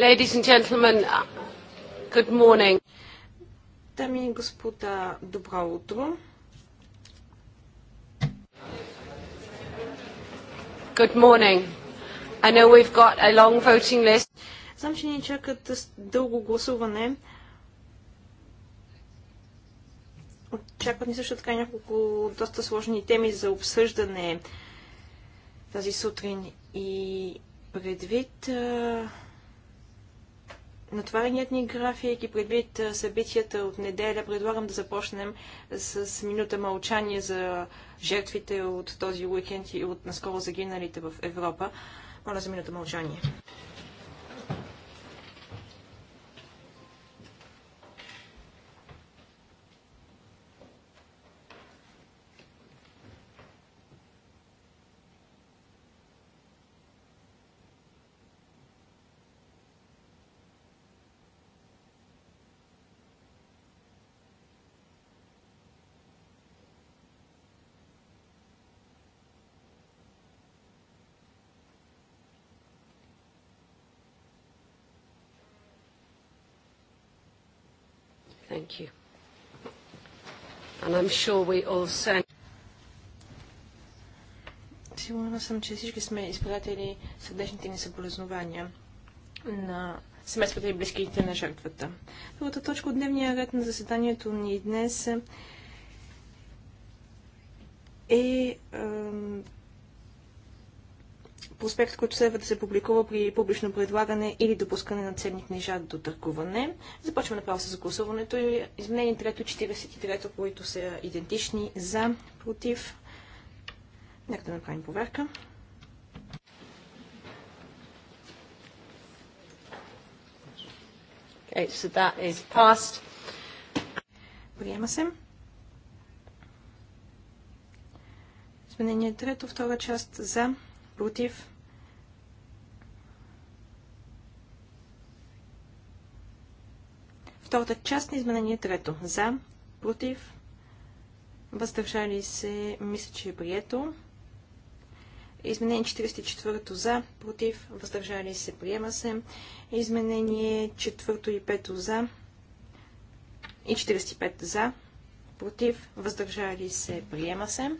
Ladies and gentlemen, good morning. Дами и господа, добро утро. Good morning. I know we've got a long voting list. Знам, че ни чакат дълго гласуване. Очакват ни също така няколко доста сложни теми за обсъждане тази сутрин и предвид Натвареният ни график и предвид събитията от неделя, предлагам да започнем с минута мълчание за жертвите от този уикенд и от наскоро загиналите в Европа. Моля за минута мълчание. Thank you. And I'm sure we all send... Сигурна съм, че всички сме изпратили сърдечните ни съболезнования на семействата и близките на жертвата. Първата точка от дневния ред на заседанието ни днес е, е проспект, който следва да се публикува при публично предлагане или допускане на ценни книжа до търгуване. Започваме направо с гласуването. Изменени 3 43, които са идентични за, против. Нека да направим проверка. Okay, so that is passed. Приема се. Изменение трето, втора част за, против, Втората част на изменение е трето. За, против, въздържали се, мисля, че е прието. Изменение 44 за, против, въздържали се, приема се. Изменение 4 и 5 за и 45 за, против, въздържали се, приема се.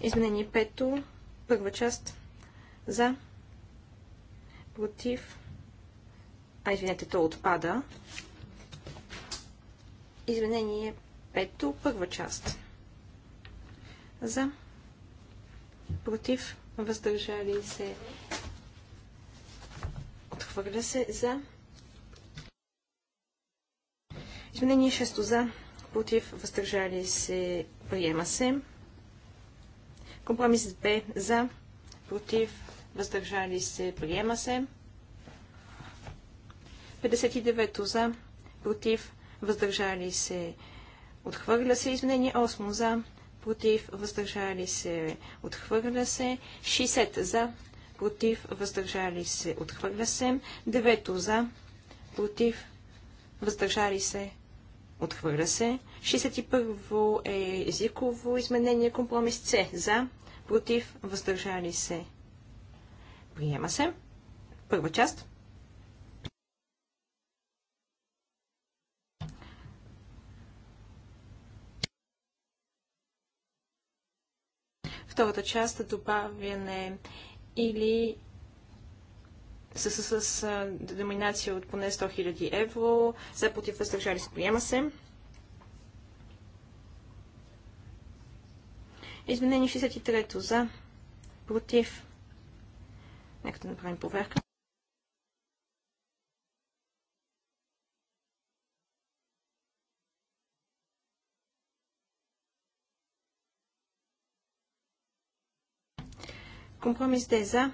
Изменение 5, първа част за, против, а, извинете, то отпада. Изменение 5, първа част. За. Против. Въздържали се. Отхвърля се. За. Изменение 6 за. Против. Въздържали се. Приема се. Компромис Б за. Против. Въздържали се. Приема се. 59 за, против, въздържали се, отхвърля се. Изменение 8 за, против, въздържали се, отхвърля се. 60 за, против, въздържали се, отхвърля се. 9 за, против, въздържали се, отхвърля се. 61 е езиково изменение, компромис С за, против, въздържали се. Приема се. Първа част. Втората част добавяне или с, с, с деноминация от поне 100 000 евро. За против въздържали се приема се. Изменение 63 за против. Нека да направим проверка. Компромис е за,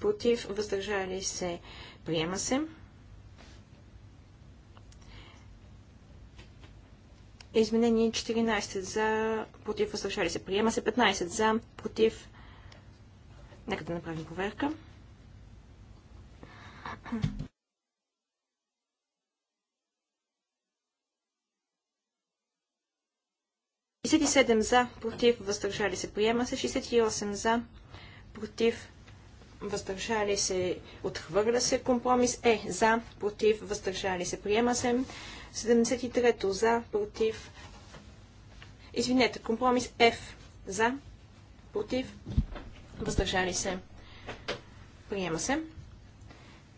против, въздържали се, приема се. Изменение 14 за, против, въздържали се, приема се. 15 за, против, нека да направим проверка. Десет за, против, въздържали се, приема се. 68 за, против, въздържали се, отхвърля се. Компромис Е за, против, въздържали се, приема се. 73-то за, против, извинете, компромис F за, против, въздържали се, приема се.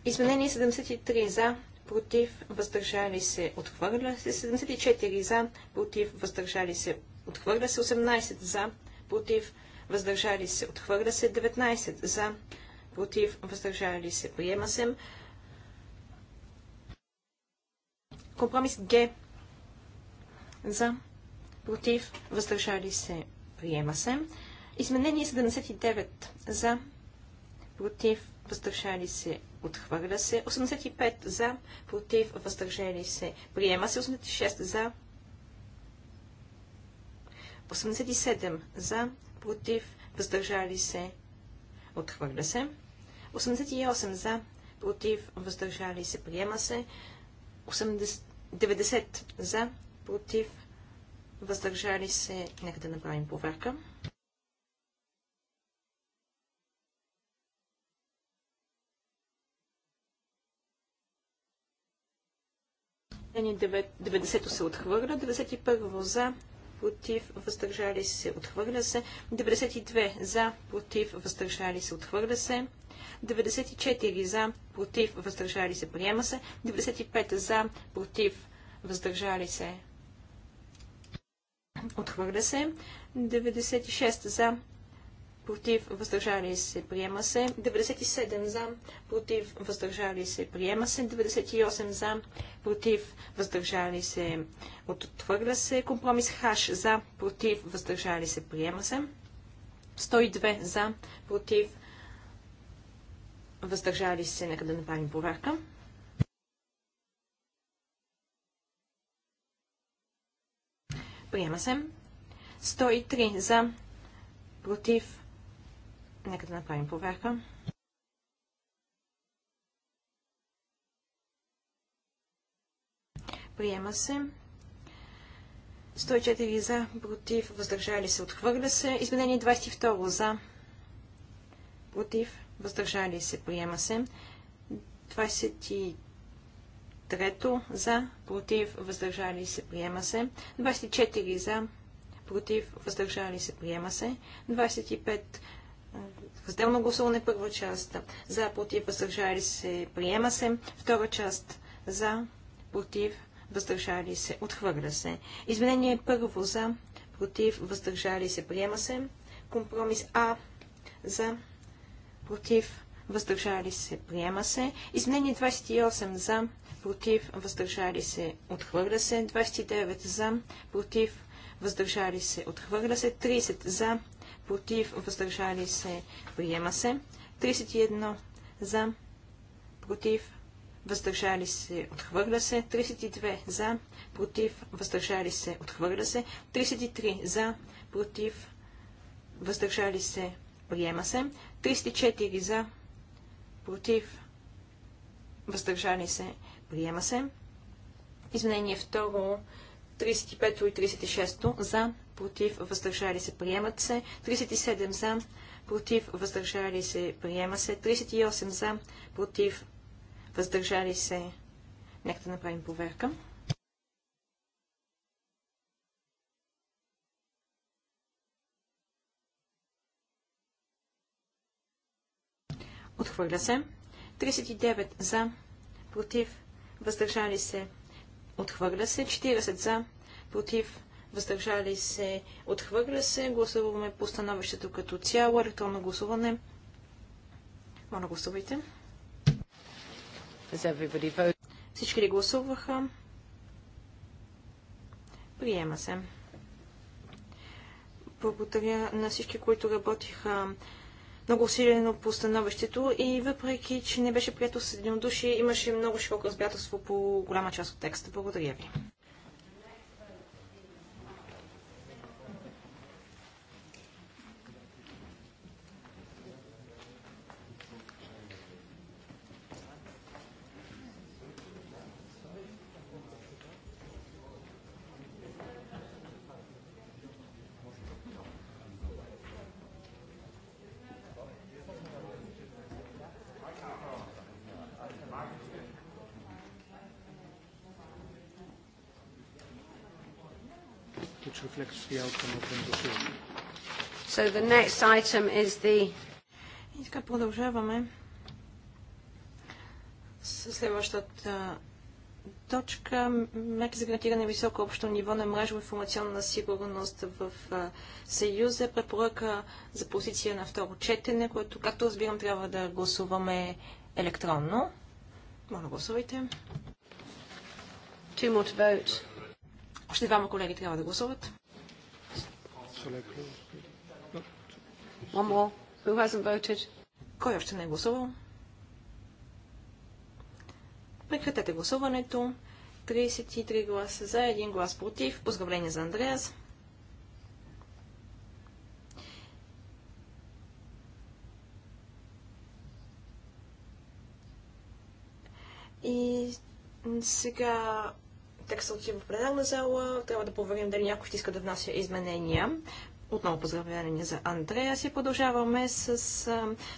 Изменение 73 за, против, въздържали се, отхвърля се. 74 за, против, въздържали се, отхвърля се. 18 за, против, въздържали се, отхвърля се. 19 за, против, въздържали се, приема се. Компромис Г за, против, въздържали се, приема се. Изменение 79 за, против, въздържали се, отхвърля се. 85 за, против, въздържали се, приема се. 86 за, 87 за, против, въздържали се, отхвърля се. 88 за, против, въздържали се, приема се. 80... 90 за, против, въздържали се, нека да направим проверка. Изменение 90 се отхвърля, 91 за, против, въздържали се, отхвърля се. 92 за, против, въздържали се, отхвърля се. 94 за, против, въздържали се, приема се. 95 за, против, въздържали се, отхвърля се. 96 за, против, въздържали се, приема се. 97 за, против, въздържали се, приема се. 98 за, против, въздържали се, отвърля се. Компромис Хаш за, против, въздържали се, приема се. 102 за, против, въздържали се, нека да направим проверка. Приема се. 103 за, против, Нека да направим проверка. Приема се. 104 за, против, въздържали се, отхвърля се. Изменение 22 за, против, въздържали се, приема се. 23 за, против, въздържали се, приема се. 24 за, против, въздържали се, приема се. 25 разделно гласуване, първа част за, против, въздържали се, приема се, втора част за, против, въздържали се, отхвърля се. Изменение първо за, против, въздържали се, приема се. Компромис А за, против, въздържали се, приема се. Изменение 28 за, против, въздържали се, отхвърля се. 29 за, против, въздържали се, отхвърля се. 30 за, против, въздържали се, приема се. 31 за, против, въздържали се, отхвърля се. 32 за, против, въздържали се, отхвърля се. 33 за, против, въздържали се, приема се. 34 за, против, въздържали се, приема се. Изменение второ, 35 и 36 за, против, въздържали се, приемат се. 37 за, против, въздържали се, приема се. 38 за, против, въздържали се. Нека да направим проверка. Отхвърля се. 39 за, против, въздържали се. Отхвърля се. 40 за, против, въздържали се, отхвърля се. Гласуваме по като цяло, електронно гласуване. Моля, гласувайте. Всички ли гласуваха? Приема се. Благодаря на всички, които работиха много усилено по становището и въпреки, че не беше прието с души, имаше много широко разбирателство по голяма част от текста. Благодаря ви. So the next item is the... И така продължаваме с следващата точка. Мерки за гарантиране на високо общо ниво на мрежова информационна сигурност в Съюза. Препоръка за позиция на второ четене, което, както разбирам, трябва да гласуваме електронно. Моля, гласувайте. Two more to vote. Още двама колеги трябва да гласуват. Selected. One more. Who hasn't voted? Кой още не е гласувал? Прекратете гласуването. 33 гласа за, 1 глас против. Поздравление за Андреас. И сега текстът отива в пленарна зала. Трябва да проверим дали някой ще иска да внася изменения. Отново поздравления за Андрея. Си продължаваме с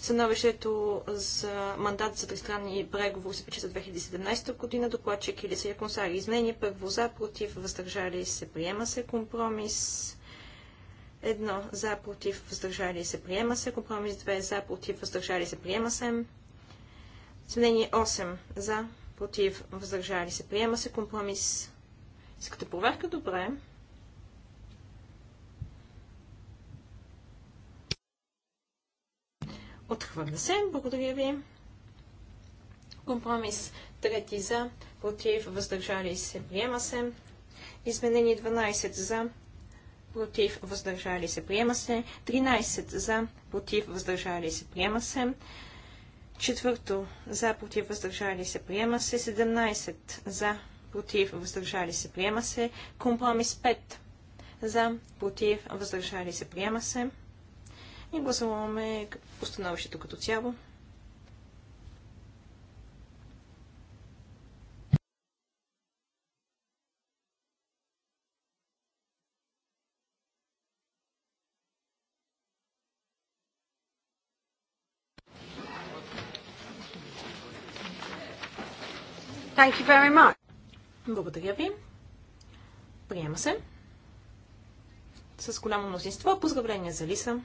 становището за мандат за тристранни преговори с за 2017 година. Докладчик Илиса е Консари. Изменение първо за, против, въздържали се, приема се компромис. Едно за, против, въздържали се, приема се. Компромис 2 за, против, въздържали се, приема се. Изменение 8 за, против, въздържали се, приема се. Компромис. Искате проверка? Добре. Отхвърля се. Благодаря ви. Компромис трети за, против, въздържали се, приема се. Изменение 12 за, против, въздържали се, приема се. 13 за, против, въздържали се, приема се. Четвърто за, против, въздържали се, приема се. 17 за, против, въздържали се, приема се. Компромис 5 за, против, въздържали се, приема се и гласуваме постановището като цяло. Thank you very much. Благодаря ви. Приема се. С голямо мнозинство. Поздравления за Лиса.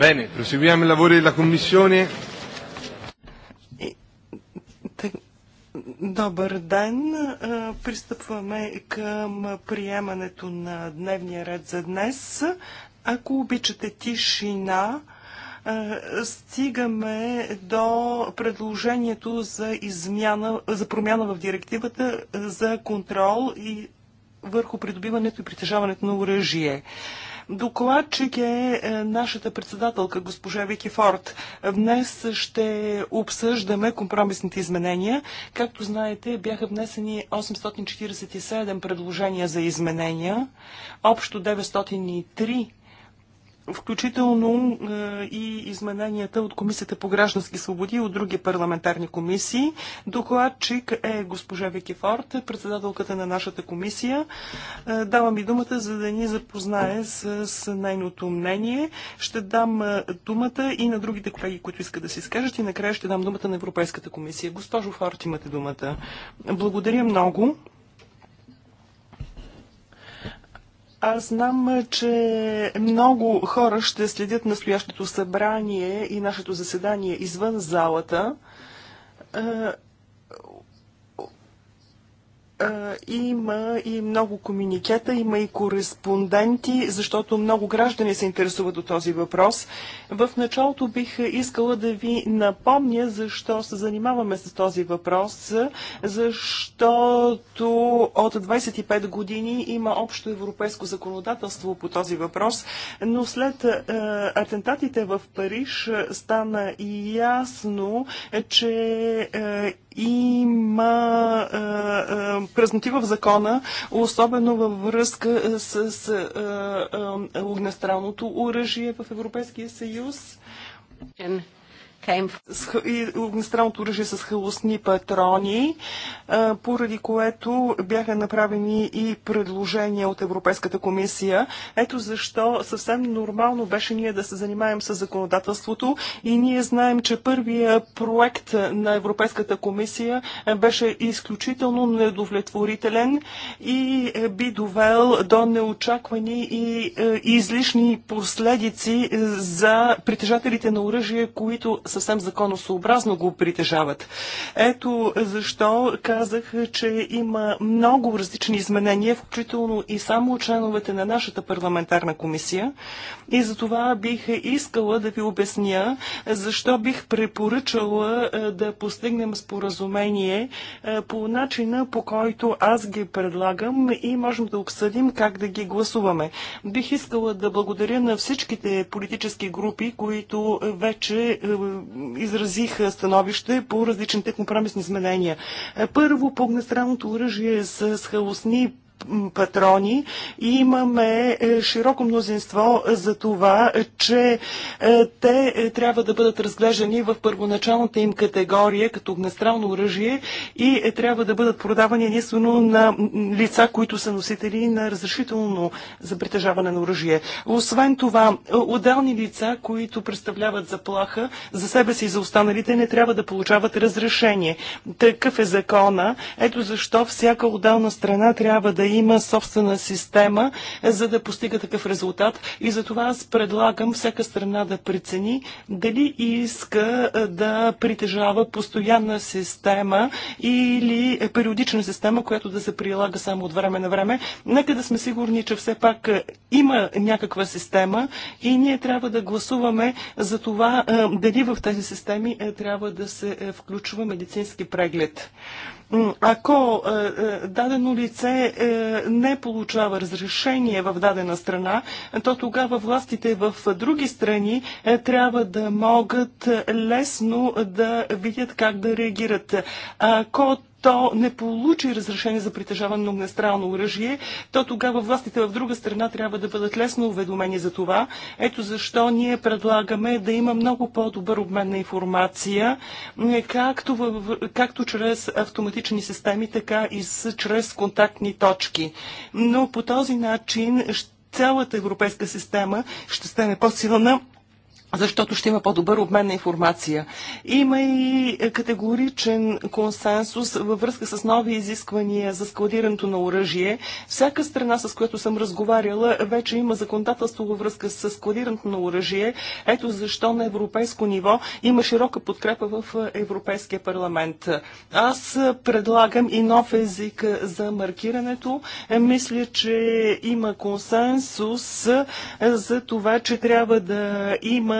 Bene, proseguiamo i lavori della Commissione. Добър ден! Е, пристъпваме към приемането на дневния ред за днес. Ако обичате тишина, е, стигаме до предложението за измяна, за промяна в директивата е, за контрол и върху придобиването и притежаването на оръжие. Докладчик е, е нашата председателка, госпожа Вики Форд. Днес ще обсъждаме компромисните изменения. Както знаете, бяха внесени 847 предложения за изменения, общо 903 включително е, и измененията от Комисията по граждански свободи и от други парламентарни комисии. Докладчик е госпожа Вики Форд, председателката на нашата комисия. Е, давам и думата, за да ни запознае с, с нейното мнение. Ще дам е, думата и на другите колеги, които искат да се изкажат и накрая ще дам думата на Европейската комисия. Госпожо Форд, имате думата. Благодаря много. Аз знам, че много хора ще следят настоящото събрание и нашето заседание извън залата. Е, има и много комуникета, има и кореспонденти, защото много граждани се интересуват от този въпрос. В началото бих искала да ви напомня защо се занимаваме с този въпрос, защото от 25 години има общо европейско законодателство по този въпрос, но след атентатите в Париж стана ясно, че има празноти в закона, особено във връзка с, а, огнестралното оръжие в Европейския съюз и огнестрелното оръжие с халостни патрони, поради което бяха направени и предложения от Европейската комисия. Ето защо съвсем нормално беше ние да се занимаем с законодателството и ние знаем, че първия проект на Европейската комисия беше изключително недовлетворителен и е, би довел до неочаквани и е, излишни последици за притежателите на оръжие, които съвсем законосообразно го притежават. Ето защо казах, че има много различни изменения, включително и само членовете на нашата парламентарна комисия. И за това бих искала да ви обясня защо бих препоръчала е, да постигнем споразумение е, по начина, по който аз ги предлагам и можем да обсъдим как да ги гласуваме. Бих искала да благодаря на всичките политически групи, които вече е, изразиха становище по различните компромисни изменения. Първо, по огнестрелното оръжие с хаосни патрони и имаме е, широко мнозинство за това, че е, те е, трябва да бъдат разглеждани в първоначалната им категория като огнестрално оръжие и трябва да бъдат продавани единствено на лица, които са носители на разрешително за притежаване на оръжие. Освен това, отделни лица, които представляват заплаха за себе си и за останалите, не трябва да получават разрешение. Такъв е закона. Ето защо всяка отделна страна трябва да има собствена система, е, за да постига такъв резултат. И затова аз предлагам всяка страна да прецени дали иска е, да притежава постоянна система или е, периодична система, която да се прилага само от време на време. Нека да сме сигурни, че все пак има някаква система и ние трябва да гласуваме за това дали в тези системи трябва да се включва медицински преглед ако е, е, дадено лице е, не получава разрешение в дадена страна, то тогава властите в други страни трябва да могат лесно да видят как да реагират. Ако то не получи разрешение за притежаване на огнестрелно оръжие, то тогава властите в друга страна трябва да бъдат лесно уведомени за това. Ето защо ние предлагаме да има много по-добър обмен на информация, е, както, в, както чрез автоматични системи, така и с, чрез контактни точки. Но по този начин цялата европейска система ще стане по-силна защото ще има по-добър обмен на информация. Има и категоричен консенсус във връзка с нови изисквания за складирането на оръжие. Всяка страна, с която съм разговаряла, вече има законодателство във връзка с складирането на оръжие. Ето защо на европейско ниво има широка подкрепа в Европейския парламент. Аз предлагам и нов език за маркирането. Мисля, че има консенсус за това, че трябва да има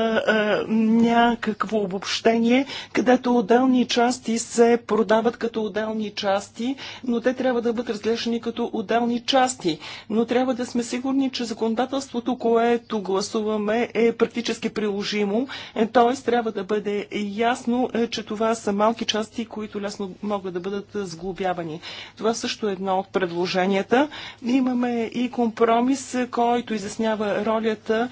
някакво обобщение, където отделни части се продават като отделни части, но те трябва да бъдат разглеждани като отделни части. Но трябва да сме сигурни, че законодателството, което гласуваме, е практически приложимо. Т.е. трябва да бъде ясно, е, че това са малки части, които лесно могат да бъдат сглобявани. Това също е едно от предложенията. Имаме и компромис, който изяснява ролята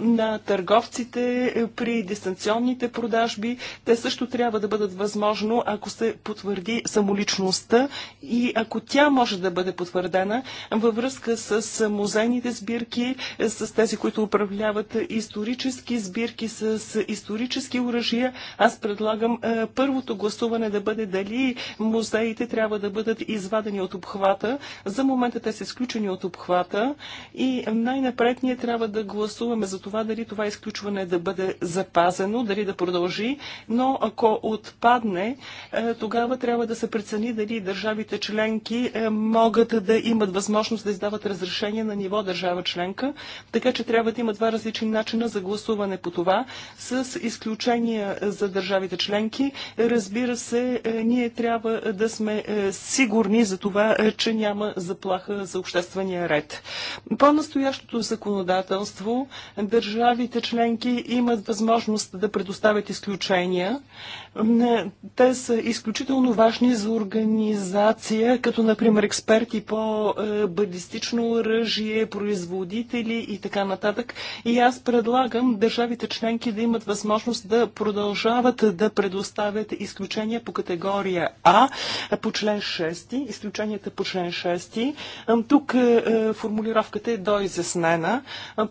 на търговците продажбите, е, при дистанционните продажби. Те също трябва да бъдат възможно, ако се потвърди самоличността и ако тя може да бъде потвърдена във връзка с е, музейните сбирки, е, с тези, които управляват исторически сбирки, с исторически оръжия. Аз предлагам първото гласуване да бъде дали музеите трябва да бъдат извадени от обхвата. За момента те са изключени от обхвата и най-напред ние трябва да гласуваме за това дали това изключване искаме да бъде запазено, дали да продължи, но ако отпадне, е, тогава трябва да се прецени дали държавите членки е, могат да имат възможност да издават разрешение на ниво държава членка, така че трябва да има два различни начина за гласуване по това, с изключения за държавите членки. Разбира се, е, ние трябва да сме сигурни за това, че няма заплаха за обществения ред. По настоящото законодателство държавите членки членки имат възможност да предоставят изключения. Те са изключително важни за организация, като например експерти по е, балистично оръжие, производители и така нататък. И аз предлагам държавите членки да имат възможност да продължават да предоставят изключения по категория А по член 6, изключенията по член 6. Тук е, е, формулировката е доизяснена.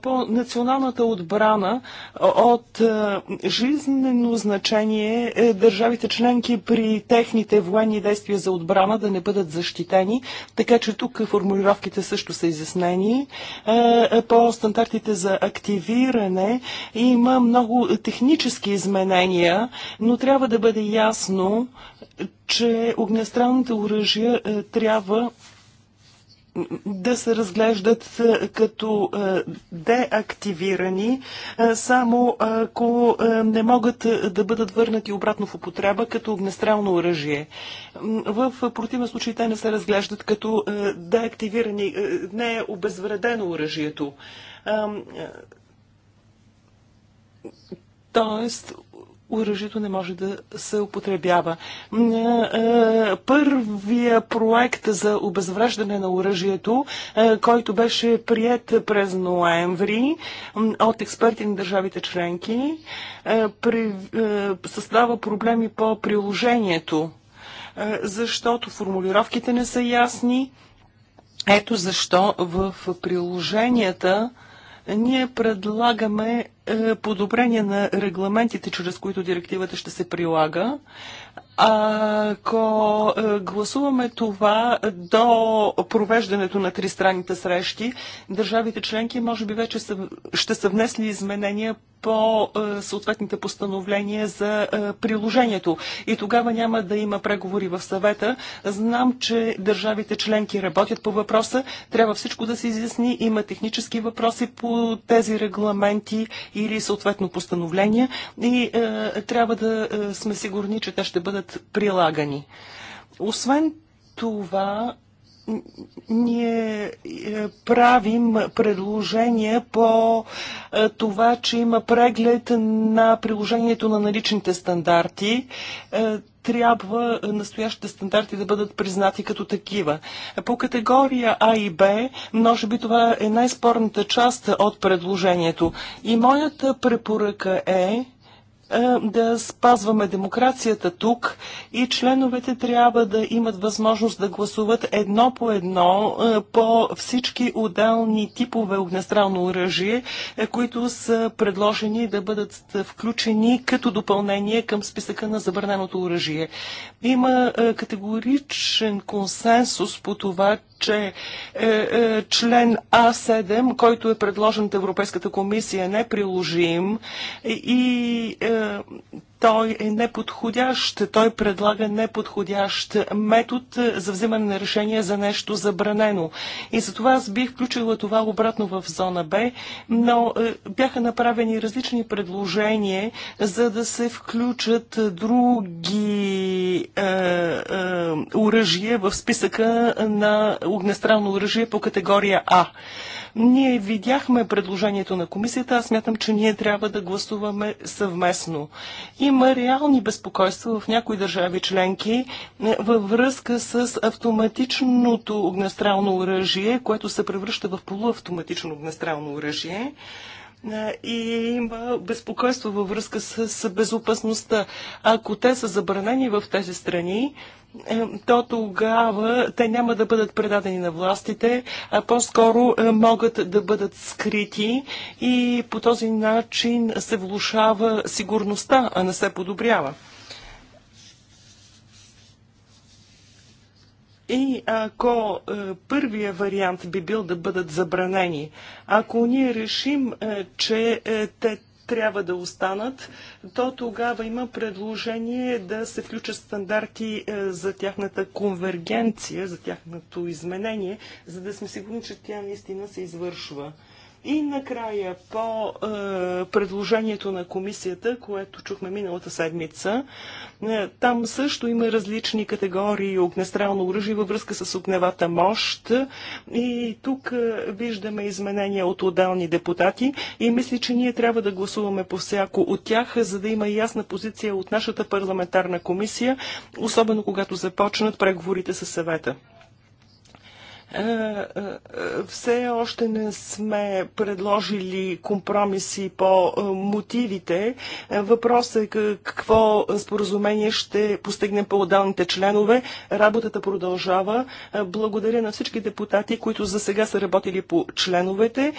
По националната отбрана от е, жизнено значение е държавите членки при техните военни действия за отбрана да не бъдат защитени, така че тук формулировките също са изяснени. Е, по стандартите за активиране има много технически изменения, но трябва да бъде ясно, че огнестрелните оръжия трябва да се разглеждат е, като е, деактивирани, е, само ако не могат да бъдат върнати обратно в употреба като огнестрелно оръжие. В противен случай те не се разглеждат като деактивирани, не е обезвредено оръжието. Тоест, оръжието не може да се употребява. Първия проект за обезвреждане на оръжието, който беше прият през ноември от експерти на държавите членки, създава проблеми по приложението, защото формулировките не са ясни. Ето защо в приложенията ние предлагаме е, подобрение на регламентите, чрез които директивата ще се прилага. Ако е, гласуваме това до провеждането на тристранните срещи, държавите членки може би вече са, ще са внесли изменения по е, съответните постановления за приложението. И тогава няма да има преговори в съвета. Знам, че държавите членки работят по въпроса. Трябва всичко да се изясни. Има технически въпроси по тези регламенти или съответно постановления и е, трябва да е, сме сигурни, че те ще бъдат прилагани. Освен това, ние е, правим предложение по е, това, че има преглед на приложението на наличните стандарти трябва настоящите стандарти да бъдат признати като такива. По категория А и Б, може би това е най-спорната част от предложението. И моята препоръка е е, да спазваме демокрацията тук и членовете трябва да имат възможност да гласуват едно по едно е, по всички отделни типове огнестрално оръжие, е, които са предложени да бъдат включени като допълнение към списъка на забраненото оръжие. Има категоричен консенсус по това, че е, е, член А7, който е предложен от Европейската комисия, не е приложим и е, той е неподходящ, той предлага неподходящ метод за взимане на решение за нещо забранено. И затова аз бих включила това обратно в зона Б, но е, бяха направени различни предложения, за да се включат други е, е, оръжия в списъка на огнестрално оръжие по категория А. Ние видяхме предложението на комисията. Аз мятам, че ние трябва да гласуваме съвместно. Има реални безпокойства в някои държави членки е, във връзка с автоматичното огнестрално оръжие, което се превръща в полуавтоматично огнестрално оръжие и има безпокойство във връзка с безопасността. Ако те са забранени в тези страни, е, то тогава те няма да бъдат предадени на властите, а по-скоро е, могат да бъдат скрити и по този начин се влушава сигурността, а не се подобрява. И ако е, първия вариант би бил да бъдат забранени, ако ние решим, е, че е, те трябва да останат, то тогава има предложение да се включат стандарти за тяхната конвергенция, за тяхното изменение, за да сме сигурни, че тя наистина се извършва. И накрая по е, предложението на комисията, което чухме миналата седмица, е, там също има различни категории огнестрелно оръжие във връзка с огневата мощ. И тук е, виждаме изменения от отделни депутати и мисля, че ние трябва да гласуваме по всяко от тях, за да има ясна позиция от нашата парламентарна комисия, особено когато започнат преговорите с съвета. Е, е, е, все още не сме предложили компромиси по мотивите. Въпросът е какво споразумение ще постигнем по отдалните членове. Работата продължава. Благодаря на всички депутати, които за сега са работили по членовете.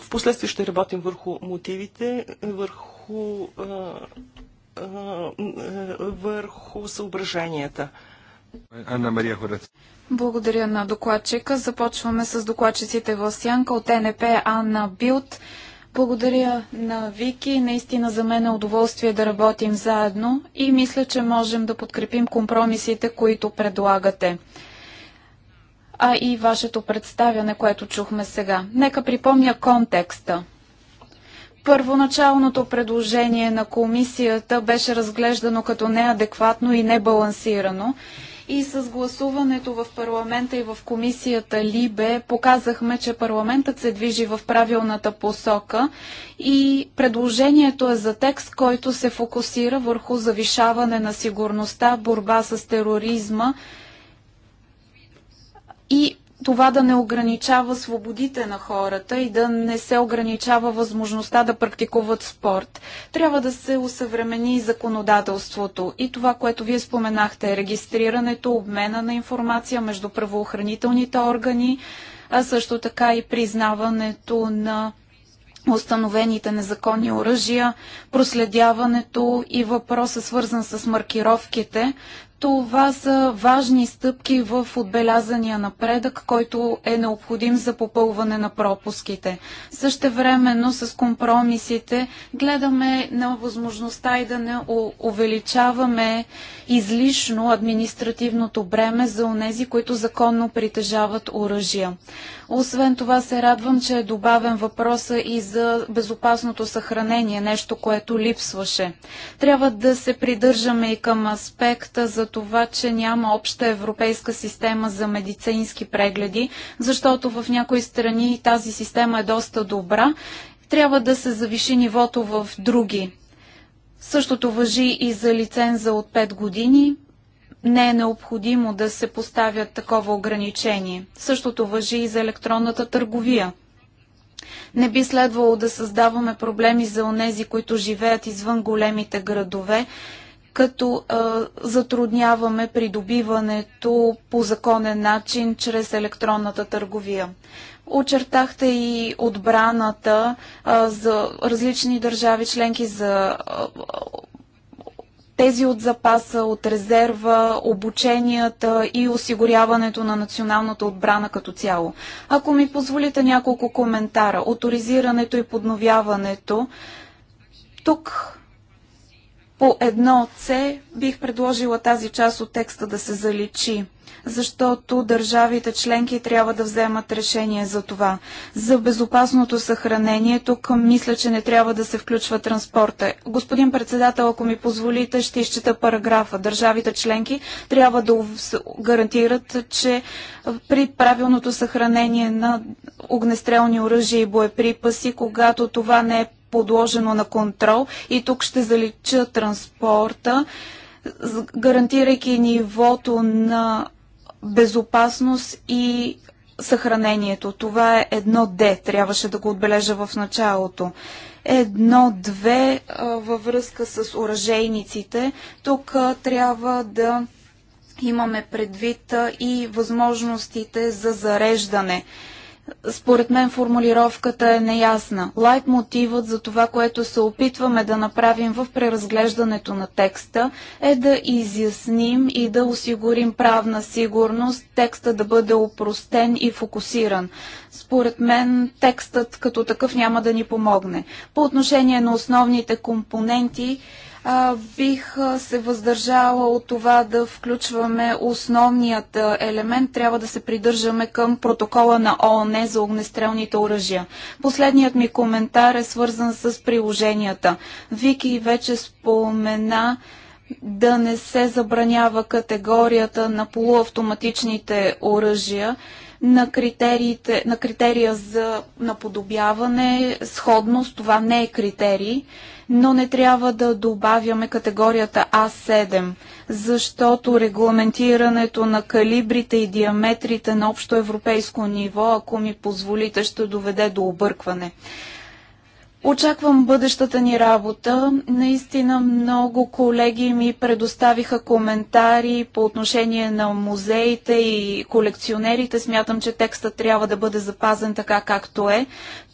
Впоследствие ще работим върху мотивите, върху върху съображенията. Анна Мария Хорец. Благодаря на докладчика. Започваме с докладчиците в Сянка от НП Анна Билт. Благодаря на Вики. Наистина за мен е удоволствие да работим заедно и мисля, че можем да подкрепим компромисите, които предлагате а и вашето представяне, което чухме сега. Нека припомня контекста. Първоначалното предложение на комисията беше разглеждано като неадекватно и небалансирано и с гласуването в парламента и в комисията Либе показахме, че парламентът се движи в правилната посока и предложението е за текст, който се фокусира върху завишаване на сигурността, борба с тероризма и това да не ограничава свободите на хората и да не се ограничава възможността да практикуват спорт. Трябва да се усъвремени законодателството и това, което вие споменахте, регистрирането, обмена на информация между правоохранителните органи, а също така и признаването на установените незаконни оръжия, проследяването и въпроса свързан с маркировките. Това са важни стъпки в отбелязания напредък, който е необходим за попълване на пропуските. Същевременно с компромисите гледаме на възможността и да не увеличаваме излишно административното бреме за онези, които законно притежават оръжия. Освен това се радвам, че е добавен въпроса и за безопасното съхранение, нещо, което липсваше. Трябва да се придържаме и към аспекта за това, че няма обща европейска система за медицински прегледи, защото в някои страни тази система е доста добра. Трябва да се завиши нивото в други. Същото въжи и за лиценза от 5 години не е необходимо да се поставят такова ограничение. Същото въжи и за електронната търговия. Не би следвало да създаваме проблеми за онези, които живеят извън големите градове, като а, затрудняваме придобиването по законен начин чрез електронната търговия. Очертахте и отбраната а, за различни държави членки за а, тези от запаса, от резерва, обученията и осигуряването на националната отбрана като цяло. Ако ми позволите няколко коментара, авторизирането и подновяването, тук по едно С бих предложила тази част от текста да се заличи, защото държавите членки трябва да вземат решение за това. За безопасното съхранение тук мисля, че не трябва да се включва транспорта. Господин председател, ако ми позволите, ще изчита параграфа. Държавите членки трябва да гарантират, че при правилното съхранение на огнестрелни оръжия и боеприпаси, когато това не е подложено на контрол и тук ще залича транспорта, гарантирайки нивото на безопасност и съхранението. Това е едно Д, трябваше да го отбележа в началото. Едно-две във връзка с оръжейниците. Тук трябва да имаме предвид и възможностите за зареждане. Според мен формулировката е неясна. Лайт мотивът за това, което се опитваме да направим в преразглеждането на текста, е да изясним и да осигурим правна сигурност, текста да бъде опростен и фокусиран. Според мен текстът като такъв няма да ни помогне. По отношение на основните компоненти, бих се въздържала от това да включваме основният елемент. Трябва да се придържаме към протокола на ООН за огнестрелните оръжия. Последният ми коментар е свързан с приложенията. Вики вече спомена да не се забранява категорията на полуавтоматичните оръжия на, критериите, на критерия за наподобяване, сходност, това не е критерий, но не трябва да добавяме категорията А7, защото регламентирането на калибрите и диаметрите на общо европейско ниво, ако ми позволите, ще доведе до объркване. Очаквам бъдещата ни работа. Наистина много колеги ми предоставиха коментари по отношение на музеите и колекционерите. Смятам, че текстът трябва да бъде запазен така както е,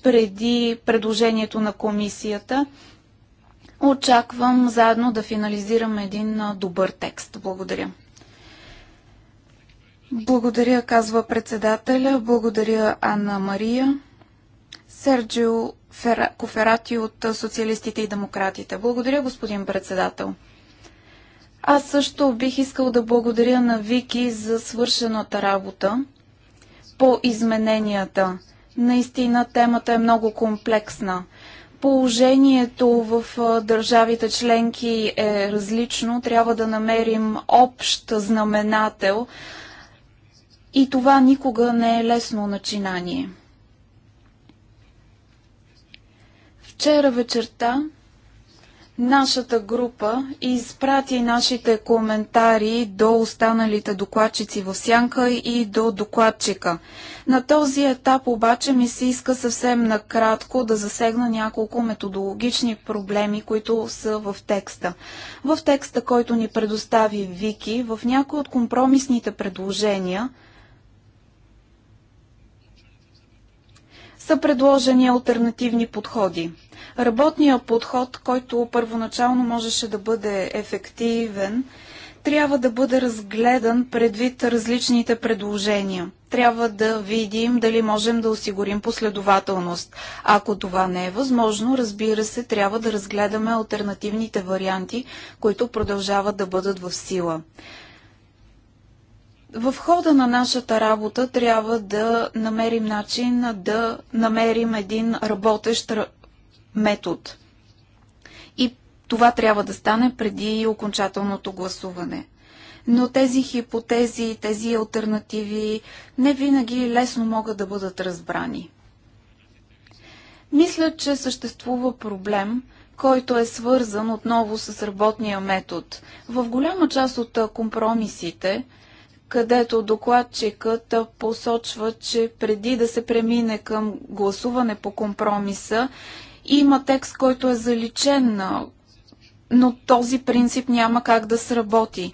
преди предложението на комисията. Очаквам заедно да финализирам един добър текст. Благодаря. Благодаря, казва председателя. Благодаря, Анна Мария. Серджио Коферати от социалистите и демократите. Благодаря, господин председател. Аз също бих искал да благодаря на Вики за свършената работа по измененията. Наистина темата е много комплексна. Положението в държавите членки е различно. Трябва да намерим общ знаменател. И това никога не е лесно начинание. Вчера вечерта нашата група изпрати нашите коментари до останалите докладчици в сянка и до докладчика. На този етап обаче ми се иска съвсем накратко да засегна няколко методологични проблеми, които са в текста. В текста, който ни предостави Вики, в някои от компромисните предложения – са предложени альтернативни подходи. Работният подход, който първоначално можеше да бъде ефективен, трябва да бъде разгледан предвид различните предложения. Трябва да видим дали можем да осигурим последователност. Ако това не е възможно, разбира се, трябва да разгледаме альтернативните варианти, които продължават да бъдат в сила. В хода на нашата работа трябва да намерим начин да намерим един работещ метод. И това трябва да стане преди окончателното гласуване. Но тези хипотези, тези альтернативи не винаги лесно могат да бъдат разбрани. Мисля, че съществува проблем, който е свързан отново с работния метод. В голяма част от компромисите, където докладчикът посочва, че преди да се премине към гласуване по компромиса, има текст, който е заличен, но този принцип няма как да сработи.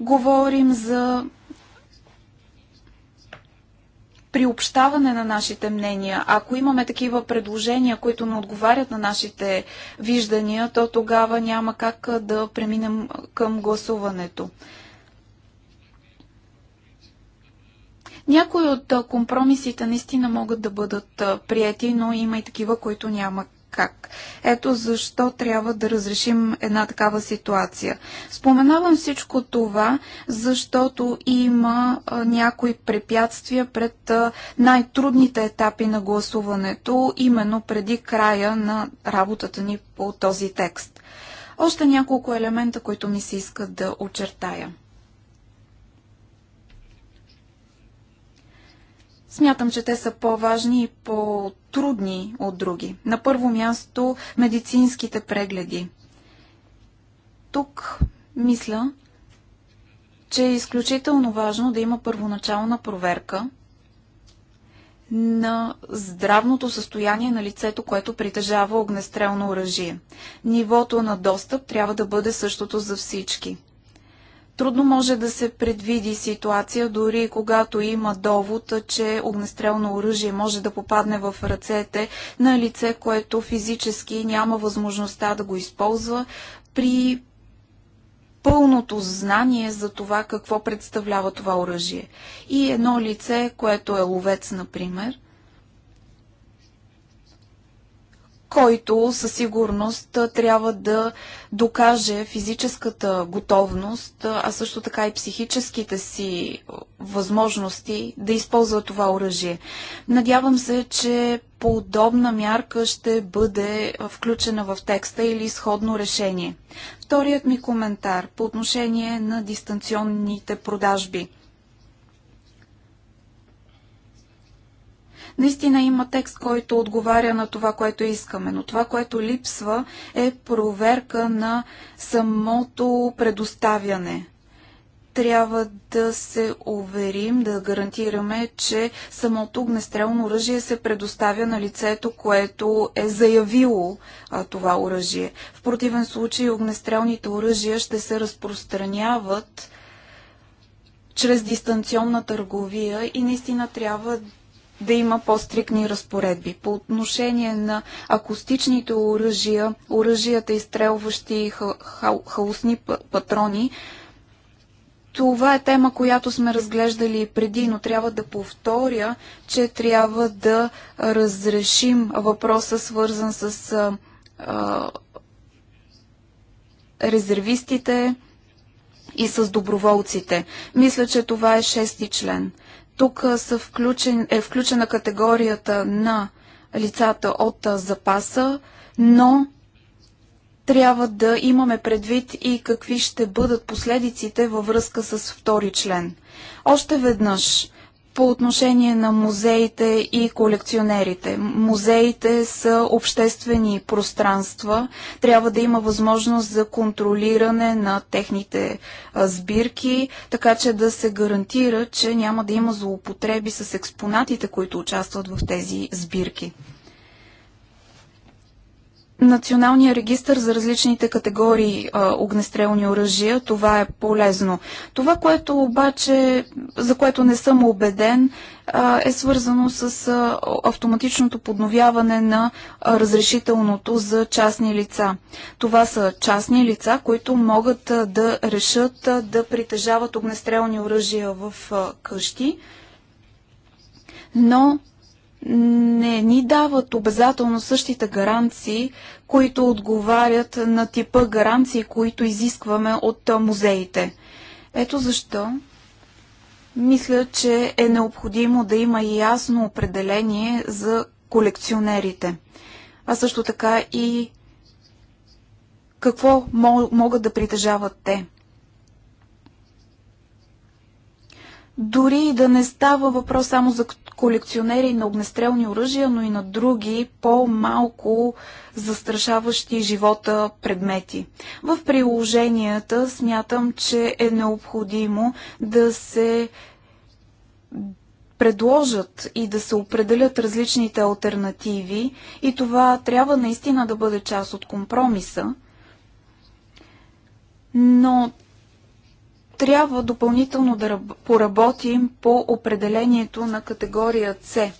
Говорим за приобщаване на нашите мнения. Ако имаме такива предложения, които не отговарят на нашите виждания, то тогава няма как да преминем към гласуването. Някои от компромисите наистина могат да бъдат прияти, но има и такива, които няма как. Ето защо трябва да разрешим една такава ситуация. Споменавам всичко това, защото има някои препятствия пред най-трудните етапи на гласуването, именно преди края на работата ни по този текст. Още няколко елемента, които ми се искат да очертая. Смятам, че те са по-важни и по-трудни от други. На първо място медицинските прегледи. Тук мисля, че е изключително важно да има първоначална проверка на здравното състояние на лицето, което притежава огнестрелно оръжие. Нивото на достъп трябва да бъде същото за всички – Трудно може да се предвиди ситуация, дори когато има довод, че огнестрелно оръжие може да попадне в ръцете на лице, което физически няма възможността да го използва при пълното знание за това какво представлява това оръжие. И едно лице, което е ловец, например – който със сигурност трябва да докаже физическата готовност, а също така и психическите си възможности да използва това оръжие. Надявам се, че подобна мярка ще бъде включена в текста или изходно решение. Вторият ми коментар по отношение на дистанционните продажби – Наистина има текст, който отговаря на това, което искаме, но това, което липсва е проверка на самото предоставяне трябва да се уверим, да гарантираме, че самото огнестрелно оръжие се предоставя на лицето, което е заявило а, това оръжие. В противен случай огнестрелните оръжия ще се разпространяват чрез дистанционна търговия и наистина трябва да има по-стрикни разпоредби. По отношение на акустичните оръжия, оръжията изстрелващи хаосни патрони, това е тема, която сме разглеждали преди, но трябва да повторя, че трябва да разрешим въпроса, свързан с а, а, резервистите и с доброволците. Мисля, че това е шести член. Тук са включен, е включена категорията на лицата от запаса, но трябва да имаме предвид и какви ще бъдат последиците във връзка с втори член. Още веднъж, по отношение на музеите и колекционерите. Музеите са обществени пространства. Трябва да има възможност за контролиране на техните сбирки, така че да се гарантира, че няма да има злоупотреби с експонатите, които участват в тези сбирки националния регистр за различните категории а, огнестрелни оръжия. Това е полезно. Това, което обаче, за което не съм убеден, а, е свързано с а, автоматичното подновяване на а, разрешителното за частни лица. Това са частни лица, които могат а, да решат а, да притежават огнестрелни оръжия в а, къщи, но не ни дават обязателно същите гаранции, които отговарят на типа гаранции, които изискваме от музеите. Ето защо мисля, че е необходимо да има и ясно определение за колекционерите, а също така и какво могат да притежават те. дори да не става въпрос само за колекционери на огнестрелни оръжия, но и на други по-малко застрашаващи живота предмети. В приложенията смятам, че е необходимо да се предложат и да се определят различните альтернативи и това трябва наистина да бъде част от компромиса, но трябва допълнително да поработим по определението на категория С.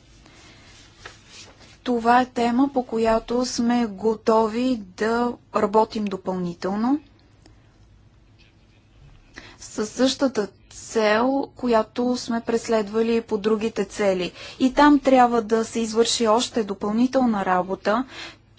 Това е тема, по която сме готови да работим допълнително. Със същата цел, която сме преследвали по другите цели. И там трябва да се извърши още допълнителна работа,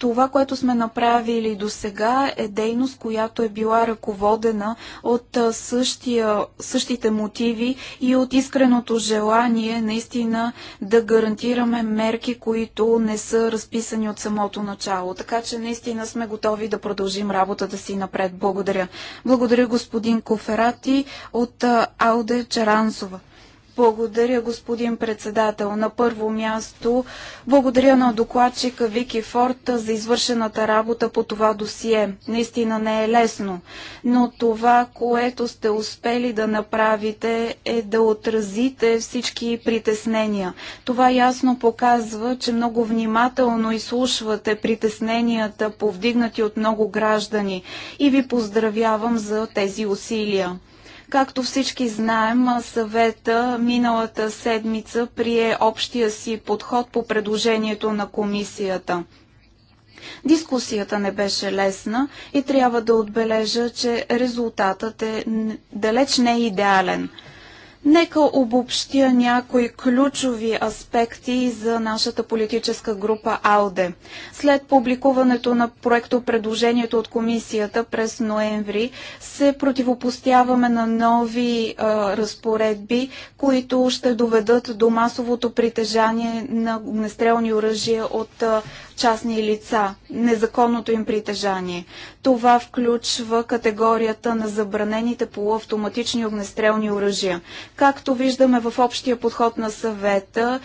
това, което сме направили до сега е дейност, която е била ръководена от същия, същите мотиви и от искреното желание наистина да гарантираме мерки, които не са разписани от самото начало. Така че наистина сме готови да продължим работата си напред. Благодаря. Благодаря господин Коферати от Ауде Чарансова. Благодаря, господин председател. На първо място, благодаря на докладчика Вики Форд за извършената работа по това досие. Наистина не е лесно, но това, което сте успели да направите е да отразите всички притеснения. Това ясно показва, че много внимателно изслушвате притесненията, повдигнати от много граждани и ви поздравявам за тези усилия. Както всички знаем, съвета миналата седмица прие общия си подход по предложението на комисията. Дискусията не беше лесна и трябва да отбележа, че резултатът е далеч не идеален – Нека обобщя някои ключови аспекти за нашата политическа група АЛДЕ. След публикуването на проекто предложението от комисията през ноември се противопоставяме на нови а, разпоредби, които ще доведат до масовото притежание на огнестрелни оръжия от а, частни лица, незаконното им притежание. Това включва категорията на забранените полуавтоматични огнестрелни оръжия. Както виждаме в общия подход на съвета,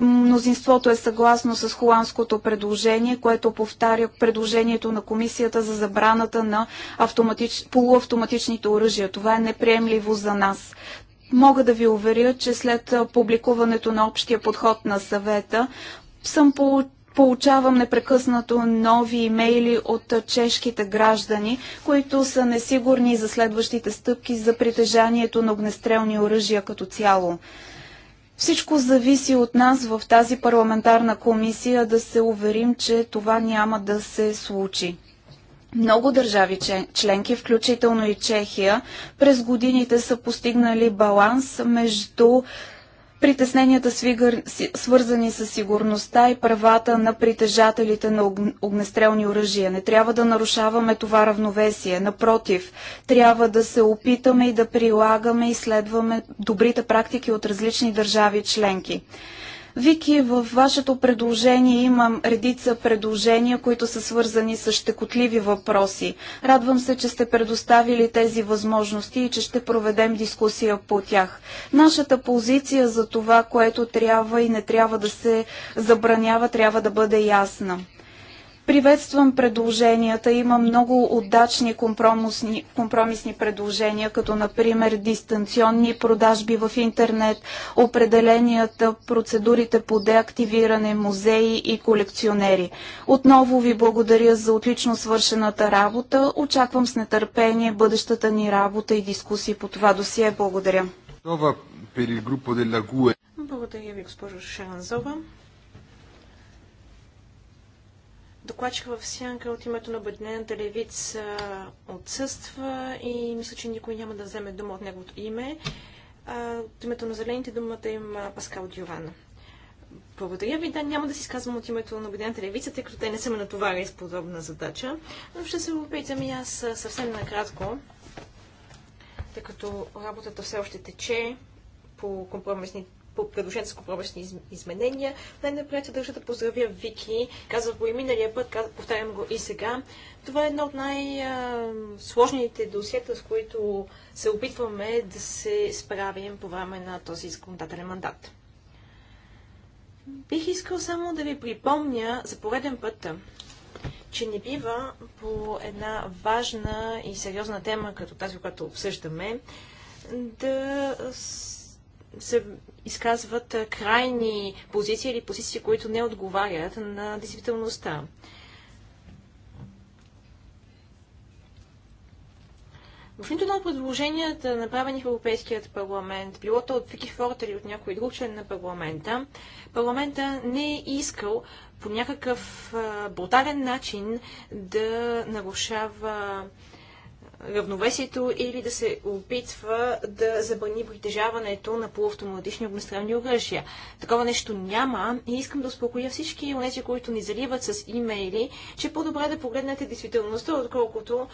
Мнозинството е съгласно с холандското предложение, което повтаря предложението на комисията за забраната на автоматич... полуавтоматичните оръжия. Това е неприемливо за нас. Мога да ви уверя, че след публикуването на общия подход на съвета, съм получил Получавам непрекъснато нови имейли от чешките граждани, които са несигурни за следващите стъпки за притежанието на огнестрелни оръжия като цяло. Всичко зависи от нас в тази парламентарна комисия да се уверим, че това няма да се случи. Много държави членки, включително и Чехия, през годините са постигнали баланс между Притесненията, свързани с сигурността и правата на притежателите на огнестрелни оръжия. Не трябва да нарушаваме това равновесие. Напротив, трябва да се опитаме и да прилагаме и следваме добрите практики от различни държави членки. Вики, в вашето предложение имам редица предложения, които са свързани с щекотливи въпроси. Радвам се, че сте предоставили тези възможности и че ще проведем дискусия по тях. Нашата позиция за това, което трябва и не трябва да се забранява, трябва да бъде ясна. Приветствам предложенията. Има много удачни компромисни, компромисни предложения, като например дистанционни продажби в интернет, определенията, процедурите по деактивиране, музеи и колекционери. Отново ви благодаря за отлично свършената работа. Очаквам с нетърпение бъдещата ни работа и дискусии по това досие. Благодаря. Благодаря ви, госпожо Шанзова. Докладчик в сянка от името на Обединената левица отсъства и мисля, че никой няма да вземе дума от неговото име. от името на Зелените думата има Паскал Дюран. Благодаря ви. Да, няма да си изказвам от името на Обединената левица, тъй като те не са ме натоварили с подобна задача. Но ще се опитам и аз съвсем накратко, тъй като работата все още тече по компромисните по предложението с компромисни изменения. Най-напред държа да поздравя Вики. Казах го и миналия път, повтарям го и сега. Това е едно от най-сложните досиета, с които се опитваме да се справим по време на този законодателен мандат. Бих искал само да ви припомня за пореден път, че не бива по една важна и сериозна тема, като тази, която обсъждаме, да се изказват крайни позиции или позиции, които не отговарят на действителността. В нито едно от предложенията, направени в Европейският парламент, било то от Вики Форта или от някой друг член на парламента, парламента не е искал по някакъв брутален начин да нарушава равновесието или да се опитва да забрани притежаването на полуавтоматични огнестрелни оръжия. Такова нещо няма и искам да успокоя всички от тези, които ни заливат с имейли, че е по-добре да погледнете действителността, отколкото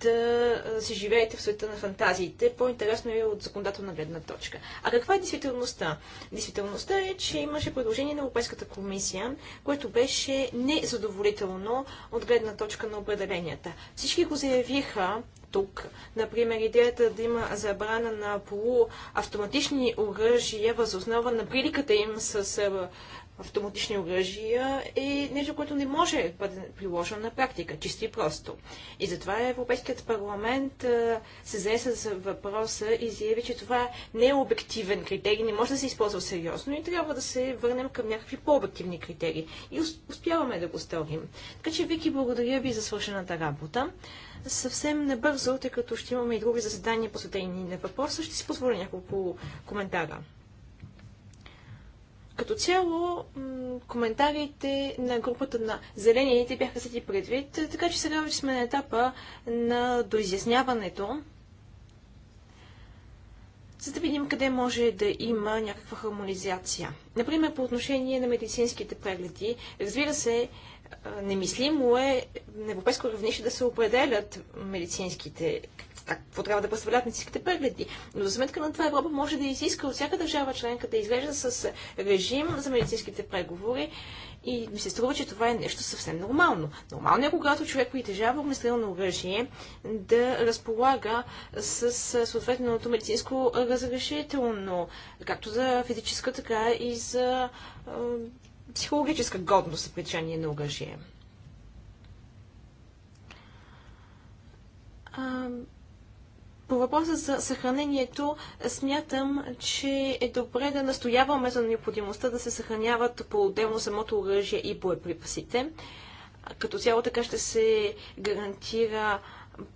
да се живеете в света на фантазиите. По-интересно е от законодателна гледна точка. А каква е действителността? Действителността е, че имаше предложение на Европейската комисия, което беше незадоволително от гледна точка на определенията. Всички го заявиха, тук. Например, идеята да има забрана на полуавтоматични оръжия въз основа на приликата им с е, автоматични оръжия е нещо, което не може да бъде приложено на практика, чисто и просто. И затова Европейският парламент е, се зае с въпроса и заяви, че това не е обективен критерий, не може да се използва сериозно и трябва да се върнем към някакви по-обективни критерии. И успяваме да го сторим. Така че, Вики, благодаря ви за свършената работа съвсем набързо, тъй като ще имаме и други заседания посветени на въпроса, ще си позволя няколко коментара. Като цяло, коментарите на групата на зелените бяха сети предвид, така че сега вече сме на етапа на доизясняването, за да видим къде може да има някаква хармонизация. Например, по отношение на медицинските прегледи, разбира се, немислимо е на европейско равнище да се определят медицинските какво трябва да представляват медицинските прегледи. Но за сметка на това Европа може да изиска от всяка държава членка да изглежда с режим за медицинските преговори и ми се струва, че това е нещо съвсем нормално. Нормално е, когато човек притежава огнестрелно оръжие, да разполага с съответното медицинско разрешително, както за физическа, така и за психологическа годност за печение на оръжие. По въпроса за съхранението, смятам, че е добре да настояваме за необходимостта да се съхраняват по-отделно самото оръжие и боеприпасите. Като цяло така ще се гарантира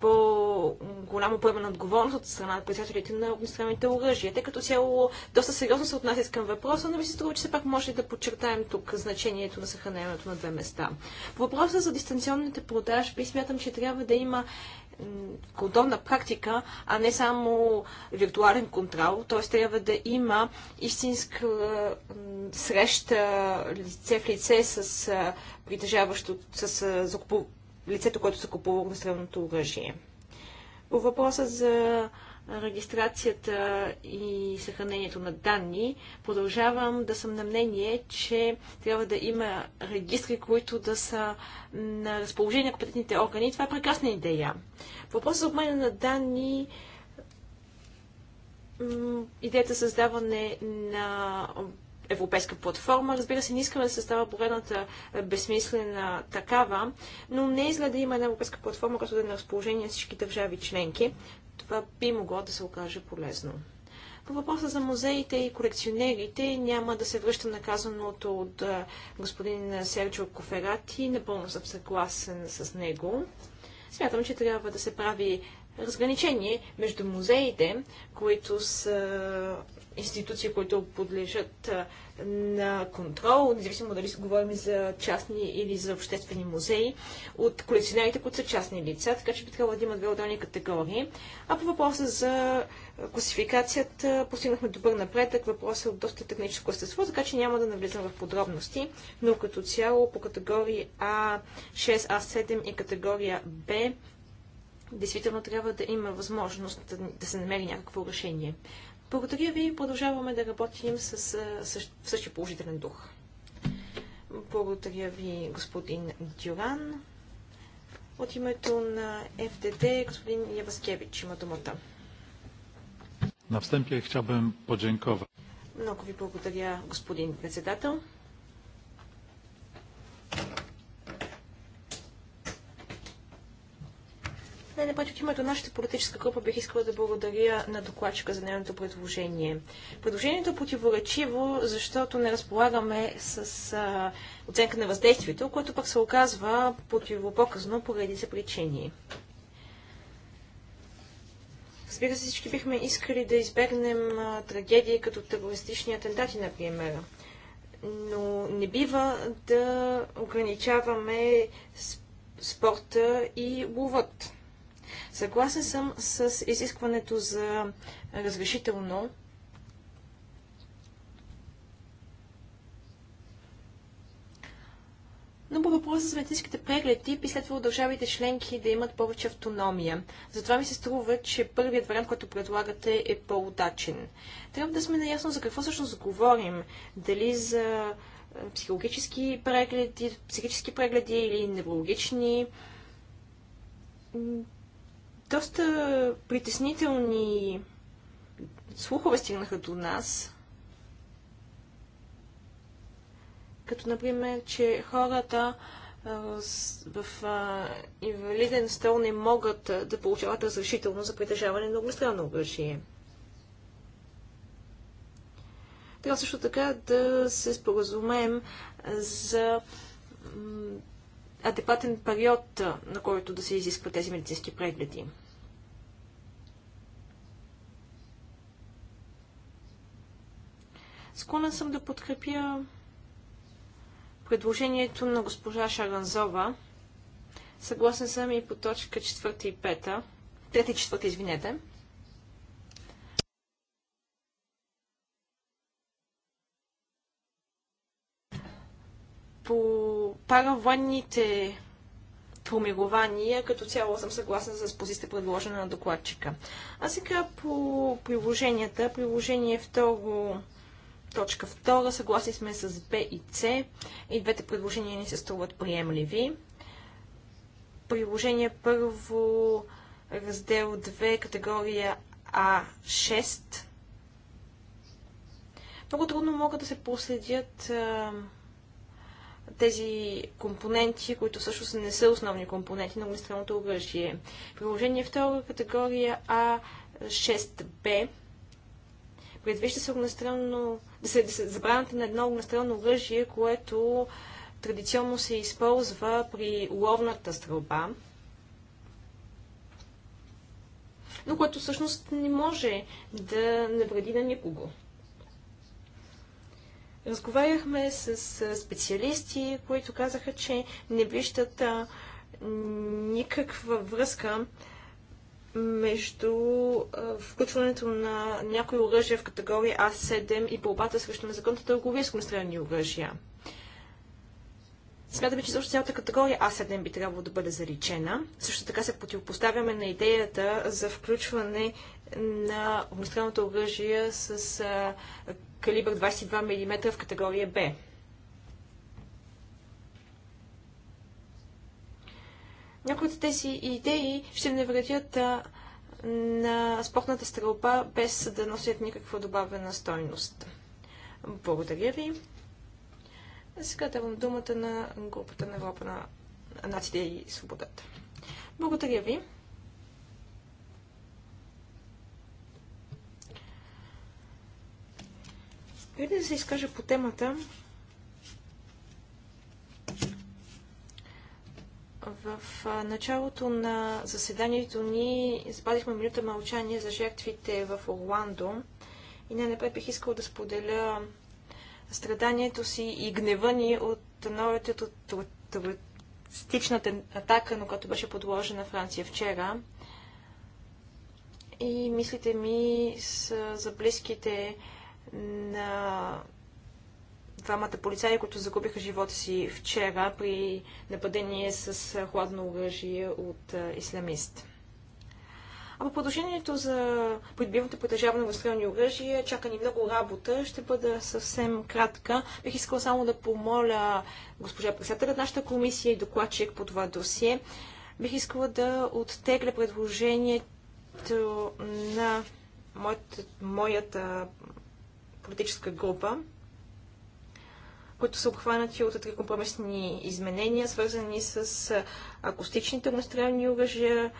по-голямо поема на отговорност от страна на председателите на огнестрелните оръжия. Те като цяло доста сериозно се отнасят към въпроса, но ми се струва, че все пак може да подчертаем тук значението на съхранението на две места. По въпроса за дистанционните продажби, смятам, че трябва да има кодонна практика, а не само виртуален контрол. Т.е. трябва да има истинска среща лице в лице с притежаващо, с закупуването лицето, което се купува огнестрелното оръжие. По въпроса за регистрацията и съхранението на данни, продължавам да съм на мнение, че трябва да има регистри, които да са на разположение на компетентните органи. Това е прекрасна идея. Въпроса за обмена на данни идеята създаване на европейска платформа. Разбира се, не искаме да става поредната е, безсмислена такава, но не е да има една европейска платформа, която да е на разположение на всички държави членки. Това би могло да се окаже полезно. По въпроса за музеите и колекционерите няма да се връщам на казаното от е, господин Серджо Коферати. Напълно съм съгласен с него. Смятам, че трябва да се прави разграничение между музеите, които са институции, които подлежат на контрол, независимо дали говорим за частни или за обществени музеи, от колекционерите, които са частни лица, така че би трябвало да има две отделни категории. А по въпроса за класификацията постигнахме добър напредък, въпросът е от доста техническо естество, така че няма да навлизам в подробности, но като цяло по категории А6, А7 и категория Б действително трябва да има възможност да, да се намери някакво решение. Благодаря ви. и Продължаваме да работим с, с, в същия положителен дух. Благодаря ви, господин Дюран. От името на ФДД, господин Яваскевич има думата. На встъпие chciałbym подженкова. Много ви благодаря, господин председател. Не път от името на нашата политическа група бих искала да благодаря на докладчика за нейното предложение. Предложението е противоречиво, защото не разполагаме с а, оценка на въздействието, което пък се оказва противопоказно по редица причини. Разбира се, всички бихме искали да избегнем а, трагедии като терористични атентати, например но не бива да ограничаваме спорта и ловът. Съгласен съм с изискването за разрешително. Но по въпроса за медицинските прегледи би следвало държавите членки да имат повече автономия. Затова ми се струва, че първият вариант, който предлагате, е по-удачен. Трябва да сме наясно за какво всъщност говорим. Дали за е, психологически прегледи, психически прегледи или неврологични доста притеснителни слухове стигнаха до нас, като например, че хората в инвалиден стол не могат да получават разрешително за притежаване на огнестрелно оръжие. Трябва също така да се споразумеем за адекватен период, на който да се изискват тези медицински прегледи. Склонен съм да подкрепя предложението на госпожа Шаранзова. Съгласен съм и по точка 4 и 5. 3 и 4, извинете. по паравоенните промирования, като цяло съм съгласна с позицията предложена на докладчика. А сега по приложенията. Приложение второ Точка втора. Съгласни сме с Б и С. И двете предложения ни се струват приемливи. Приложение първо, раздел 2, категория А6. Много трудно могат да се проследят тези компоненти, които всъщност не са основни компоненти на огнестрелното оръжие. Приложение 2, категория А6Б предвижда се огнестрелно, да се, да се забраната на едно огнестрелно оръжие, което традиционно се използва при ловната стрелба, но което всъщност не може да навреди на никого. Разговаряхме с специалисти, които казаха, че не виждат никаква връзка между включването на някои оръжия в категория А7 и борбата срещу незаконната търговия с огнестрелни оръжия. Смятаме, че също цялата категория А7 би трябвало да бъде заличена. Също така се противопоставяме на идеята за включване на огнестрелното оръжие с а, калибър 22 мм в категория Б. Някои от тези идеи ще не вредят а, на спортната стрелба, без да носят никаква добавена стойност. Благодаря ви. Сега давам думата на групата на Европа на нациите и свободата. Благодаря ви. Преди да се изкажа по темата, в началото на заседанието ни запазихме минута мълчание за жертвите в Орландо. И не напред бих искал да споделя страданието си и гнева ни от новата терористичната атака, на която беше подложена Франция вчера. И мислите ми са за близките на двамата полицаи, които загубиха живота си вчера при нападение с хладно оръжие от исламист. А по продължението за подбивното притежаване на стрелни оръжия, чака ни много работа. Ще бъда съвсем кратка. Бих искала само да помоля госпожа председателят, нашата комисия и докладчик по това досие. Бих искала да оттегля предложението на моята, моята политическа група, които са обхванати от три компромисни изменения, свързани с акустичните огнестрелни оръжия,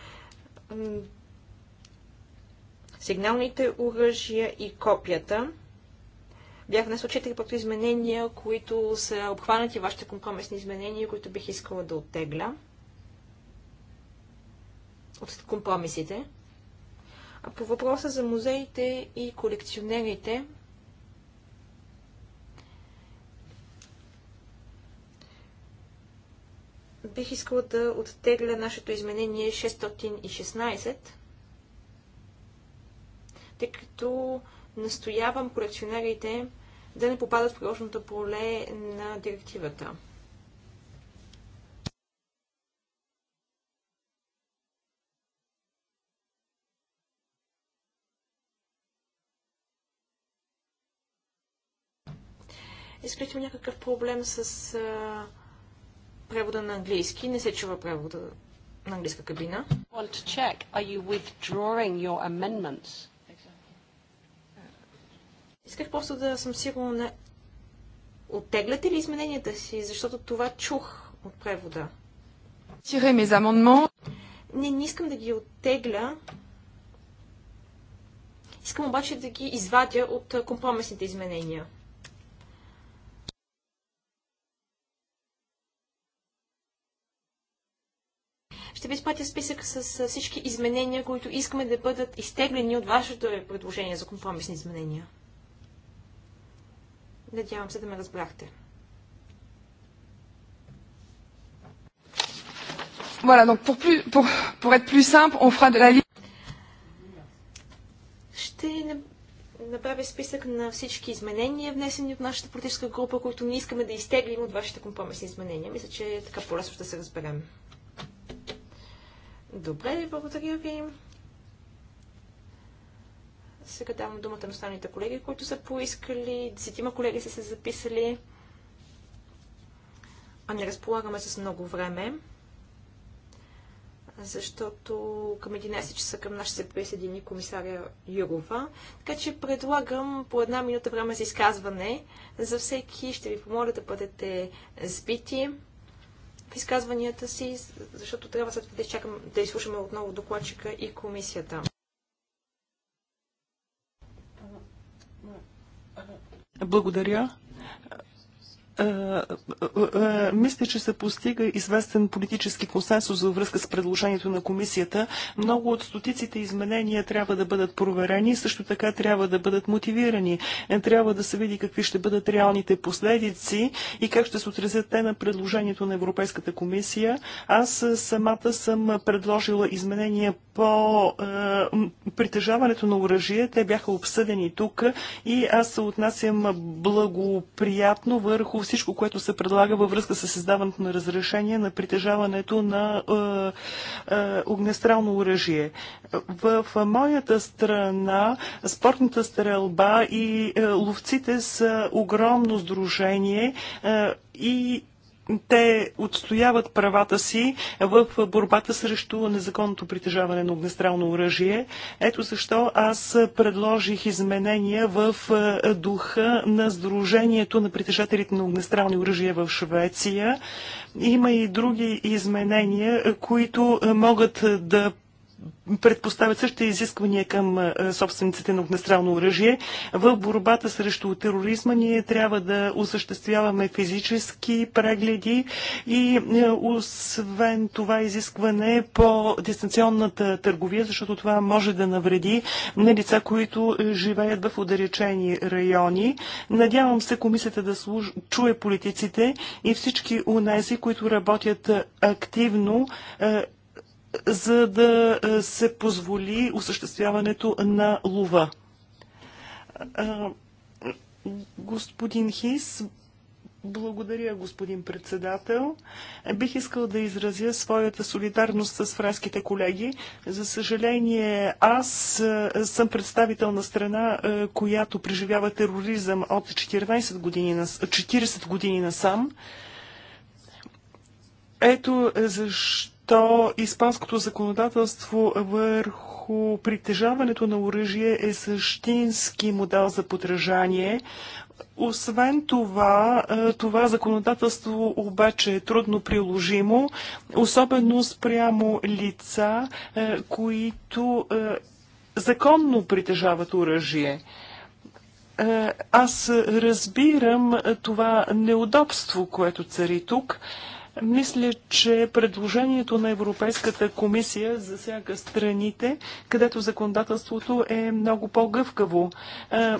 сигналните оръжия и копията. Бях случай три пъти изменения, които са обхванати вашите компромисни изменения, които бих искала да оттегля от компромисите. А по въпроса за музеите и колекционерите, бих искала да оттегля нашето изменение 616, тъй като настоявам колекционерите да не попадат в приложното поле на директивата. Изключвам някакъв проблем с а, превода на английски. Не се чува превода на английска кабина. Want to check, are you withdrawing your amendments? Исках просто да съм сигурна. Оттегляте ли измененията си? Защото това чух от превода. Не, не искам да ги оттегля. Искам обаче да ги извадя от компромисните изменения. Ще ви изпратя списък с всички изменения, които искаме да бъдат изтеглени от вашето предложение за компромисни изменения. Надявам се да ме разбрахте. Voilà, donc pour, plus, pour, pour être plus simple, on fera de la liste. Ще направя списък на всички изменения, внесени от нашата политическа група, които не искаме да изтеглим от вашите компромисни изменения. Мисля, че е така по-лесно ще се разберем. Добре, благодаря ви. Сега давам думата на останалите колеги, които са поискали. Десетима колеги са се записали. А не разполагаме с много време, защото към 11 часа към нас се присъедини комисаря Юрова. Така че предлагам по една минута време за изказване. За всеки ще ви помоля да бъдете сбити в изказванията си, защото трябва след да изчакам да изслушаме отново докладчика и комисията. Благодаря. Е, е, е, мисля, че се постига известен политически консенсус във връзка с предложението на комисията. Много от стотиците изменения трябва да бъдат проверени, също така трябва да бъдат мотивирани. Трябва да се види какви ще бъдат реалните последици и как ще се отразят те на предложението на Европейската комисия. Аз самата съм предложила изменения по притежаването на оръжие. Те бяха обсъдени тук и аз се отнасям благоприятно върху всичко, което се предлага във връзка с издаването на разрешение на притежаването на е, е, огнестрално оръжие. В моята страна спортната стрелба и е, ловците са огромно сдружение е, и те отстояват правата си в борбата срещу незаконното притежаване на огнестрално оръжие. Ето защо аз предложих изменения в е, духа на Сдружението на притежателите на огнестрални оръжия в Швеция. Има и други изменения, които могат да предпоставят същите изисквания към собствениците на огнестрелно оръжие. В борбата срещу тероризма ние трябва да осъществяваме физически прегледи и освен това изискване по дистанционната търговия, защото това може да навреди на лица, които живеят в отдалечени райони. Надявам се комисията да служ... чуе политиците и всички унези, които работят активно за да е, се позволи осъществяването на лова. Е, господин Хис, благодаря, господин председател. Бих искал да изразя своята солидарност с френските колеги. За съжаление, аз е, съм представител на страна, която преживява тероризъм от 14 години на, 40 години насам. Ето защо то испанското законодателство върху притежаването на оръжие е същински модел за подражание. Освен това, е, това законодателство обаче е трудно приложимо, особено спрямо лица, е, които е, законно притежават оръжие аз разбирам това неудобство, което цари тук, мисля, че предложението на Европейската комисия засяга страните, където законодателството е много по-гъвкаво.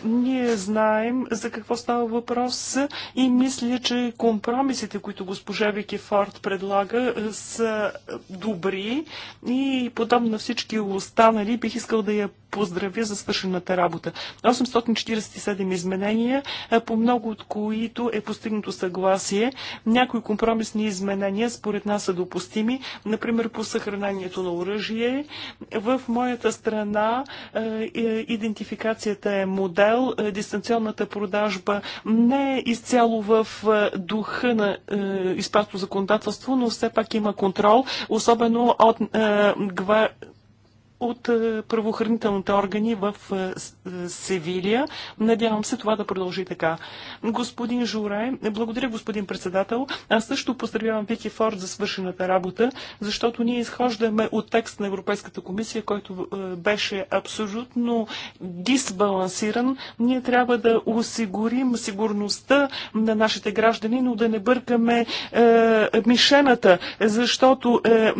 Ние знаем за какво става въпрос и мисля, че компромисите, които госпожа Вики Форд предлага, са добри и подобно на всички останали бих искал да я поздравя за свършената работа. 847 изменения, по много от които е постигнато съгласие. Някои компромисни изменения според нас са допустими, например по съхранението на оръжие. В моята страна идентификацията е модел, дистанционната продажба не е изцяло в духа на испанското законодателство, но все пак има контрол, особено от от е, правоохранителните органи в е, е, Севилия. Надявам се това да продължи така. Господин Журай, благодаря господин председател. Аз също поздравявам Вики Форд за свършената работа, защото ние изхождаме от текст на Европейската комисия, който беше абсолютно дисбалансиран. Ние трябва да осигурим сигурността на нашите граждани, но да не бъркаме е, мишената, защото е,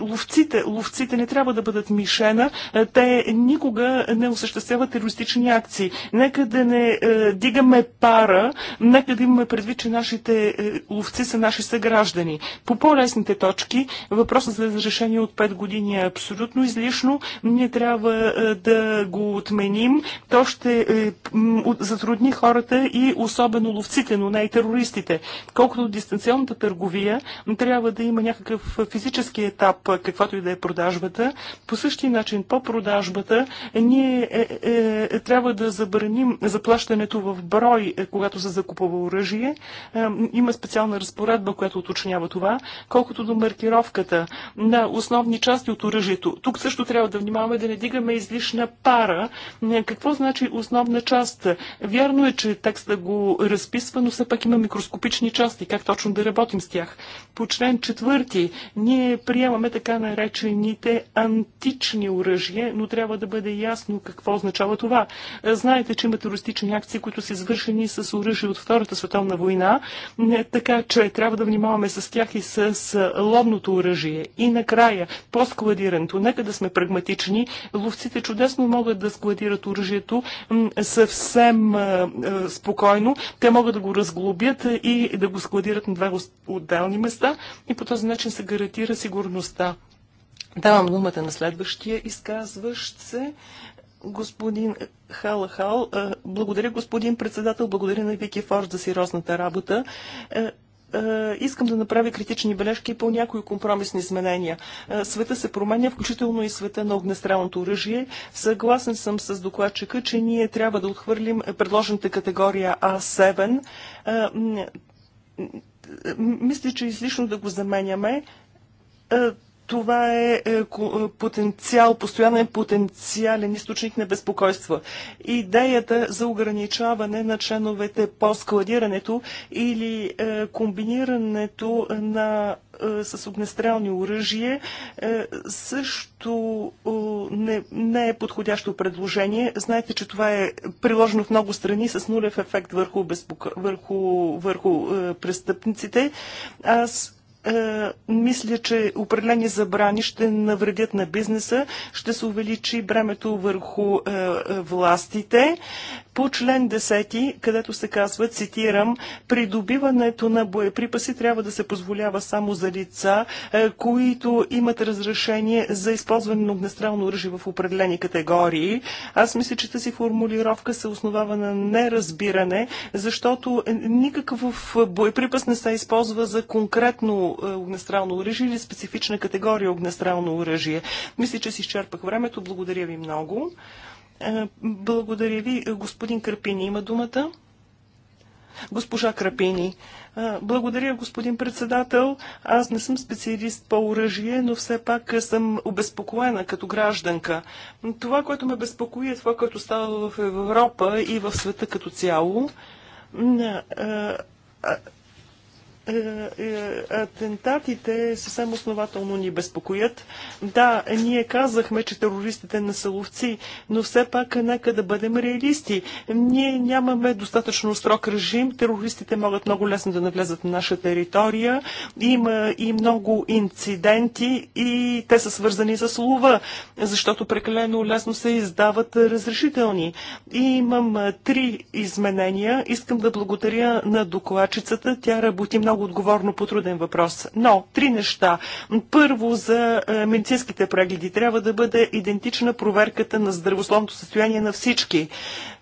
ловците, ловците не трябва да бъдат мишени Украина, те никога не осъществяват терористични акции. Нека да не е, дигаме пара, нека да имаме предвид, че нашите е, ловци са наши съграждани. По по-лесните точки, въпросът за разрешение от 5 години е абсолютно излишно. Ние трябва е, да го отменим. То ще затрудни хората и особено ловците, но не и терористите. Колкото дистанционната търговия, трябва да има някакъв физически етап, каквато и да е продажбата. По същия начин по продажбата, ние е, е, е, трябва да забраним заплащането в брой, е, когато се закупува оръжие. Е, има специална разпоредба, която уточнява това. Колкото до маркировката на основни части от оръжието, тук също трябва да внимаваме да не дигаме излишна пара. Е, какво значи основна част? Вярно е, че текста го разписва, но все пак има микроскопични части. Как точно да работим с тях? По член 4 ние приемаме така наречените антични оръжия, но трябва да бъде ясно какво означава това. Знаете, че има терористични акции, които са извършени с оръжие от Втората световна война, така че трябва да внимаваме с тях и с лобното оръжие. И накрая, по складирането, нека да сме прагматични. Ловците чудесно могат да складират оръжието съвсем спокойно. Те могат да го разглобят и да го складират на два отделни места места и по този начин се гарантира сигурността. Давам думата на следващия изказващ се. Господин Хал, е, благодаря господин председател, благодаря на Вики Форд за сериозната работа е, е, искам да направя критични бележки по някои компромисни изменения. Света се променя, включително и света на огнестрелното оръжие. Съгласен съм с докладчика, че ние трябва да отхвърлим предложената категория А7 мисля, че излишно да го заменяме. Е, това е, е, е потенциал, постоянен потенциален източник на безпокойство. Идеята за ограничаване на членовете по складирането или е, комбинирането на с огнестрелни оръжие също не, не е подходящо предложение. Знаете, че това е приложено в много страни с нулев ефект върху, безпоко... върху, върху престъпниците. Аз е, мисля, че определени забрани ще навредят на бизнеса, ще се увеличи бремето върху е, властите. По член 10, където се казва, цитирам, придобиването на боеприпаси трябва да се позволява само за лица, е, които имат разрешение за използване на огнестрелно оръжие в определени категории. Аз мисля, че тази формулировка се основава на неразбиране, защото никакъв боеприпас не се използва за конкретно е, огнестрално оръжие или специфична категория огнестрално оръжие. Мисля, че си изчерпах времето. Благодаря ви много. Е, благодаря ви. Господин Кърпини има думата. Госпожа Крапини. Е, благодаря, господин председател. Аз не съм специалист по оръжие, но все пак съм обезпокоена като гражданка. Това, което ме безпокои е това, което става в Европа и в света като цяло. Е, е, атентатите съвсем основателно ни безпокоят. Да, ние казахме, че терористите не са ловци, но все пак нека да бъдем реалисти. Ние нямаме достатъчно строг режим. Терористите могат много лесно да навлезат на наша територия. Има и много инциденти и те са свързани с лова, защото прекалено лесно се издават разрешителни. И имам три изменения. Искам да благодаря на докладчицата. Тя работи много много отговорно по труден въпрос. Но три неща. Първо за е, медицинските прегледи. Трябва да бъде идентична проверката на здравословното състояние на всички.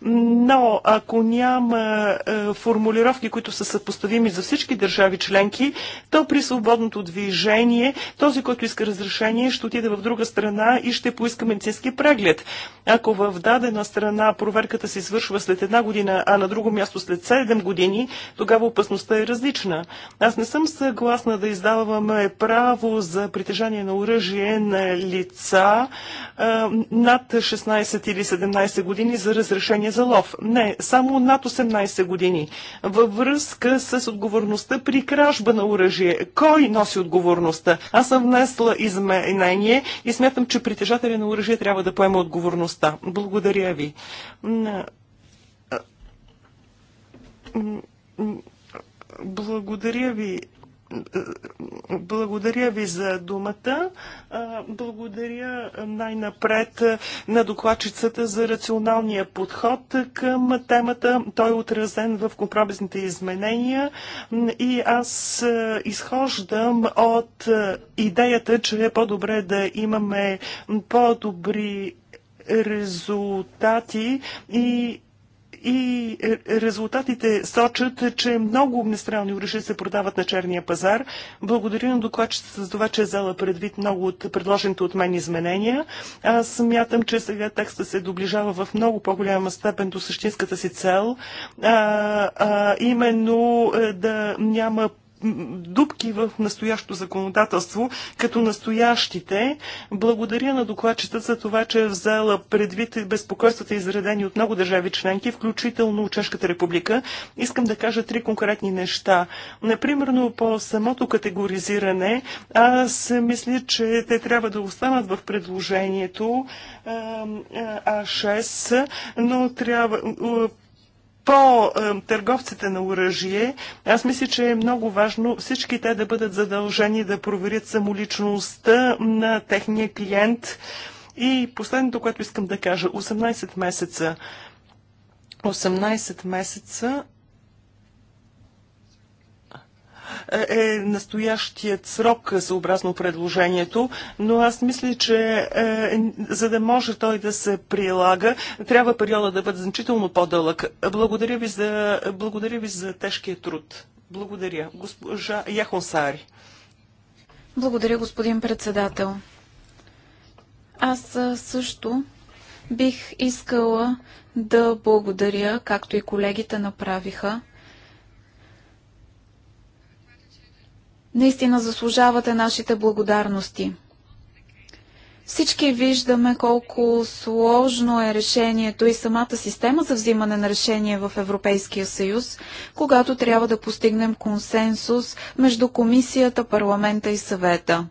Но ако няма е, формулировки, които са съпоставими за всички държави членки, то при свободното движение този, който иска разрешение, ще отиде в друга страна и ще поиска медицински преглед. Ако в дадена страна проверката се извършва след една година, а на друго място след 7 години, тогава опасността е различна. Аз не съм съгласна да издаваме право за притежание на оръжие на лица над 16 или 17 години за разрешение за лов. Не, само над 18 години. Във връзка с отговорността при кражба на оръжие. Кой носи отговорността? Аз съм внесла изменение и смятам, че притежателя на оръжие трябва да поема отговорността. Благодаря ви. Благодаря ви. Благодаря ви за думата. Благодаря най-напред на докладчицата за рационалния подход към темата. Той е отразен в компромисните изменения и аз изхождам от идеята, че е по-добре да имаме по-добри резултати и и е, резултатите сочат, че много огнестрелни оръжия се продават на черния пазар. Благодаря на докладчета за това, че е взела предвид много от предложените от мен изменения. Аз смятам, че сега текста се доближава в много по-голяма степен до същинската си цел, а, а, именно е, да няма дупки в настоящото законодателство, като настоящите. Благодаря на докладчета за това, че е взела предвид безпокойствата, изредени от много държави членки, включително Чешката република. Искам да кажа три конкретни неща. Например, по самото категоризиране, аз мисля, че те трябва да останат в предложението А6, но трябва по е, търговците на оръжие, аз мисля, че е много важно всички те да бъдат задължени да проверят самоличността на техния клиент. И последното, което искам да кажа, 18 месеца. 18 месеца е настоящият срок съобразно предложението, но аз мисля, че е, за да може той да се прилага, трябва периода да бъде значително по-дълъг. Благодаря ви за, благодаря ви за тежкия труд. Благодаря. Госпожа Яхонсари. Благодаря, господин председател. Аз също бих искала да благодаря, както и колегите направиха, наистина заслужавате нашите благодарности. Всички виждаме колко сложно е решението и самата система за взимане на решение в Европейския съюз, когато трябва да постигнем консенсус между комисията, парламента и съвета.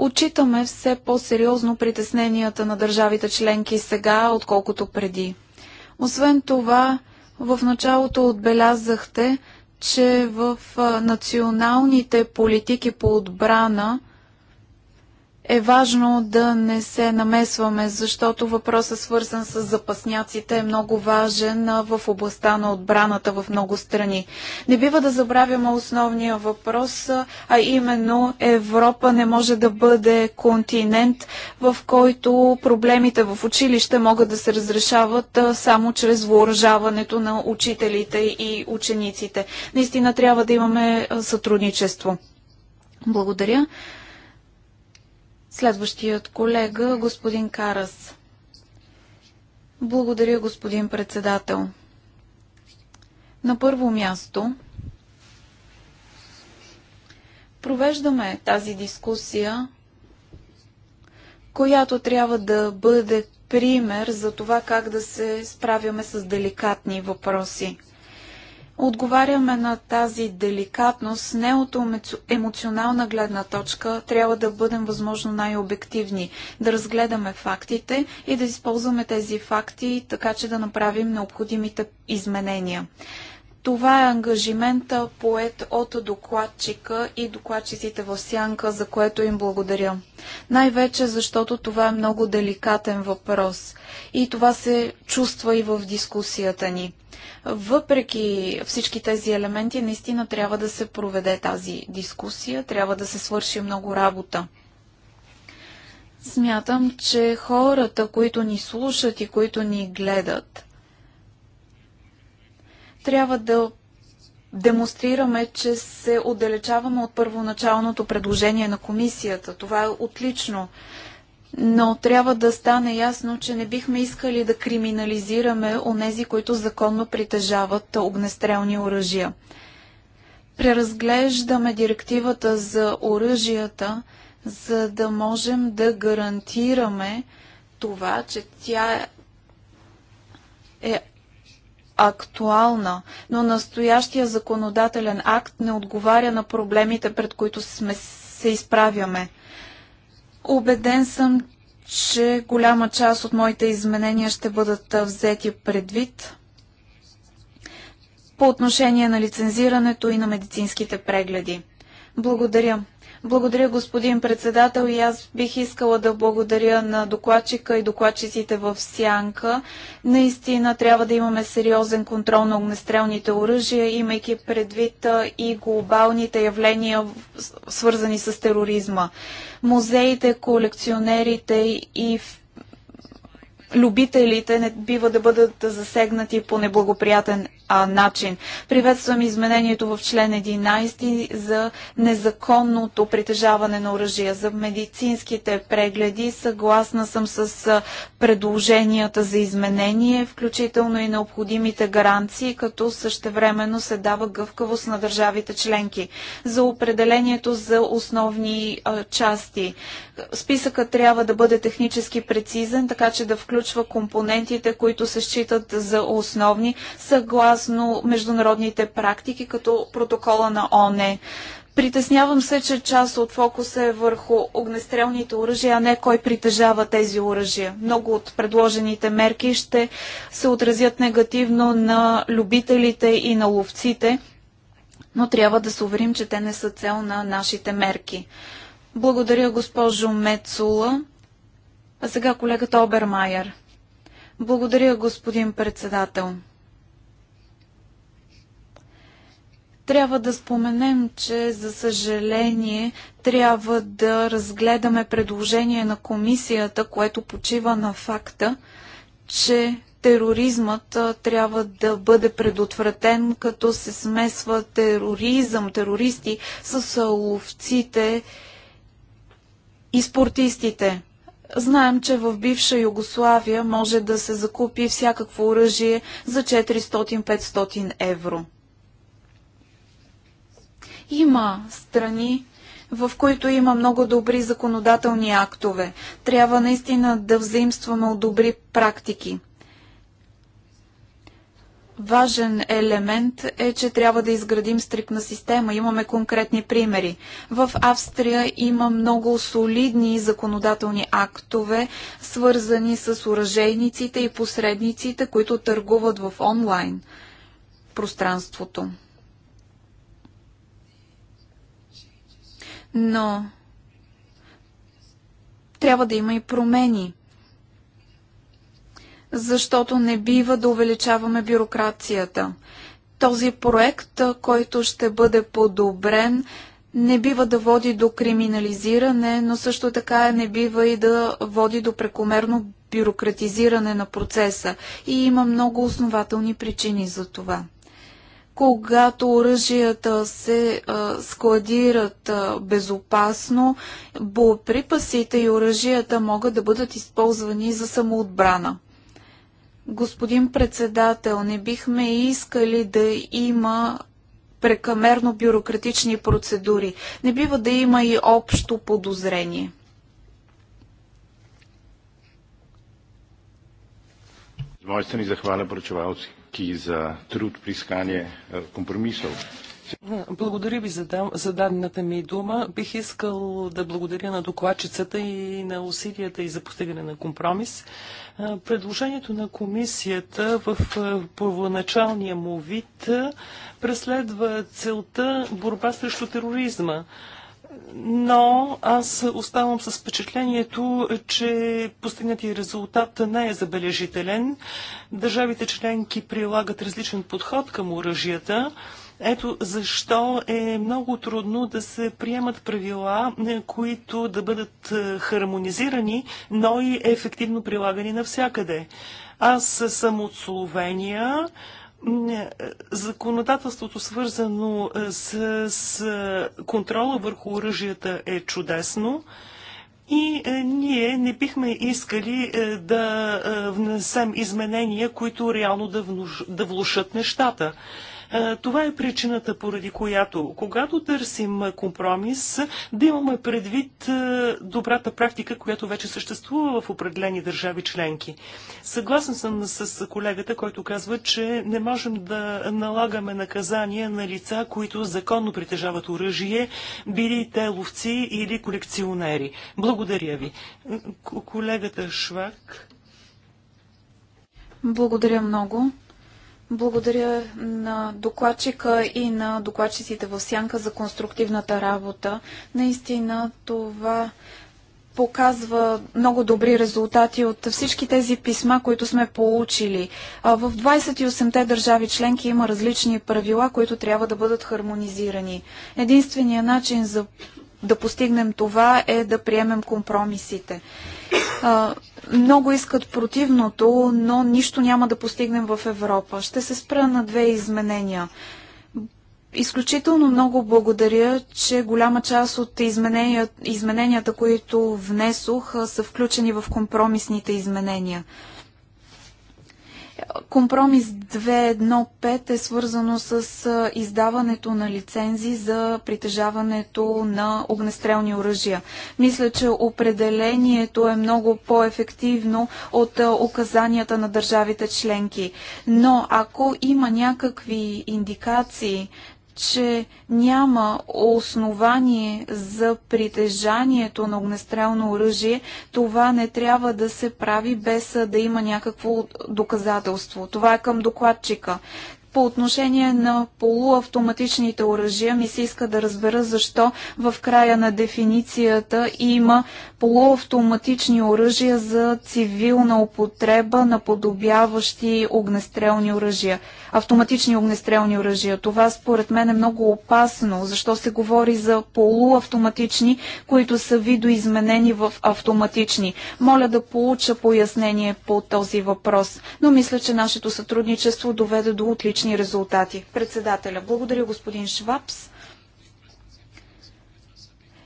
Отчитаме все по-сериозно притесненията на държавите членки сега, отколкото преди. Освен това, в началото отбелязахте, че в националните политики по отбрана е важно да не се намесваме, защото въпросът свързан с запасняците е много важен в областта на отбраната в много страни. Не бива да забравяме основния въпрос, а именно Европа не може да бъде континент, в който проблемите в училище могат да се разрешават само чрез въоръжаването на учителите и учениците. Наистина трябва да имаме сътрудничество. Благодаря. Следващият колега, господин Карас. Благодаря, господин председател. На първо място провеждаме тази дискусия, която трябва да бъде пример за това как да се справяме с деликатни въпроси отговаряме на тази деликатност не от емоционална гледна точка. Трябва да бъдем възможно най-обективни, да разгледаме фактите и да използваме тези факти така, че да направим необходимите изменения. Това е ангажимента поет от докладчика и докладчиците в сянка, за което им благодаря. Най-вече защото това е много деликатен въпрос и това се чувства и в дискусията ни. Въпреки всички тези елементи, наистина трябва да се проведе тази дискусия, трябва да се свърши много работа. Смятам, че хората, които ни слушат и които ни гледат – трябва да демонстрираме, че се отдалечаваме от първоначалното предложение на комисията. Това е отлично. Но трябва да стане ясно, че не бихме искали да криминализираме онези, които законно притежават огнестрелни оръжия. Преразглеждаме директивата за оръжията, за да можем да гарантираме това, че тя е актуална, но настоящия законодателен акт не отговаря на проблемите, пред които сме, се изправяме. Обеден съм, че голяма част от моите изменения ще бъдат взети предвид по отношение на лицензирането и на медицинските прегледи. Благодаря. Благодаря, господин председател, и аз бих искала да благодаря на докладчика и докладчиците в Сянка. Наистина трябва да имаме сериозен контрол на огнестрелните оръжия, имайки предвид и глобалните явления, свързани с тероризма. Музеите, колекционерите и любителите не бива да бъдат засегнати по неблагоприятен начин. Приветствам изменението в член 11 за незаконното притежаване на оръжия, за медицинските прегледи. Съгласна съм с предложенията за изменение, включително и необходимите гаранции, като същевременно се дава гъвкавост на държавите членки. За определението за основни части. Списъка трябва да бъде технически прецизен, така че да включва компонентите, които се считат за основни, съгласно съгласно международните практики, като протокола на ОНЕ. Притеснявам се, че част от фокуса е върху огнестрелните оръжия, а не кой притежава тези оръжия. Много от предложените мерки ще се отразят негативно на любителите и на ловците, но трябва да се уверим, че те не са цел на нашите мерки. Благодаря, госпожо Мецула. А сега колегата Обермайер. Благодаря, господин председател. Трябва да споменем, че за съжаление трябва да разгледаме предложение на комисията, което почива на факта, че тероризмът трябва да бъде предотвратен, като се смесва тероризъм, терористи с ловците и спортистите. Знаем, че в бивша Югославия може да се закупи всякакво оръжие за 400-500 евро. Има страни, в които има много добри законодателни актове. Трябва наистина да взаимстваме от добри практики. Важен елемент е, че трябва да изградим стрикна система. Имаме конкретни примери. В Австрия има много солидни законодателни актове, свързани с оръжейниците и посредниците, които търгуват в онлайн пространството. но трябва да има и промени, защото не бива да увеличаваме бюрокрацията. Този проект, който ще бъде подобрен, не бива да води до криминализиране, но също така не бива и да води до прекомерно бюрократизиране на процеса. И има много основателни причини за това когато оръжията се складират безопасно, боеприпасите и оръжията могат да бъдат използвани за самоотбрана. Господин председател, не бихме искали да има прекамерно бюрократични процедури. Не бива да има и общо подозрение. Моите ни захваля прочувалци ki za trud pri iskanju eh, kompromisov. Благодаря ви за, за дадената ми дума. Бих искал да благодаря на докладчицата и на усилията и за постигане на компромис. Е, предложението на комисията в е, първоначалния му вид е, преследва целта борба срещу тероризма но аз оставам с впечатлението, че постигнатия резултат не е забележителен. Държавите членки прилагат различен подход към оръжията. Ето защо е много трудно да се приемат правила, е, които да бъдат е, хармонизирани, но и ефективно прилагани навсякъде. Аз съм от Словения е, законодателството, свързано е, с, с контрола върху оръжията, е чудесно. И е, ние не бихме искали да внесем изменения, които реално да, внуш, да влушат нещата. Е, това е причината, поради която, когато търсим компромис, да имаме предвид е, добрата практика, която вече съществува в определени държави членки. Съгласен съм с колегата, който казва, че не можем да налагаме наказания на лица, които законно притежават оръжие, били те ловци или колекционери. Благодаря ви. Колегата Швак. Благодаря много. Благодаря на докладчика и на докладчиците в Сянка за конструктивната работа. Наистина това показва много добри резултати от всички тези писма, които сме получили. В 28-те държави членки има различни правила, които трябва да бъдат хармонизирани. Единственият начин за да постигнем това е да приемем компромисите. Много искат противното, но нищо няма да постигнем в Европа. Ще се спра на две изменения. Изключително много благодаря, че голяма част от изменения, измененията, които внесох, са включени в компромисните изменения. Компромис 2.1.5 е свързано с издаването на лицензи за притежаването на огнестрелни оръжия. Мисля, че определението е много по-ефективно от указанията на държавите членки. Но ако има някакви индикации че няма основание за притежанието на огнестрелно оръжие, това не трябва да се прави без да има някакво доказателство. Това е към докладчика. По отношение на полуавтоматичните оръжия ми се иска да разбера защо в края на дефиницията има полуавтоматични оръжия за цивилна употреба, наподобяващи огнестрелни оръжия. Автоматични огнестрелни оръжия. Това според мен е много опасно. Защо се говори за полуавтоматични, които са видоизменени в автоматични? Моля да получа пояснение по този въпрос. Но мисля, че нашето сътрудничество доведе до отлично отлични резултати. Председателя, благодаря господин Швабс.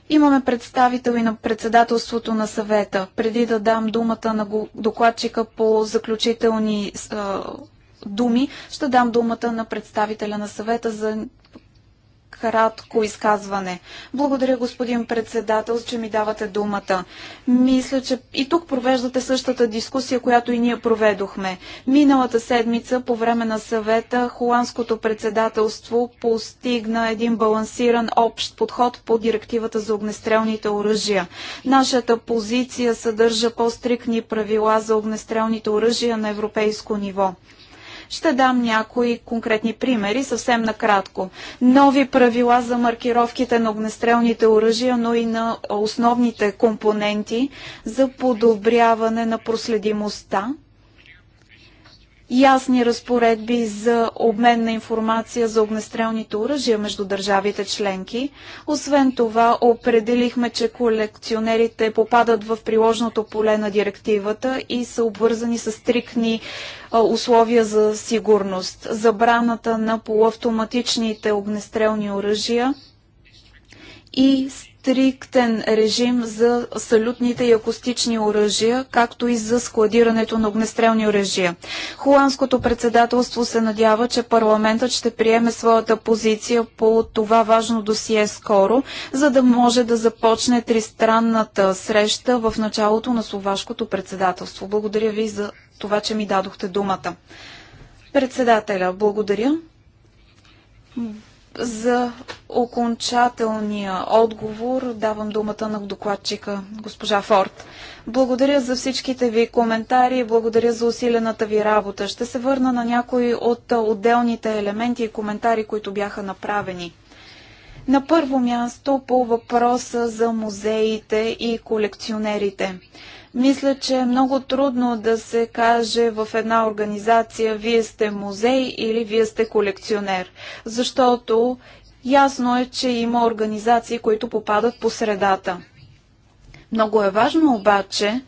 Имаме представители на председателството на съвета. Преди да дам думата на докладчика по заключителни думи, ще дам думата на представителя на съвета за кратко изказване. Благодаря, господин председател, че ми давате думата. Мисля, че и тук провеждате същата дискусия, която и ние проведохме. Миналата седмица, по време на съвета, холандското председателство постигна един балансиран общ подход по директивата за огнестрелните оръжия. Нашата позиция съдържа по-стрикни правила за огнестрелните оръжия на европейско ниво. Ще дам някои конкретни примери съвсем накратко. Нови правила за маркировките на огнестрелните оръжия, но и на основните компоненти за подобряване на проследимостта ясни разпоредби за обмен на информация за огнестрелните оръжия между държавите членки. Освен това, определихме, че колекционерите попадат в приложното поле на директивата и са обвързани с стрикни условия за сигурност. Забраната на полуавтоматичните огнестрелни оръжия и стриктен режим за салютните и акустични оръжия, както и за складирането на огнестрелни оръжия. Холандското председателство се надява, че парламентът ще приеме своята позиция по това важно досие скоро, за да може да започне тристранната среща в началото на словашкото председателство. Благодаря ви за това, че ми дадохте думата. Председателя, благодаря. За окончателния отговор давам думата на докладчика госпожа Форд. Благодаря за всичките ви коментари и благодаря за усилената ви работа. Ще се върна на някои от отделните елементи и коментари, които бяха направени. На първо място по въпроса за музеите и колекционерите. Мисля, че е много трудно да се каже в една организация вие сте музей или вие сте колекционер, защото ясно е, че има организации, които попадат по средата. Много е важно обаче,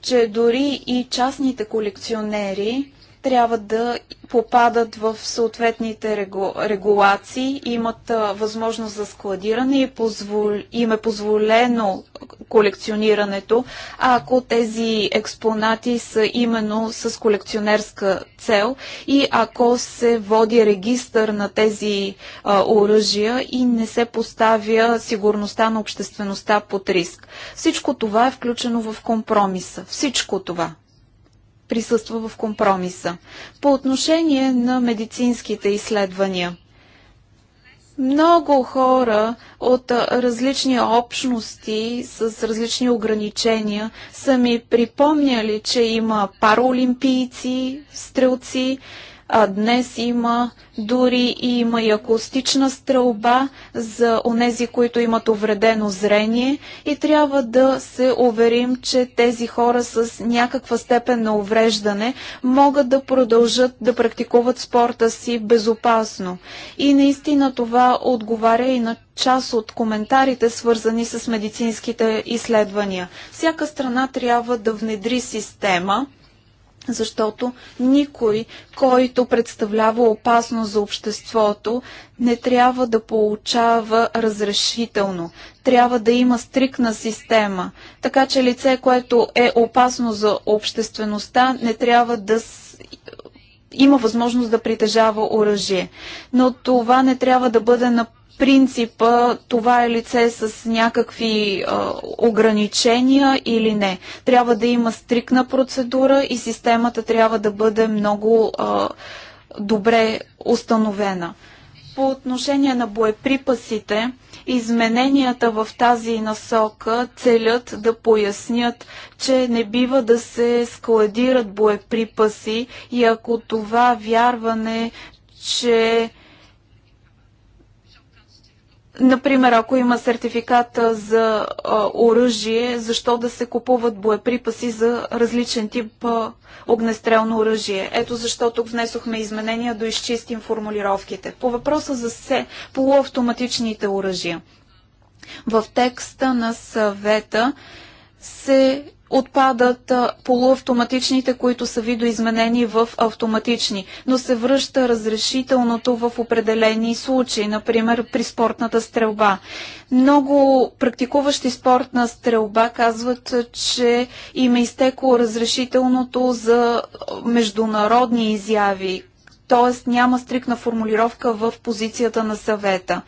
че дори и частните колекционери трябва да попадат в съответните регу... регулации, имат а, възможност за складиране и позвол... им е позволено колекционирането, а ако тези експонати са именно с колекционерска цел и ако се води регистър на тези а, оръжия и не се поставя сигурността на обществеността под риск. Всичко това е включено в компромиса. Всичко това присъства в компромиса. По отношение на медицинските изследвания. Много хора от различни общности с различни ограничения са ми припомняли, че има параолимпийци, стрелци а днес има дори и има и акустична стрелба за онези, които имат увредено зрение и трябва да се уверим, че тези хора с някаква степен на увреждане могат да продължат да практикуват спорта си безопасно. И наистина това отговаря и на част от коментарите, свързани с медицинските изследвания. Всяка страна трябва да внедри система, защото никой, който представлява опасност за обществото, не трябва да получава разрешително. Трябва да има стрикна система, така че лице, което е опасно за обществеността, не трябва да има възможност да притежава оръжие. Но това не трябва да бъде на принципа това е лице с някакви а, ограничения или не. Трябва да има стрикна процедура и системата трябва да бъде много а, добре установена. По отношение на боеприпасите, измененията в тази насока целят да пояснят, че не бива да се складират боеприпаси и ако това вярване, че Например, ако има сертификата за оръжие, защо да се купуват боеприпаси за различен тип огнестрелно оръжие? Ето защо тук внесохме изменения да изчистим формулировките. По въпроса за се, полуавтоматичните оръжия. В текста на съвета се отпадат полуавтоматичните, които са видоизменени в автоматични, но се връща разрешителното в определени случаи, например при спортната стрелба. Много практикуващи спортна стрелба казват, че им е изтекло разрешителното за международни изяви, т.е. няма стрикна формулировка в позицията на съвета.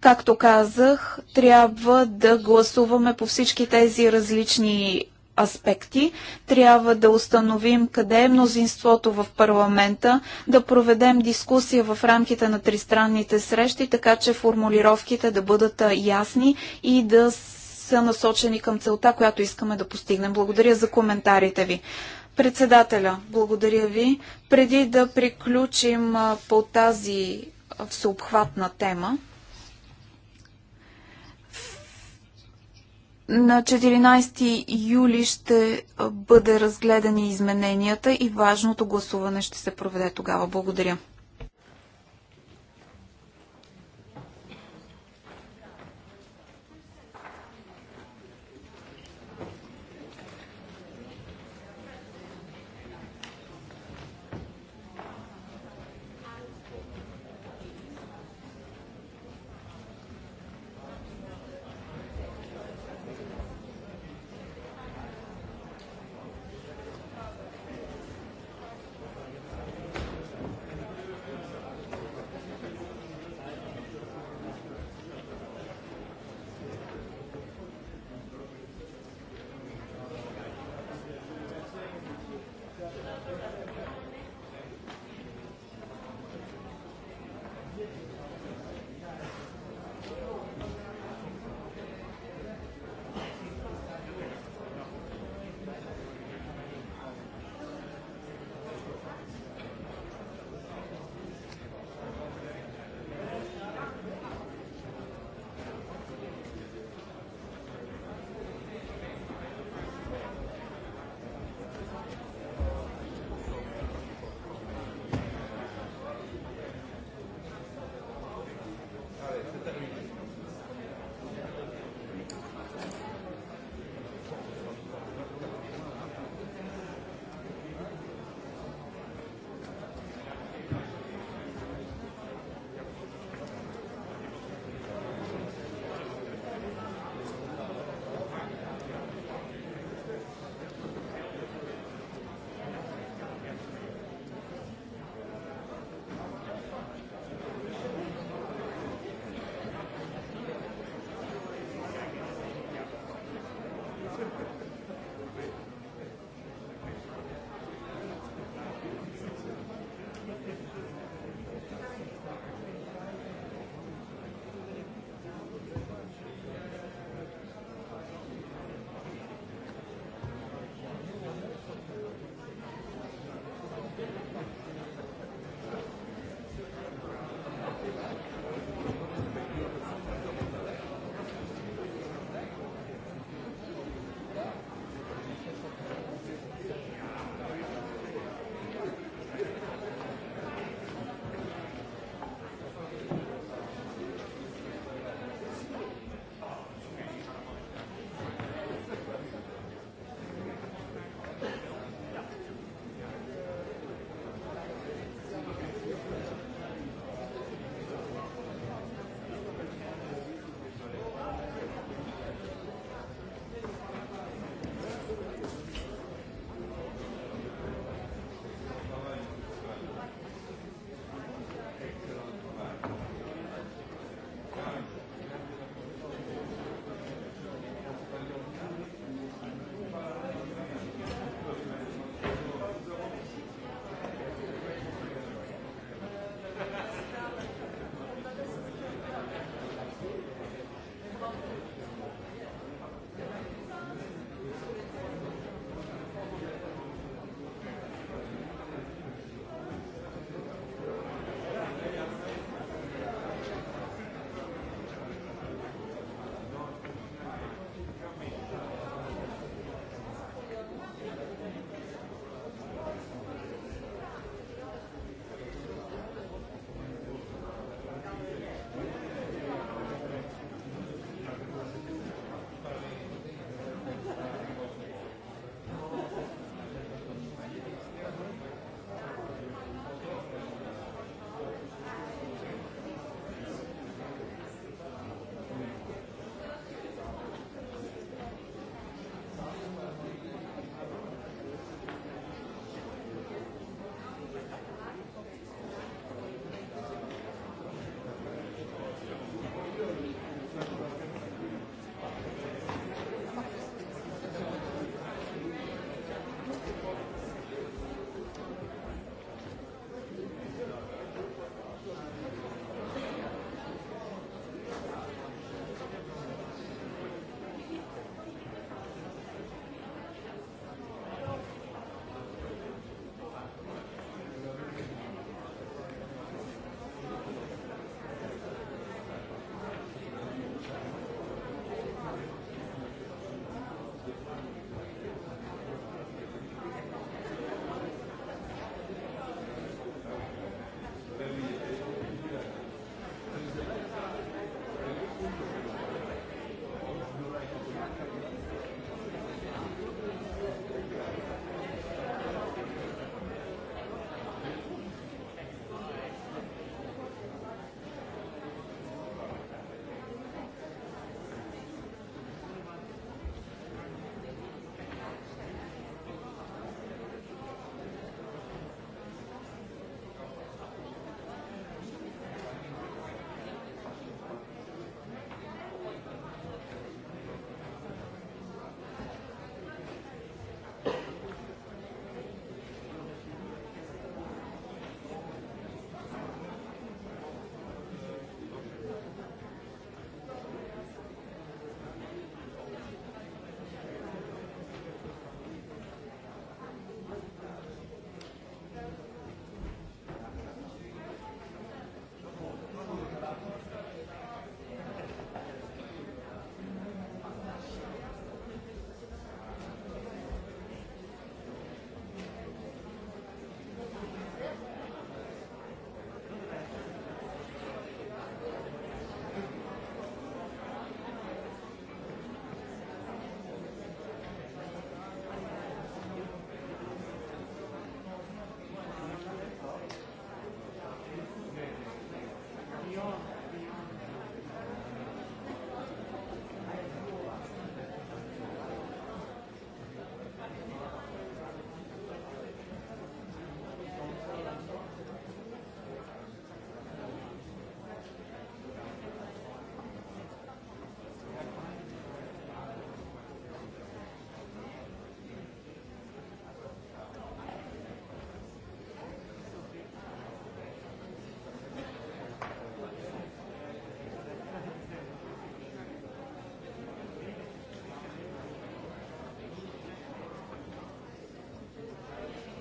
Както казах, трябва да гласуваме по всички тези различни аспекти. Трябва да установим къде е мнозинството в парламента, да проведем дискусия в рамките на тристранните срещи, така че формулировките да бъдат ясни и да са насочени към целта, която искаме да постигнем. Благодаря за коментарите ви. Председателя, благодаря ви. Преди да приключим по тази всеобхватна тема, На 14 юли ще бъде разгледани измененията и важното гласуване ще се проведе тогава. Благодаря.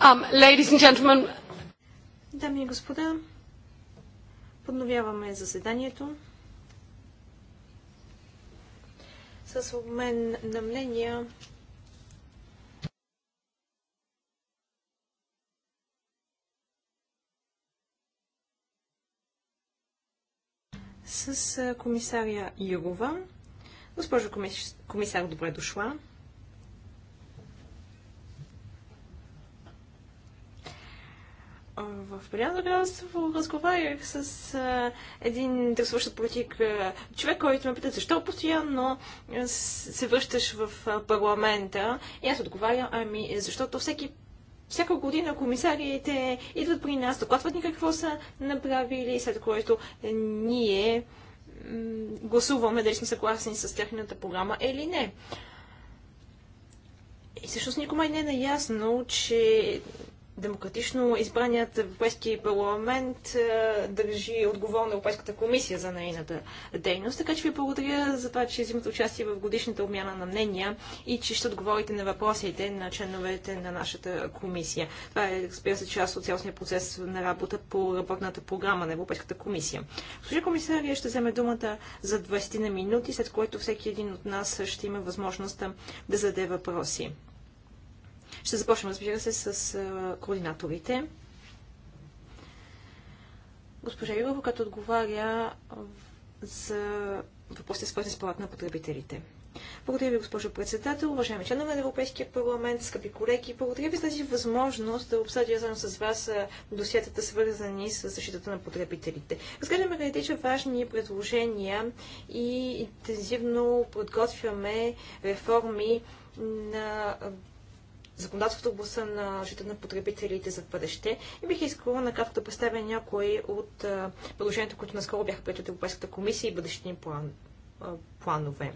Um, Дами и господа, подновяваме заседанието с обмен на мнения с комисаря Югова. Госпожо комисар, добре дошла. В Беляно разговарях с а, един интересуващ политик а, човек, който ме пита защо постоянно се връщаш в парламента. И аз отговарям, ами защото всеки всяка година комисарите идват при нас, докладват ни какво са направили, след което ние гласуваме дали сме съгласни с тяхната програма или не. И всъщност никога не е наясно, че демократично избраният Европейски парламент е, държи отговорна Европейската комисия за нейната дейност. Така че ви благодаря за това, че взимате участие в годишната обмяна на мнения и че ще отговорите на въпросите на членовете на нашата комисия. Това е, разбира се, част от цялостния процес на работа по работната програма на Европейската комисия. Служи комисария ще вземе думата за 20 на минути, след което всеки един от нас ще има възможността да зададе въпроси. Ще започнем, разбира се, с координаторите. Госпожа Юрова, като отговаря за въпросите, свързани с правата на потребителите. Благодаря ви, госпожо председател, уважаеми членове на Европейския парламент, скъпи колеги. Благодаря ви за тази възможност да обсъдя заедно с вас досиетата, свързани с защитата на потребителите. Разгледаме редича важни предложения и интензивно подготвяме реформи на законодателството в областта на защита на потребителите за бъдеще. И бих искала накратко да представя някои от предложенията, които наскоро бяха прияти от Европейската комисия и бъдещи план, планове.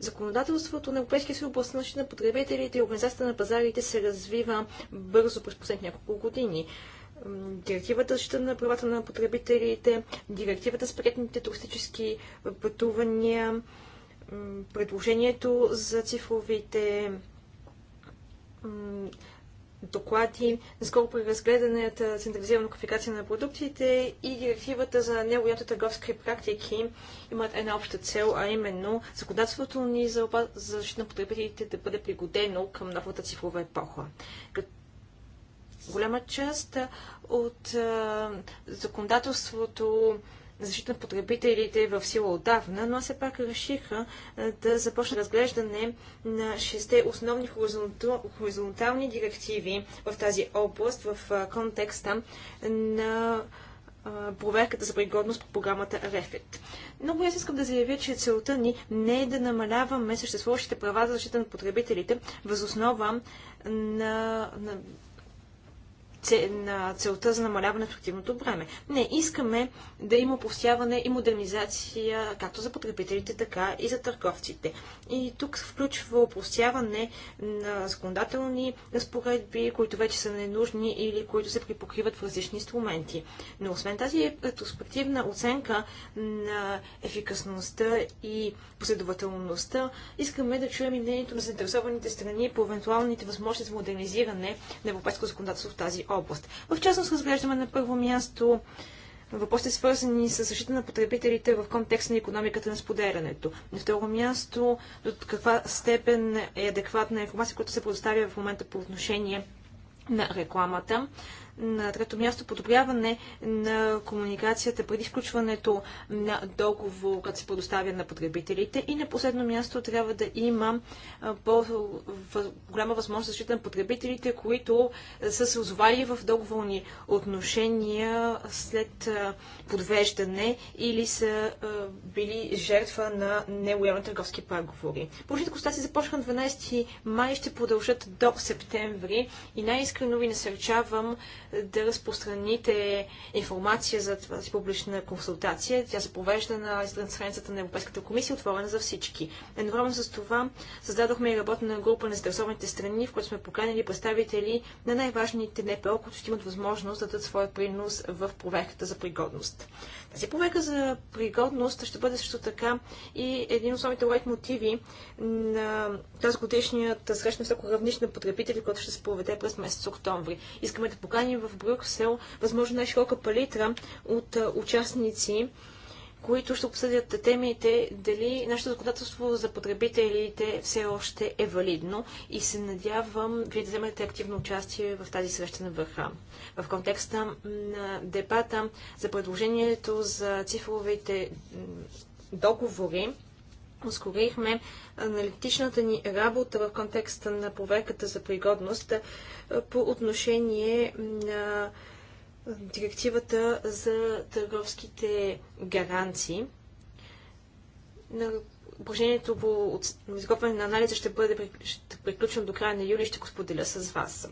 Законодателството на Европейския съюз областта на защита на потребителите и организацията на пазарите се развива бързо през последните няколко години. Директивата защита на правата на потребителите, директивата с приятните туристически пътувания, предложението за цифровите доклади, наскоро е разгледанията, централизирана квалификация на продуктите и директивата за нелоялните търговски практики имат една обща цел, а именно законодателството ни за, опа... за защита на потребителите да бъде пригодено към новата цифрова епоха. Като голяма част от а, законодателството защита на потребителите в сила отдавна, но все пак решиха да започне разглеждане на шесте основни хоризонтални директиви в тази област в контекста на проверката за пригодност по програмата Рефет. Много аз искам да заявя, че целта ни не е да намаляваме съществуващите права за защита на потребителите възоснова на, на на целта за намаляване на активното време. Не, искаме да има повсяване и модернизация както за потребителите, така и за търговците. И тук включва опростяване на законодателни разпоредби, които вече са ненужни или които се припокриват в различни инструменти. Но освен тази ретроспективна оценка на ефикасността и последователността, искаме да чуем и мнението на заинтересованите страни по евентуалните възможности за модернизиране на европейско законодателство в тази област. В частност разглеждаме на първо място въпросите свързани с защита на потребителите в контекста на економиката на споделянето. На второ място, до каква степен е адекватна информация, която се предоставя в момента по отношение на рекламата. На трето място подобряване на комуникацията преди включването на договор, като се предоставя на потребителите. И на последно място трябва да има по-голяма възможност за защита на потребителите, които са се озовали в договорни отношения след подвеждане или са били жертва на нелоялни търговски преговори. Положителните констатации започна на 12 май, и ще продължат до септември и най-искрено ви насърчавам да разпространите информация за тази публична консултация. Тя се провежда на страницата на Европейската комисия, отворена за всички. Едновременно с това създадохме и работна група на заинтересованите страни, в която сме поканили представители на най-важните НПО, които ще имат възможност да дадат своя принос в проверката за пригодност. Тази повека за пригодност ще бъде също така и един от основните лайт мотиви на тази годишният срещна всяко равнище на потребители, който ще се проведе през месец октомври. Искаме да поканим в Брюксел възможно най-широка палитра от участници които ще обсъдят темите дали нашето законодателство за потребителите все още е валидно и се надявам вие да вземете активно участие в тази среща на върха. В контекста на дебата за предложението за цифровите договори, ускорихме аналитичната ни работа в контекста на проверката за пригодност по отношение на директивата за търговските гаранции. На упражнението по изготвяне на анализа ще бъде ще приключено до края на юли, и ще го споделя с вас.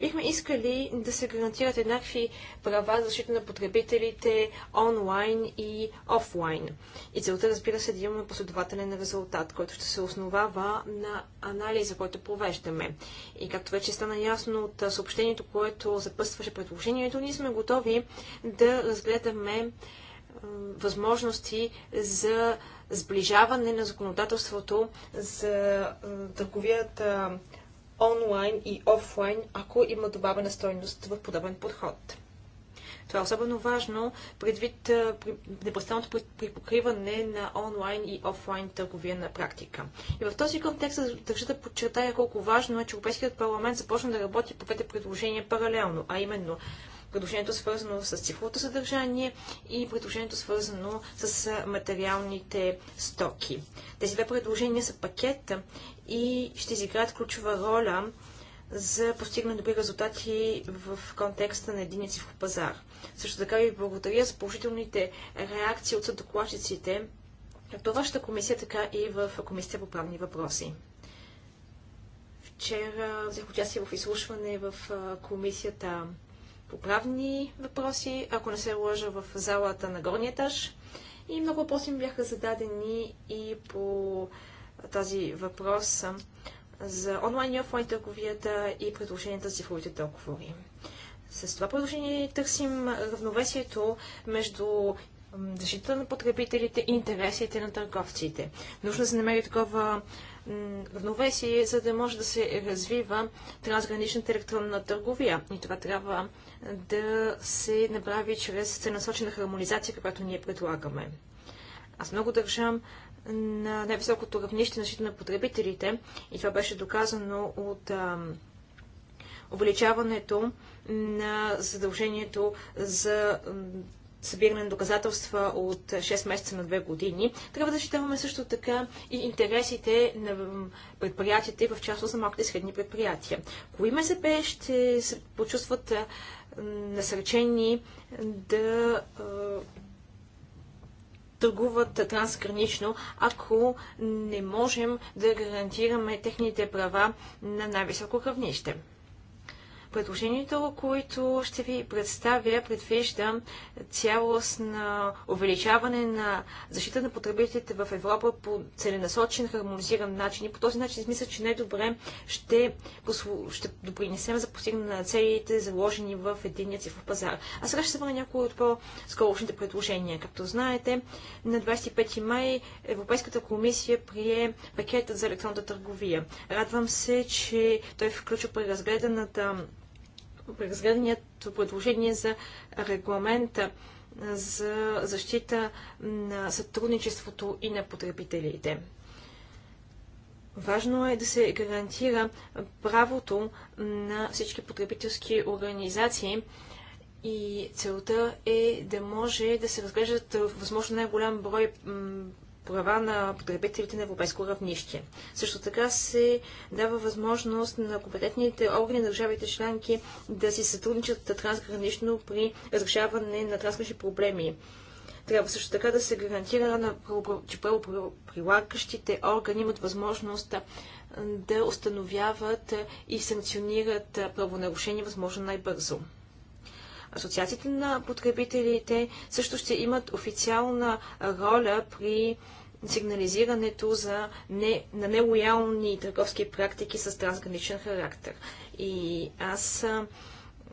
Бихме искали да се гарантират еднакви права за защита на потребителите онлайн и офлайн. И целта, разбира се, да имаме последователен резултат, който ще се основава на анализа, който провеждаме. И както вече стана ясно от съобщението, което запъстваше предложението, ние сме готови да разгледаме възможности за сближаване на законодателството за търговията онлайн и офлайн, ако има добавена стойност в подобен подход. Това е особено важно предвид непрестанното припокриване на онлайн и офлайн търговия на практика. И в този контекст държа да подчертая колко важно е, че Европейският парламент започна да работи по двете предложения паралелно, а именно предложението свързано с цифровото съдържание и предложението свързано с материалните стоки. Тези две предложения са пакет и ще изиграят ключова роля за постигане добри резултати в контекста на един цифров пазар. Също така ви благодаря за положителните реакции от съдокладчиците, както вашата комисия, така и в комисията по правни въпроси. Вчера взех участие в изслушване в комисията по правни въпроси, ако не се лъжа в залата на горния етаж. И много въпроси ми бяха зададени и по тази въпрос за онлайн и офлайн търговията и предложенията за цифровите договори. С това предложение търсим равновесието между защита на потребителите и интересите на търговците. Нужно да се намери такова равновесие, за да може да се развива трансграничната електронна търговия. И това трябва да се направи чрез целенасочена хармонизация, която ние предлагаме. Аз много държам на най-високото равнище на защита на потребителите и това беше доказано от а, увеличаването на задължението за събиране на доказателства от 6 месеца на 2 години. Трябва да защитаваме също така и интересите на предприятията и в частност на малките и средни предприятия. Кои МСП ще се почувстват насречени да търгуват трансгранично, ако не можем да гарантираме техните права на най-високо равнище. Предложението, което ще ви представя, предвижда цялостно увеличаване на защита на потребителите в Европа по целенасочен, хармонизиран начин. И по този начин мисля, че най-добре ще, ще допринесем за постигане на целите, заложени в единия цифров пазар. А сега ще се върна някои от по-скорошните предложения. Както знаете, на 25 май Европейската комисия прие пакетът за електронната търговия. Радвам се, че той включва преразгледаната разгледаният предложение за регламента за защита на сътрудничеството и на потребителите. Важно е да се гарантира правото на всички потребителски организации и целта е да може да се разглеждат възможно най-голям брой права на потребителите на европейско равнище. Също така се дава възможност на компетентните органи на държавите членки да си сътрудничат трансгранично при разрешаване на трансгранични проблеми. Трябва също така да се гарантира, на, че правоприлагащите органи имат възможност да установяват и санкционират правонарушения възможно най-бързо. Асоциациите на потребителите също ще имат официална роля при сигнализирането за не, на нелоялни търговски практики с трансграничен характер. И аз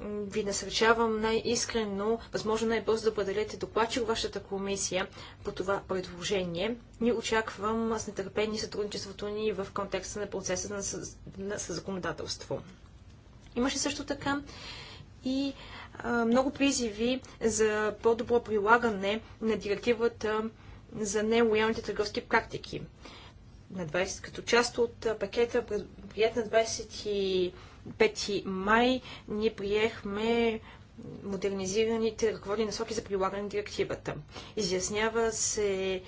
ви насръчавам най-искрено, възможно най-бързо да бъдете докладчик вашата комисия по това предложение. Ни очаквам с нетърпение сътрудничеството ни в контекста на процеса на, съ... на законодателство. Имаше също така и много призиви за по-добро прилагане на директивата за нелоялните търговски практики. На 20, като част от пакета, прият на 25 май, ние приехме модернизираните ръководни насоки за прилагане на директивата. Изяснява се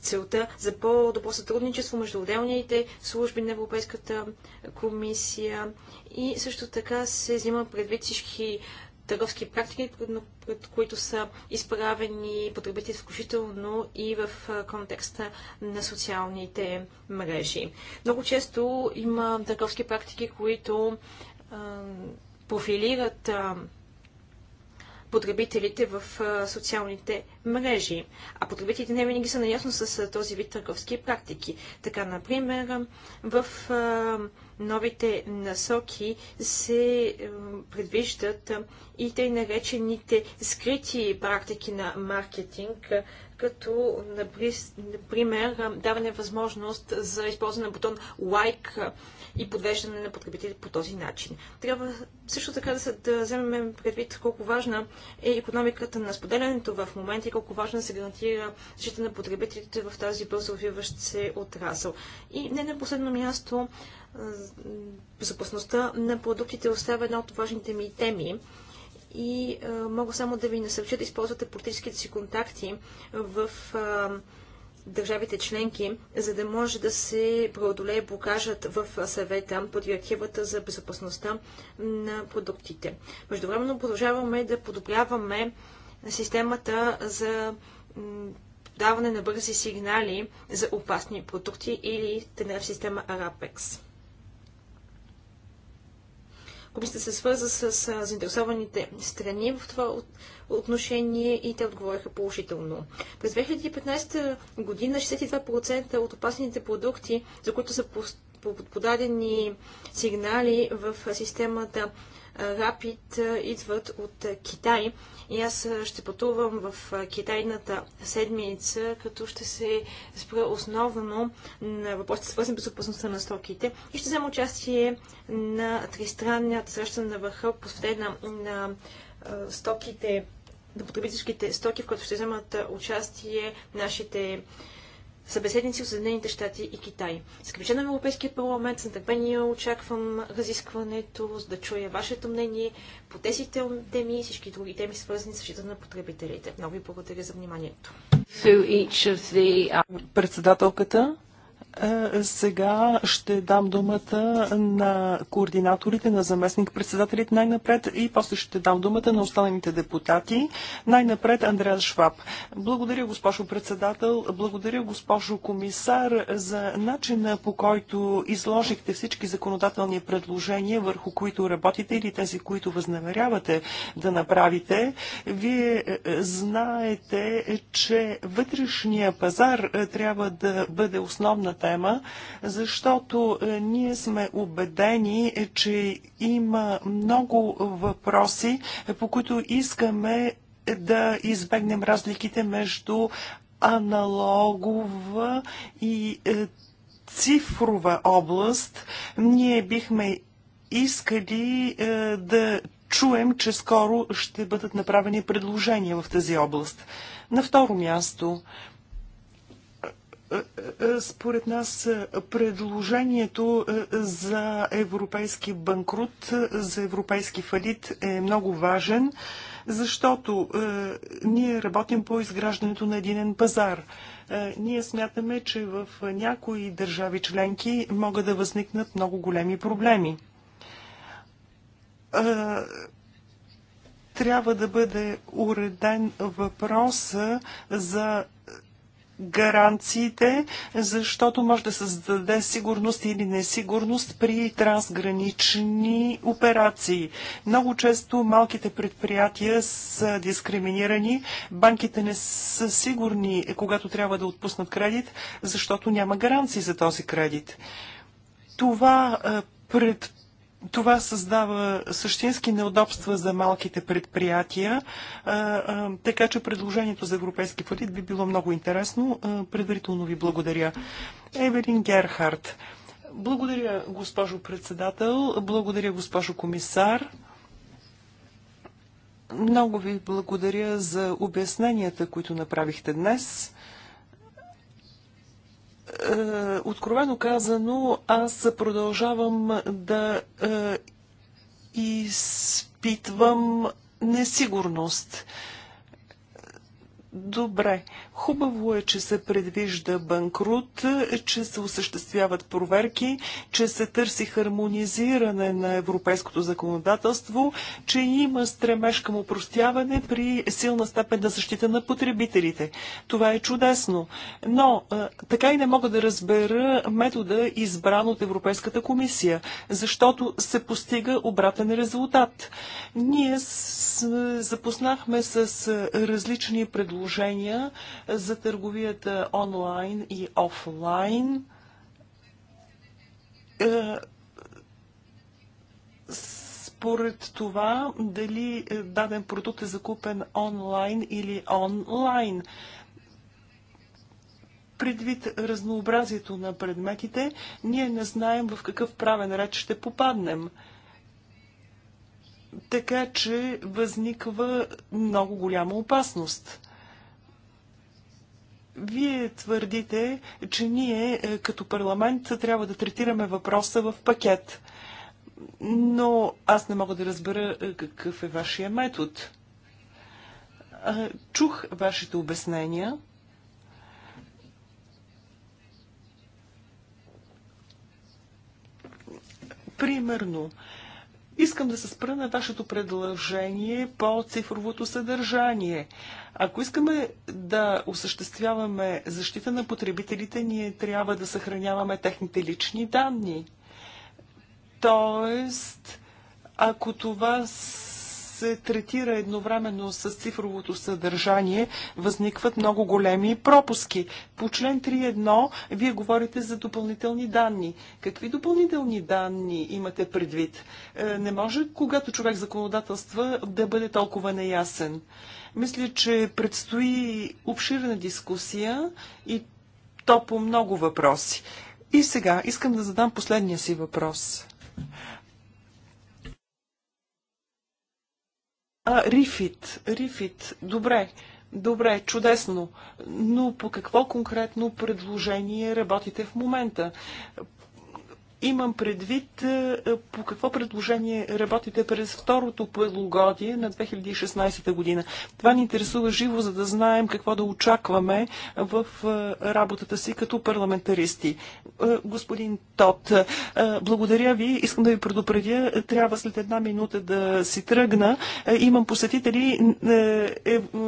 целта за по-добро сътрудничество между отделните служби на Европейската комисия и също така се взима предвид всички търговски практики, пред които са изправени потребители, включително и в контекста на социалните мрежи. Много често има търговски практики, които а, профилират а, потребителите в а, социалните мрежи. А потребителите не винаги са наясно с този вид търговски практики. Така, например, в новите насоки се е, предвиждат е, и тъй наречените скрити практики на маркетинг, е, като, например, даване възможност за използване на бутон лайк и подвеждане на потребители по този начин. Трябва също така да, да вземем предвид колко важна е економиката на споделянето в момента и колко важно да се гарантира защита на потребителите в тази бързо развиващ се отрасъл. И не на последно място безопасността на продуктите остава една от важните ми теми и а, мога само да ви насърча да използвате политическите си контакти в а, държавите членки, за да може да се преодолее блокажът в съвета по директивата за безопасността на продуктите. Междувременно продължаваме да подобряваме системата за даване на бързи сигнали за опасни продукти или тенер система Arapex комисията се свърза с заинтересованите страни в това отношение и те отговориха положително. През 2015 година 62% от опасните продукти, за които са подадени сигнали в системата Рапид идват от Китай. И аз ще пътувам в китайната седмица, като ще се спра основно на въпросите, свързани с безопасността на стоките. И ще взема участие на тристранният среща на върха, посветена на стоките, на потребителските стоки, в които ще вземат участие нашите събеседници от Съединените щати и Китай. Скъпича на Европейския парламент, с нетърпение очаквам разискването, за да чуя вашето мнение по тези теми и всички други теми, свързани с защита на потребителите. Много ви благодаря за вниманието. Uh, Председателката е, сега ще дам думата на координаторите, на заместник-председателите най-напред и после ще дам думата на останалите депутати. Най-напред Андреа Шваб. Благодаря, госпожо председател, благодаря, госпожо комисар, за начина по който изложихте всички законодателни предложения, върху които работите или тези, които възнамерявате да направите. Вие е, знаете, че вътрешния пазар е, трябва да бъде основната тема, защото е, ние сме убедени, е, че има много въпроси, е, по които искаме да избегнем разликите между аналогова и цифрова област. Ние бихме искали да чуем, че скоро ще бъдат направени предложения в тази област. На второ място, според нас е, предложението е, за европейски банкрут, е, за европейски фалит е много важен, защото ние работим по изграждането на единен пазар ние смятаме, че в някои държави членки могат да възникнат много големи проблеми. Трябва да бъде уреден въпрос за гаранциите, защото може да създаде сигурност или несигурност при трансгранични операции. Много често малките предприятия са дискриминирани, банките не са сигурни, е, когато трябва да отпуснат кредит, защото няма гаранции за този кредит. Това е, предполага това създава същински неудобства за малките предприятия, така че предложението за европейски фалит би било много интересно. Предварително ви благодаря. Евелин Герхард. Благодаря, госпожо председател. Благодаря, госпожо комисар. Много ви благодаря за обясненията, които направихте днес. Е, откровено казано, аз продължавам да е, изпитвам несигурност. Добре, Хубаво е, че се предвижда банкрут, че се осъществяват проверки, че се търси хармонизиране на европейското законодателство, че има стремеж към упростяване при силна степен на защита на потребителите. Това е чудесно. Но така и не мога да разбера метода избран от Европейската комисия, защото се постига обратен резултат. Ние с, запознахме с различни предложения, за търговията онлайн и офлайн. Е, според това, дали е, даден продукт е закупен онлайн или онлайн предвид разнообразието на предметите, ние не знаем в какъв правен ред ще попаднем. Така че възниква много голяма опасност. Вие твърдите, че ние е, като парламент трябва да третираме въпроса в пакет. Но аз не мога да разбера е, какъв е вашия метод. Чух вашите обяснения. Примерно, Искам да се спра на вашето предложение по цифровото съдържание. Ако искаме да осъществяваме защита на потребителите, ние трябва да съхраняваме техните лични данни. Тоест, ако това се третира едновременно с цифровото съдържание, възникват много големи пропуски. По член 3.1 вие говорите за допълнителни данни. Какви допълнителни данни имате предвид? Е, не може, когато човек законодателства, да бъде толкова неясен. Мисля, че предстои обширна дискусия и то по много въпроси. И сега искам да задам последния си въпрос. А, Рифит, Рифит, добре, добре, чудесно. Но по какво конкретно предложение работите в момента? Имам предвид е, е, по какво предложение работите през второто полугодие на 2016 година. Това ни интересува живо, за да знаем какво да очакваме в е, работата си като парламентаристи. Господин Тот, благодаря ви. Искам да ви предупредя, трябва след една минута да си тръгна. Имам посетители,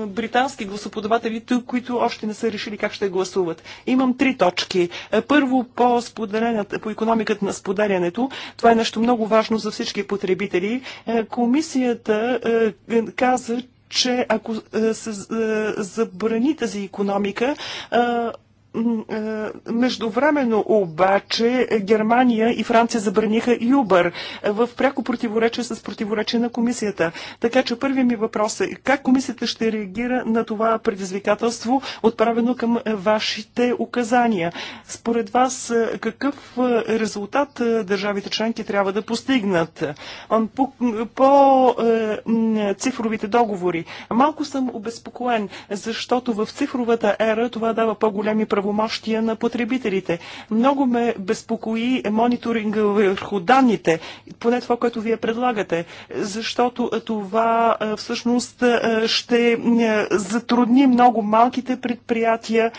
британски гласоподаватели, които още не са решили как ще гласуват. Имам три точки. Първо по споделената, по економиката на споделянето. Това е нещо много важно за всички потребители. Е, комисията е, каза, че ако е, се забрани тази економика, Междувременно обаче Германия и Франция забраниха Юбър в пряко противоречие с противоречие на комисията. Така че първият ми въпрос е как комисията ще реагира на това предизвикателство, отправено към вашите указания? Според вас какъв резултат държавите членки трябва да постигнат по, по цифровите договори? Малко съм обезпокоен, защото в цифровата ера това дава по-големи права правомощия на потребителите. Много ме безпокои мониторинга върху данните, поне това, което вие предлагате, защото това всъщност ще затрудни много малките предприятия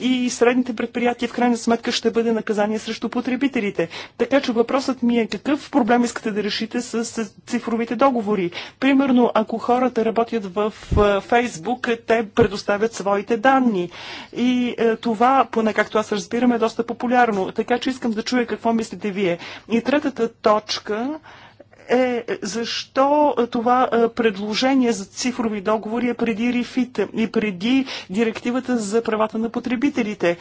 и средните предприятия в крайна сметка ще бъде наказание срещу потребителите. Така че въпросът ми е какъв проблем искате да решите с цифровите договори. Примерно, ако хората работят в Фейсбук, те предоставят своите данни. И това поне както аз разбирам, е доста популярно. Така че искам да чуя какво мислите вие. И третата точка е защо това е, предложение за цифрови договори е преди РИФИТ и преди директивата за правата на потребителите. Е,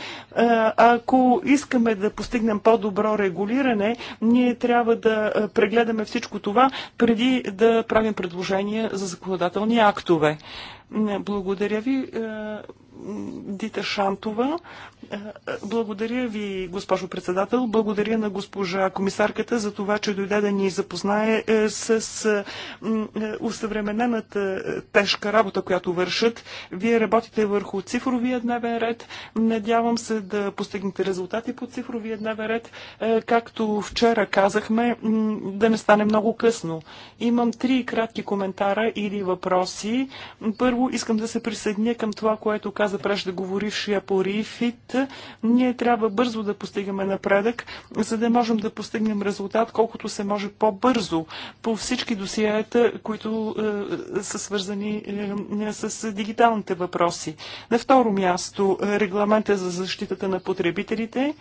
ако искаме да постигнем по-добро регулиране, ние трябва да е, прегледаме всичко това преди да правим предложения за законодателни актове. Благодаря ви. Дита Шантова. Е, благодаря ви, госпожо председател. Благодаря на госпожа комисарката за това, че дойде да ни запознае е, с е, усъвременената тежка работа, която вършат. Вие работите върху цифровия дневен ред. Надявам се да постигнете резултати по цифровия дневен ред. Както вчера казахме, да не стане много късно. Имам три кратки коментара или въпроси. Първо, искам да се присъединя към това, което каза каза преждеговорившия по РИФИТ, ние трябва бързо да постигаме напредък, за да можем да постигнем резултат колкото се може по-бързо по всички досиета, които е, са свързани е, с дигиталните въпроси. На второ място, регламента за защитата на потребителите.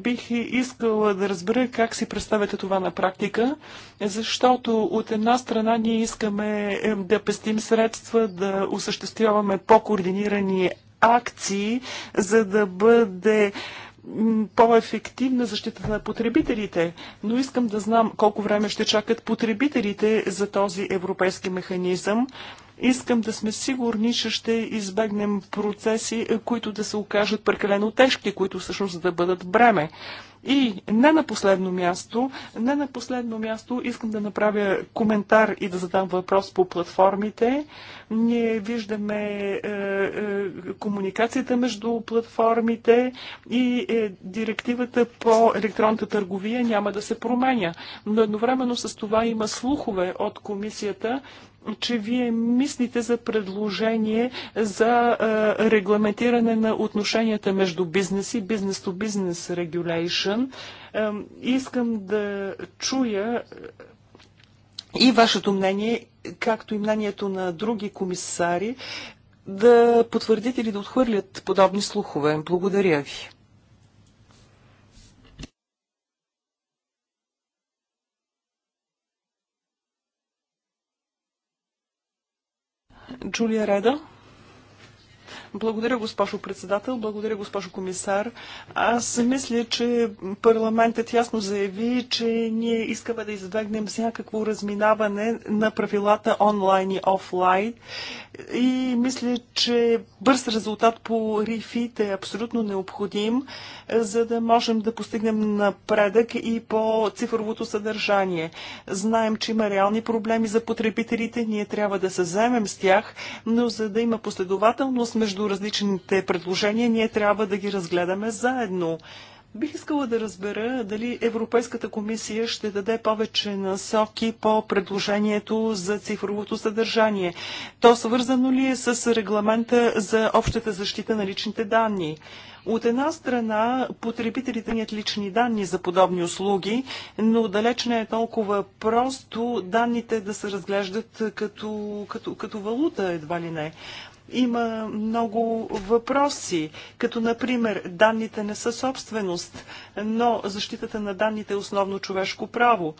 Бих искала да разбера как си представяте това на практика, защото от една страна ние искаме е, да пестим средства, да осъществяваме по-координирани акции, за да бъде по-ефективна защита на потребителите, но искам да знам колко време ще чакат потребителите за този европейски механизъм, Искам да сме сигурни, че ще избегнем процеси, е, които да се окажат прекалено тежки, които всъщност да бъдат бреме. И не на последно място, не на последно място искам да направя коментар и да задам въпрос по платформите. Ние виждаме е, е, комуникацията между платформите и е, директивата по електронната търговия няма да се променя. Но едновременно с това има слухове от комисията, че вие мислите за предложение за регламентиране на отношенията между бизнес и бизнес-то-бизнес регулейшн. Искам да чуя и вашето мнение, както и мнението на други комисари, да потвърдите или да отхвърлят подобни слухове. Благодаря ви. Джулия Реда. Благодаря, госпожо председател, благодаря, госпожо комисар. Аз мисля, че парламентът ясно заяви, че ние искаме да избегнем всякакво разминаване на правилата онлайн и офлайн. И мисля, че бърз резултат по рифите е абсолютно необходим, за да можем да постигнем напредък и по цифровото съдържание. Знаем, че има реални проблеми за потребителите, ние трябва да се заемем с тях, но за да има последователност между различните предложения, ние трябва да ги разгледаме заедно. Бих искала да разбера дали Европейската комисия ще даде повече насоки по предложението за цифровото съдържание. То свързано ли е с регламента за общата защита на личните данни? От една страна, потребителите нямат лични данни за подобни услуги, но далеч не е толкова просто данните да се разглеждат като, като, като валута, едва ли не. Има много въпроси, като например данните не са собственост, но защитата на данните е основно човешко право.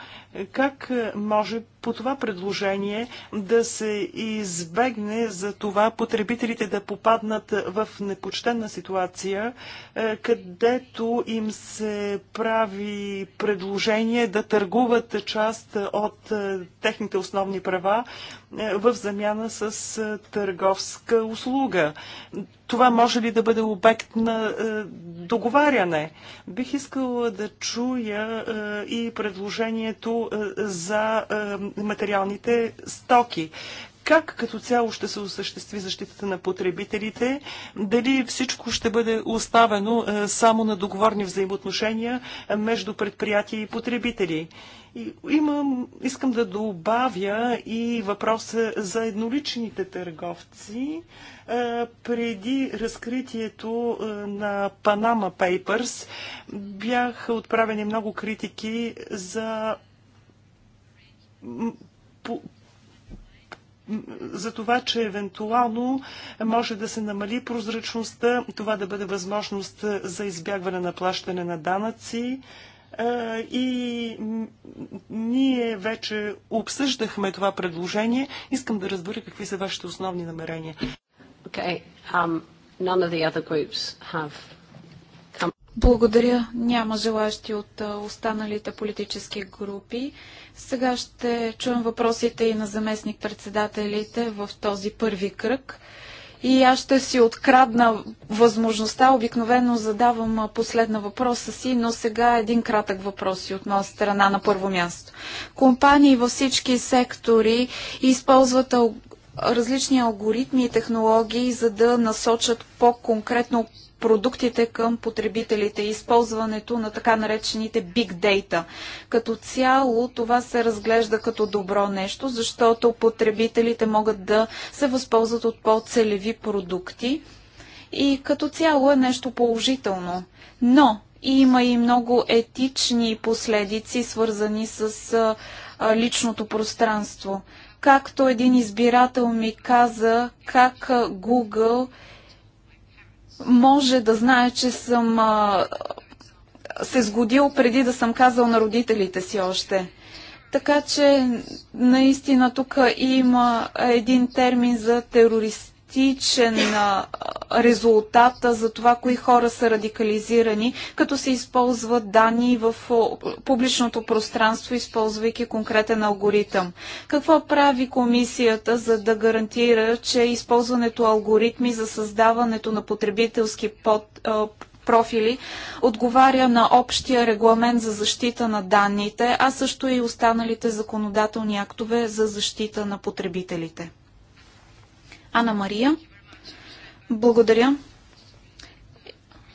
Как може по това предложение да се избегне за това потребителите да попаднат в непочтена ситуация, е, където им се прави предложение да търгуват част от е, техните основни права е, в замяна с търговска услуга това може ли да бъде обект на е, договаряне? Бих искала да чуя е, и предложението е, за е, материалните стоки. Как като цяло ще се осъществи защитата на потребителите? Дали всичко ще бъде оставено е, само на договорни взаимоотношения е, между предприятия и потребители? имам, искам да добавя и въпроса за едноличните търговци. Е, преди разкритието е, на Panama Papers бяха отправени много критики за за това, че евентуално може да се намали прозрачността, това да бъде възможност за избягване на плащане на данъци, и ние вече обсъждахме това предложение. Искам да разбера какви са вашите основни намерения. Okay. Um, none of the other groups have come. Благодаря. Няма желащи от останалите политически групи. Сега ще чуем въпросите и на заместник-председателите в този първи кръг и аз ще си открадна възможността. Обикновено задавам последна въпроса си, но сега един кратък въпрос и от моя страна на първо място. Компании във всички сектори използват различни алгоритми и технологии, за да насочат по-конкретно продуктите към потребителите и използването на така наречените big data. Като цяло това се разглежда като добро нещо, защото потребителите могат да се възползват от по-целеви продукти и като цяло е нещо положително. Но има и много етични последици, свързани с личното пространство. Както един избирател ми каза, как Google може да знае, че съм а, се сгодил преди да съм казал на родителите си още. Така че наистина тук има един термин за терорист драстичен резултат за това, кои хора са радикализирани, като се използват данни в публичното пространство, използвайки конкретен алгоритъм. Какво прави комисията, за да гарантира, че използването алгоритми за създаването на потребителски под, профили отговаря на общия регламент за защита на данните, а също и останалите законодателни актове за защита на потребителите. Ана Мария. Благодаря.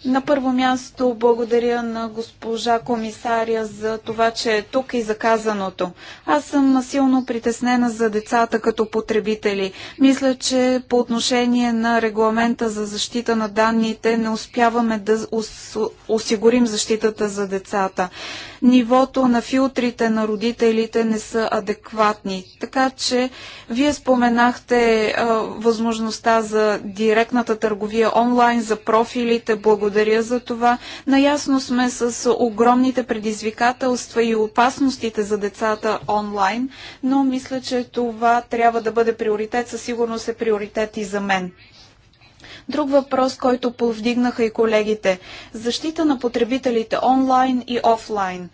На първо място благодаря на госпожа комисаря за това, че е тук и за казаното. Аз съм силно притеснена за децата като потребители. Мисля, че по отношение на регламента за защита на данните не успяваме да ос осигурим защитата за децата нивото на филтрите на родителите не са адекватни. Така че вие споменахте а, възможността за директната търговия онлайн, за профилите. Благодаря за това. Наясно сме с огромните предизвикателства и опасностите за децата онлайн, но мисля, че това трябва да бъде приоритет. Със сигурност е приоритет и за мен. Друг въпрос, който повдигнаха и колегите – защита на потребителите онлайн и офлайн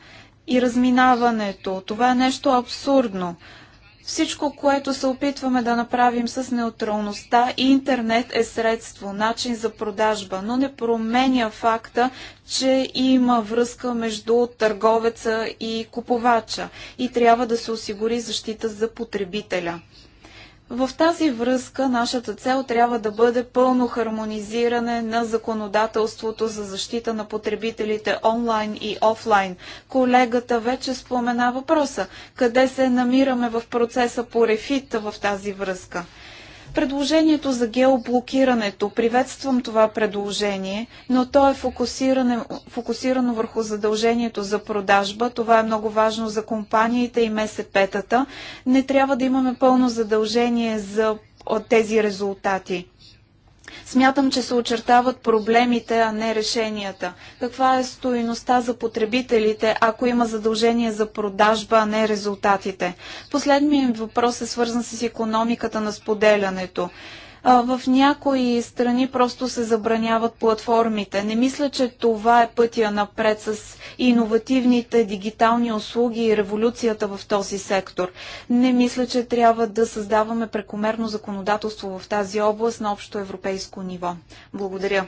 и разминаването. Това е нещо абсурдно. Всичко, което се опитваме да направим с неутралността и интернет е средство, начин за продажба, но не променя факта, че има връзка между търговеца и купувача и трябва да се осигури защита за потребителя. В тази връзка нашата цел трябва да бъде пълно хармонизиране на законодателството за защита на потребителите онлайн и офлайн. Колегата вече спомена въпроса. Къде се намираме в процеса по рефит в тази връзка? Предложението за геоблокирането. Приветствам това предложение, но то е фокусирано, фокусирано върху задължението за продажба. Това е много важно за компаниите и МСП-тата. Не трябва да имаме пълно задължение за от тези резултати. Смятам, че се очертават проблемите, а не решенията. Каква е стоиността за потребителите, ако има задължение за продажба, а не резултатите? Последният въпрос е свързан с економиката на споделянето в някои страни просто се забраняват платформите. Не мисля, че това е пътя напред с иновативните дигитални услуги и революцията в този сектор. Не мисля, че трябва да създаваме прекомерно законодателство в тази област на общо европейско ниво. Благодаря.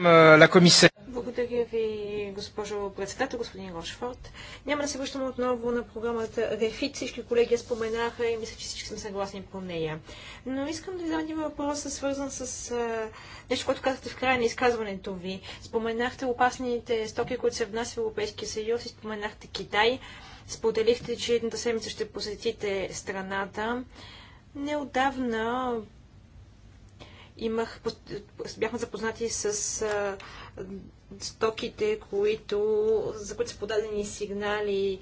Euh, Благодаря ви, госпожо председател, господин Рошфорд. Няма да се връщам отново на програмата Рефит. Всички колеги я споменаха и мисля, че всички сме съгласни по нея. Но искам да ви задам един въпрос, свързан с а, нещо, което казахте в края на изказването ви. Споменахте опасните стоки, които се внася в Европейския съюз и споменахте Китай. Споделихте, че едната седмица ще посетите страната. Неодавна имах, бяхме запознати с а, стоките, които, за които са подадени сигнали,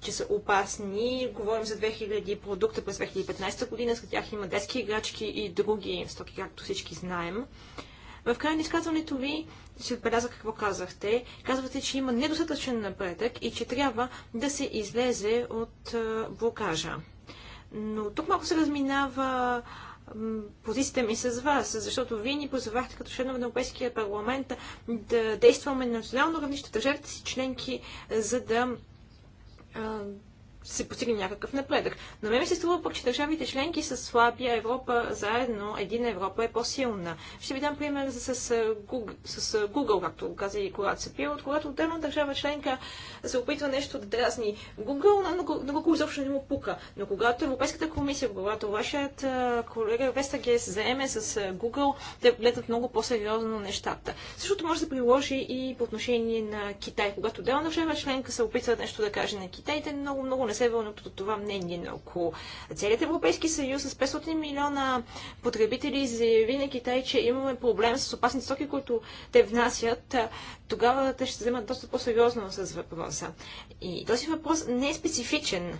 че са опасни. Говорим за 2000 продукта през 2015 година. С тях има детски играчки и други стоки, както всички знаем. В края на изказването ви се отбеляза какво казахте. Казвате, че има недостатъчен напредък и че трябва да се излезе от блокажа. Но тук малко се разминава позицията ми с вас, защото вие ни позовахте като членове на Европейския парламент да действаме на национално равнище държавите си членки, за да се постигне някакъв напредък. Но ме ми се струва пък, че държавите членки са слаби, а Европа заедно, един Европа е по-силна. Ще ви дам пример с, с, Google, с Google, както каза и Сапир, от когато отделна държава членка се опитва нещо да дразни Google, но на Google изобщо не му пука. Но когато Европейската комисия, когато вашият колега Вестаге се заеме с Google, те гледат много по-сериозно нещата. Същото може да приложи и по отношение на Китай. Когато отделна държава членка се опитва нещо да каже на Китай, те много, много не се вълнуват от това мнение. Но ако целият Европейски съюз с 500 милиона потребители заяви на Китай, че имаме проблем с опасни стоки, които те внасят, тогава те ще се вземат доста по-сериозно с въпроса. И този въпрос не е специфичен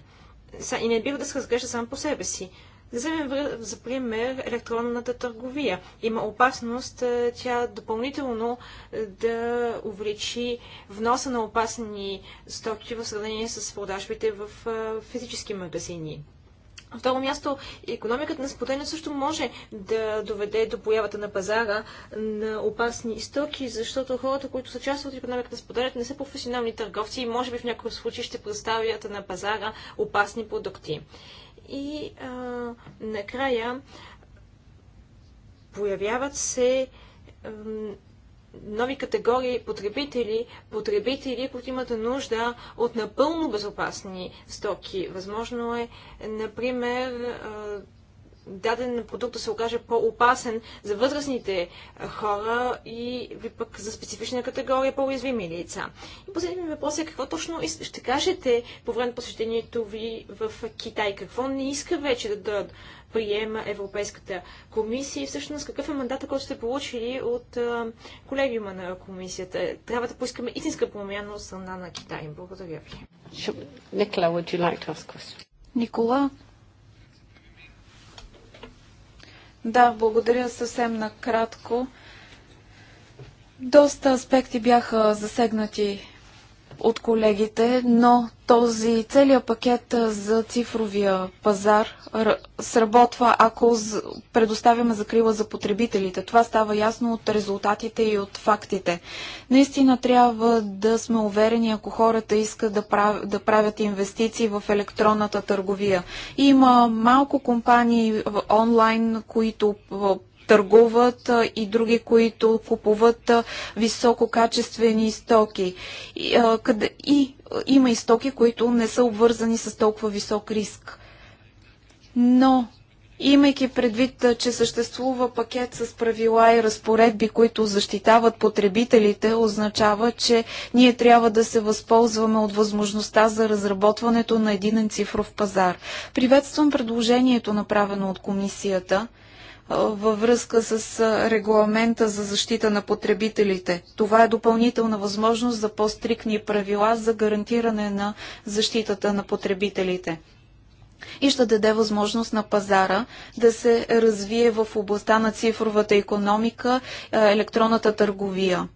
и не бива да се разглежда сам по себе си. Да вземем за пример електронната търговия. Има опасност е, тя допълнително е, да увеличи вноса на опасни стоки в сравнение с продажбите в е, физически магазини. На второ място, економиката на споделяне също може да доведе до появата на пазара на опасни стоки, защото хората, които са част от економиката на споделянето, не са професионални търговци и може би в някои случаи ще представят на пазара опасни продукти. И а, накрая появяват се а, нови категории потребители, потребители, които имат нужда от напълно безопасни стоки. Възможно е, например, даден продукт да се окаже по-опасен за възрастните е, хора и пък за специфична категория по-уязвими лица. И последният ми въпрос е какво точно ще кажете по време на посещението ви в Китай? Какво не иска вече да, да приема Европейската комисия и всъщност какъв е мандата, който сте получили от е, колегиума на комисията? Трябва да поискаме истинска промяна от страна на Китай. Благодаря ви. Никола, would you like to ask Никола, Да, благодаря съвсем накратко. Доста аспекти бяха засегнати от колегите, но този целият пакет за цифровия пазар сработва, ако предоставяме закрила за потребителите. Това става ясно от резултатите и от фактите. Наистина трябва да сме уверени, ако хората искат да, прав... да правят инвестиции в електронната търговия. Има малко компании онлайн, които търгуват и други, които купуват висококачествени стоки. И, има и стоки, които не са обвързани с толкова висок риск. Но Имайки предвид, че съществува пакет с правила и разпоредби, които защитават потребителите, означава, че ние трябва да се възползваме от възможността за разработването на един цифров пазар. Приветствам предложението, направено от комисията във връзка с регламента за защита на потребителите. Това е допълнителна възможност за по-стрикни правила за гарантиране на защитата на потребителите и ще даде възможност на пазара да се развие в областта на цифровата економика, електронната търговия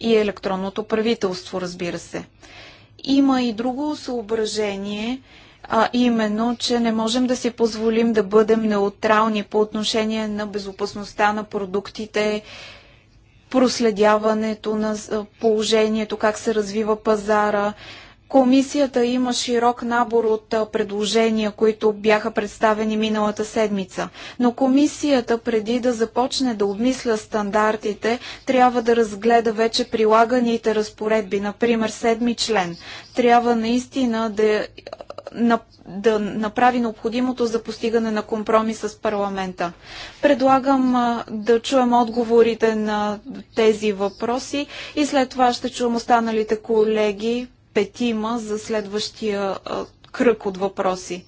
и електронното правителство, разбира се. Има и друго съображение, а именно, че не можем да си позволим да бъдем неутрални по отношение на безопасността на продуктите, проследяването на положението, как се развива пазара. Комисията има широк набор от предложения, които бяха представени миналата седмица. Но комисията, преди да започне да обмисля стандартите, трябва да разгледа вече прилаганите разпоредби, например седми член. Трябва наистина да да направи необходимото за постигане на компромис с парламента. Предлагам да чуем отговорите на тези въпроси и след това ще чуем останалите колеги петима за следващия кръг от въпроси.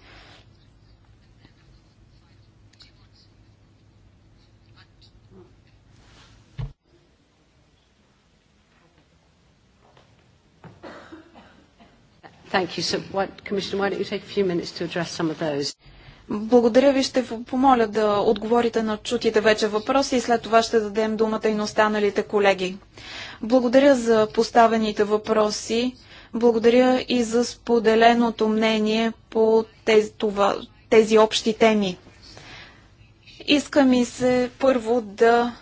Thank you. So, what, Commissioner, why don't you take a few minutes to address some of those? Благодаря ви. Ще помоля да отговорите на чутите вече въпроси и след това ще дадем думата и на останалите колеги. Благодаря за поставените въпроси. Благодаря и за споделеното мнение по тези, това, тези общи теми. Иска ми се първо да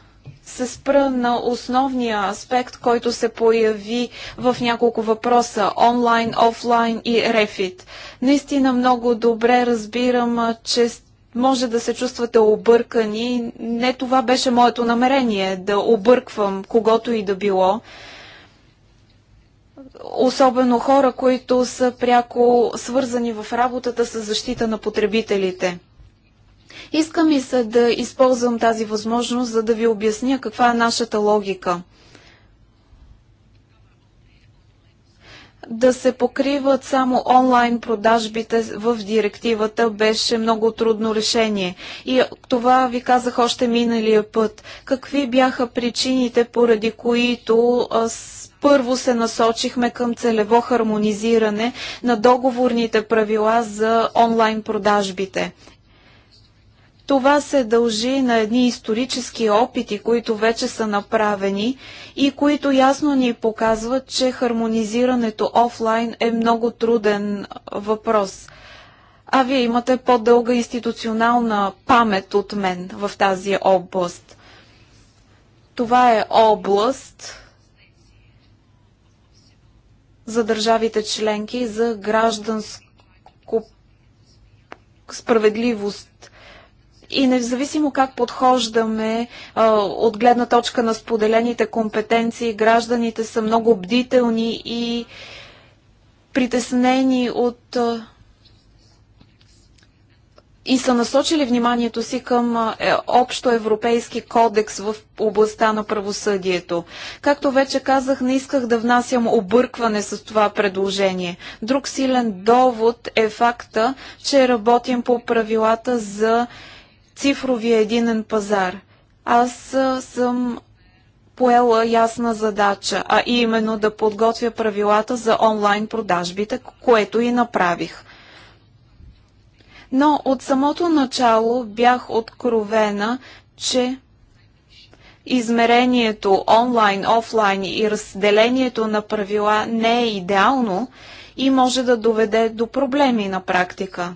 се спра на основния аспект, който се появи в няколко въпроса – онлайн, офлайн и рефит. Наистина много добре разбирам, че може да се чувствате объркани. Не това беше моето намерение – да обърквам когото и да било особено хора, които са пряко свързани в работата с защита на потребителите. Искам и се да използвам тази възможност, за да ви обясня каква е нашата логика. да се покриват само онлайн продажбите в директивата беше много трудно решение. И това ви казах още миналия път. Какви бяха причините, поради които първо се насочихме към целево хармонизиране на договорните правила за онлайн продажбите? Това се дължи на едни исторически опити, които вече са направени и които ясно ни показват, че хармонизирането офлайн е много труден въпрос. А вие имате по-дълга институционална памет от мен в тази област. Това е област за държавите членки за гражданско справедливост и независимо как подхождаме а, от гледна точка на споделените компетенции, гражданите са много бдителни и притеснени от. А, и са насочили вниманието си към е, общо европейски кодекс в областта на правосъдието. Както вече казах, не исках да внасям объркване с това предложение. Друг силен довод е факта, че работим по правилата за цифровия единен пазар. Аз съм поела ясна задача, а именно да подготвя правилата за онлайн продажбите, което и направих. Но от самото начало бях откровена, че измерението онлайн, офлайн и разделението на правила не е идеално и може да доведе до проблеми на практика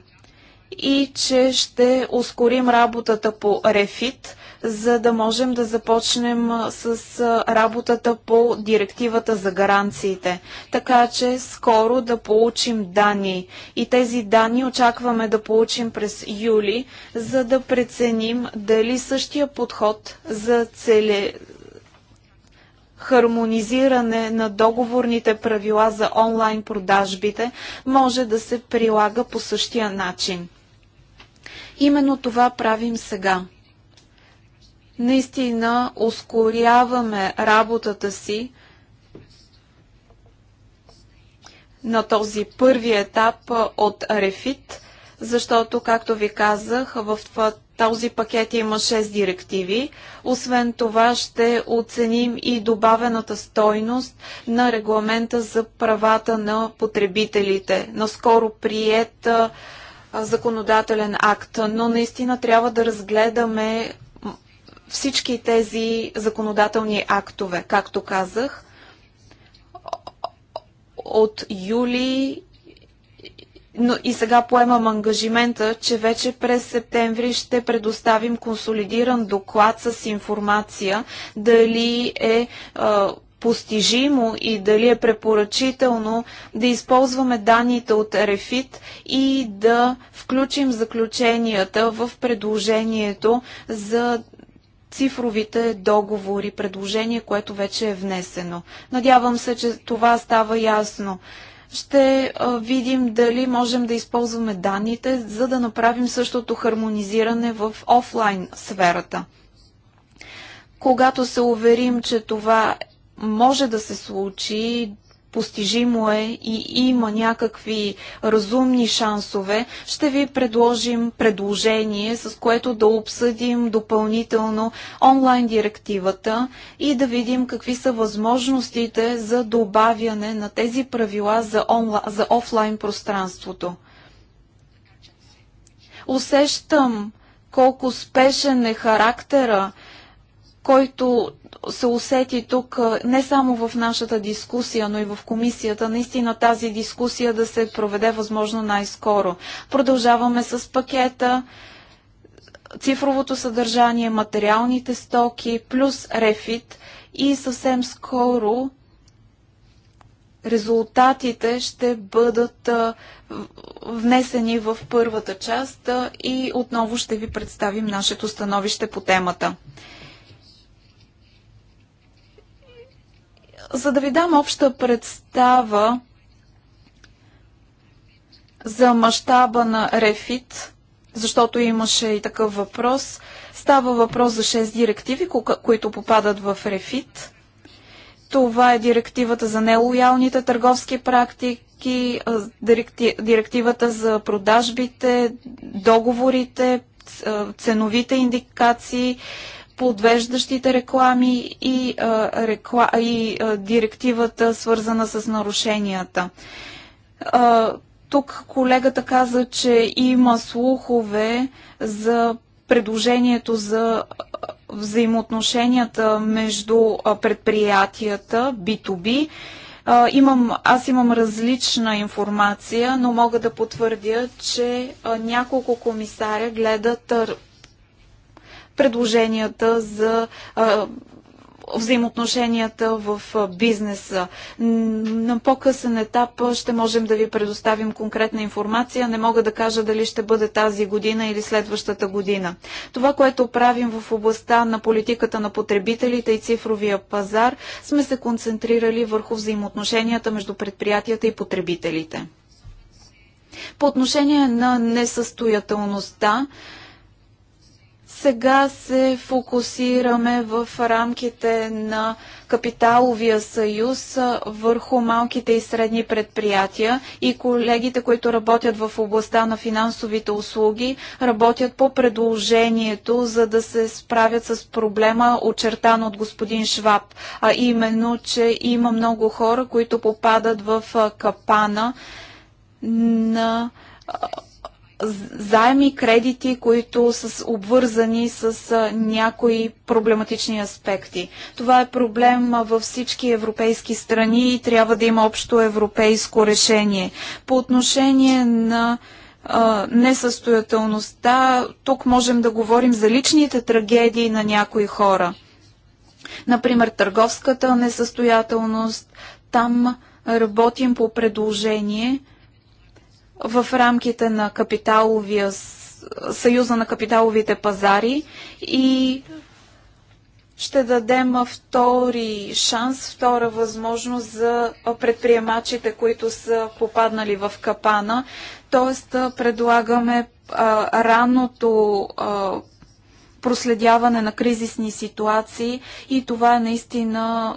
и че ще ускорим работата по Рефит, за да можем да започнем с работата по директивата за гаранциите. Така че скоро да получим данни. И тези данни очакваме да получим през юли, за да преценим дали същия подход за цели хармонизиране на договорните правила за онлайн продажбите може да се прилага по същия начин. Именно това правим сега. Наистина ускоряваме работата си на този първи етап от Рефит, защото, както ви казах, в този пакет има 6 директиви. Освен това ще оценим и добавената стойност на регламента за правата на потребителите. Наскоро приета законодателен акт, но наистина трябва да разгледаме всички тези законодателни актове. Както казах, от юли но и сега поемам ангажимента, че вече през септември ще предоставим консолидиран доклад с информация дали е, е постижимо и дали е препоръчително да използваме данните от Рефит и да включим заключенията в предложението за цифровите договори, предложение, което вече е внесено. Надявам се, че това става ясно. Ще видим дали можем да използваме данните, за да направим същото хармонизиране в офлайн сферата. Когато се уверим, че това може да се случи, постижимо е и има някакви разумни шансове, ще ви предложим предложение, с което да обсъдим допълнително онлайн директивата и да видим какви са възможностите за добавяне на тези правила за, онла... за офлайн пространството. Усещам колко спешен е характера, който се усети тук, не само в нашата дискусия, но и в комисията, наистина тази дискусия да се проведе възможно най-скоро. Продължаваме с пакета цифровото съдържание, материалните стоки, плюс рефит и съвсем скоро резултатите ще бъдат внесени в първата част и отново ще ви представим нашето становище по темата. за да ви дам обща представа за мащаба на Рефит, защото имаше и такъв въпрос. Става въпрос за 6 директиви, които попадат в Рефит. Това е директивата за нелоялните търговски практики, директивата за продажбите, договорите, ценовите индикации, подвеждащите реклами и, а, рекла... и а, директивата, свързана с нарушенията. А, тук колегата каза, че има слухове за предложението за взаимоотношенията между предприятията B2B. Имам, аз имам различна информация, но мога да потвърдя, че няколко комисаря гледат предложенията за взаимоотношенията в бизнеса. На по-късен етап ще можем да ви предоставим конкретна информация. Не мога да кажа дали ще бъде тази година или следващата година. Това, което правим в областта на политиката на потребителите и цифровия пазар, сме се концентрирали върху взаимоотношенията между предприятията и потребителите. По отношение на несъстоятелността, сега се фокусираме в рамките на капиталовия съюз върху малките и средни предприятия и колегите, които работят в областта на финансовите услуги, работят по предложението, за да се справят с проблема, очертан от господин Шваб, а именно, че има много хора, които попадат в капана на заеми кредити, които са обвързани с някои проблематични аспекти. Това е проблем във всички европейски страни и трябва да има общо европейско решение. По отношение на несъстоятелността, тук можем да говорим за личните трагедии на някои хора. Например, търговската несъстоятелност, там работим по предложение – в рамките на капиталовия съюза на капиталовите пазари и ще дадем втори шанс, втора възможност за предприемачите, които са попаднали в капана. Тоест, предлагаме а, раното а, проследяване на кризисни ситуации и това е наистина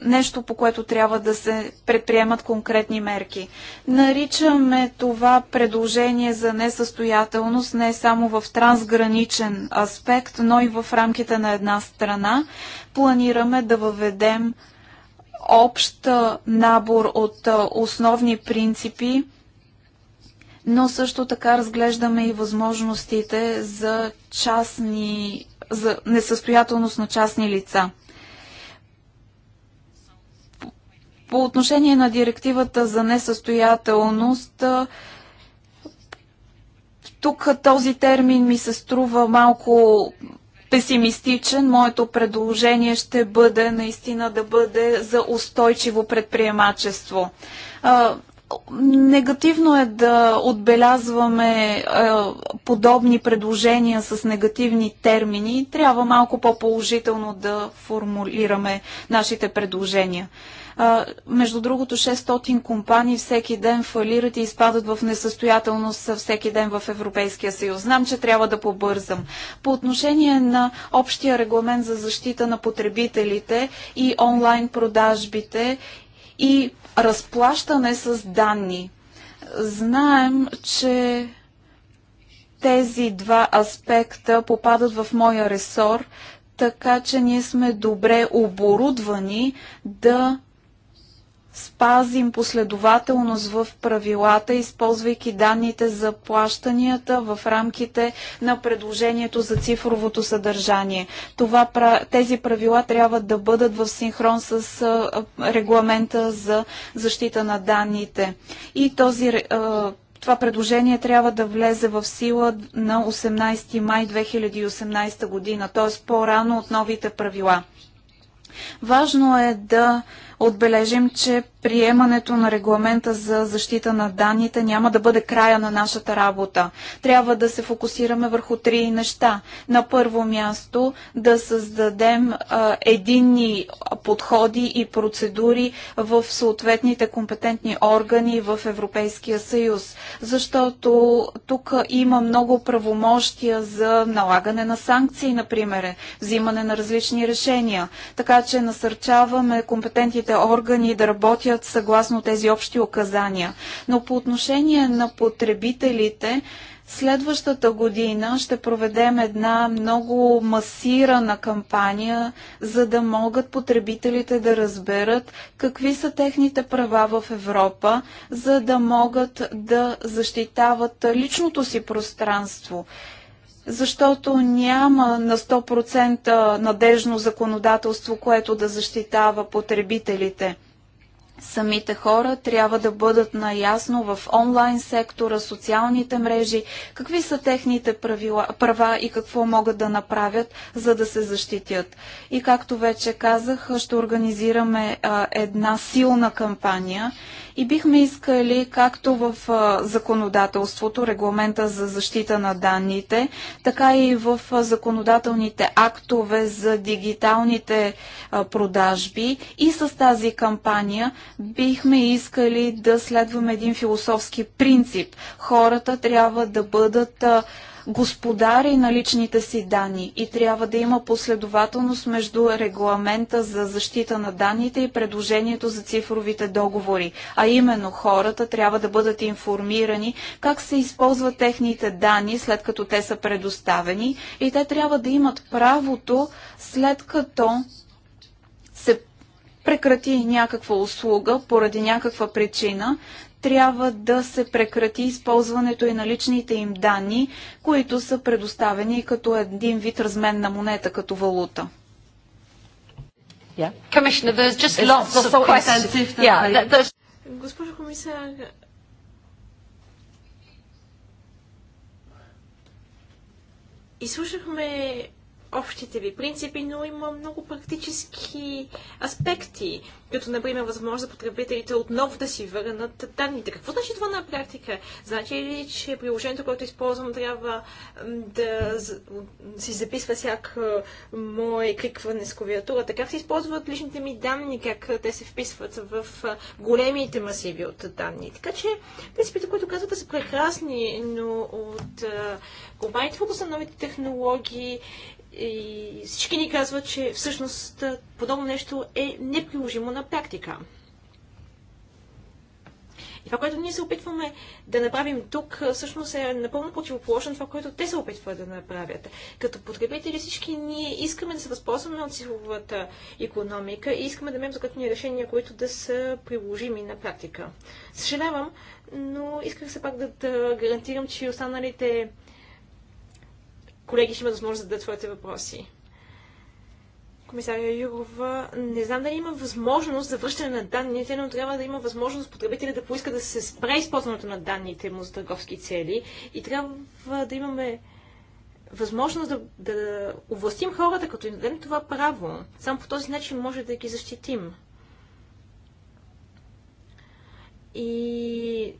нещо, по което трябва да се предприемат конкретни мерки. Наричаме това предложение за несъстоятелност не само в трансграничен аспект, но и в рамките на една страна. Планираме да въведем общ набор от основни принципи, но също така разглеждаме и възможностите за частни за несъстоятелност на частни лица. По отношение на директивата за несъстоятелност, тук този термин ми се струва малко песимистичен. Моето предложение ще бъде наистина да бъде за устойчиво предприемачество. Негативно е да отбелязваме подобни предложения с негативни термини. Трябва малко по-положително да формулираме нашите предложения. Между другото, 600 компании всеки ден фалират и изпадат в несъстоятелност всеки ден в Европейския съюз. Знам, че трябва да побързам. По отношение на общия регламент за защита на потребителите и онлайн продажбите и разплащане с данни. Знаем, че тези два аспекта попадат в моя ресор, така че ние сме добре оборудвани да спазим последователност в правилата, използвайки данните за плащанията в рамките на предложението за цифровото съдържание. Това, тези правила трябва да бъдат в синхрон с регламента за защита на данните. И този това предложение трябва да влезе в сила на 18 май 2018 година, т.е. по-рано от новите правила. Важно е да отбележим, че приемането на регламента за защита на данните няма да бъде края на нашата работа. Трябва да се фокусираме върху три неща. На първо място да създадем а, единни подходи и процедури в съответните компетентни органи в Европейския съюз, защото тук има много правомощия за налагане на санкции, например, взимане на различни решения. Така че насърчаваме компетентните компетентните органи да работят съгласно тези общи указания. Но по отношение на потребителите, Следващата година ще проведем една много масирана кампания, за да могат потребителите да разберат какви са техните права в Европа, за да могат да защитават личното си пространство защото няма на 100% надежно законодателство, което да защитава потребителите самите хора трябва да бъдат наясно в онлайн сектора, социалните мрежи, какви са техните правила, права и какво могат да направят, за да се защитят. И както вече казах, ще организираме а, една силна кампания и бихме искали, както в а, законодателството, регламента за защита на данните, така и в а, законодателните актове за дигиталните продажби и с тази кампания – бихме искали да следваме един философски принцип. Хората трябва да бъдат господари на личните си данни и трябва да има последователност между регламента за защита на данните и предложението за цифровите договори. А именно хората трябва да бъдат информирани как се използват техните данни след като те са предоставени и те трябва да имат правото след като прекрати някаква услуга поради някаква причина, трябва да се прекрати използването и на личните им данни, които са предоставени като един вид размен на монета, като валута. Госпожо комисар, изслушахме общите ви принципи, но има много практически аспекти, като, например, възможност за потребителите отново да си върнат данните. Какво значи това на практика? Значи ли, че приложението, което използвам, трябва да си записва всяк мое кликване с клавиатура? Така се използват личните ми данни? Как те се вписват в големите масиви от данни? Така че, принципите, които казвате, да са прекрасни, но от компаниите фокуса на новите технологии и всички ни казват, че всъщност подобно нещо е неприложимо на практика. И това, което ние се опитваме да направим тук, всъщност е напълно противоположно това, което те се опитват да направят. Като потребители всички ние искаме да се възползваме от цифровата економика и искаме да имаме законни решения, които да са приложими на практика. Съжалявам, но исках се пак да, да гарантирам, че останалите колеги ще имат възможност да дадат своите въпроси. Комисария Юрова, не знам дали има възможност за връщане на данните, но трябва да има възможност потребителя да поиска да се спре използването на данните му за търговски цели и трябва да имаме възможност да, да, да овластим хората, като им дадем това право. Само по този начин може да ги защитим. и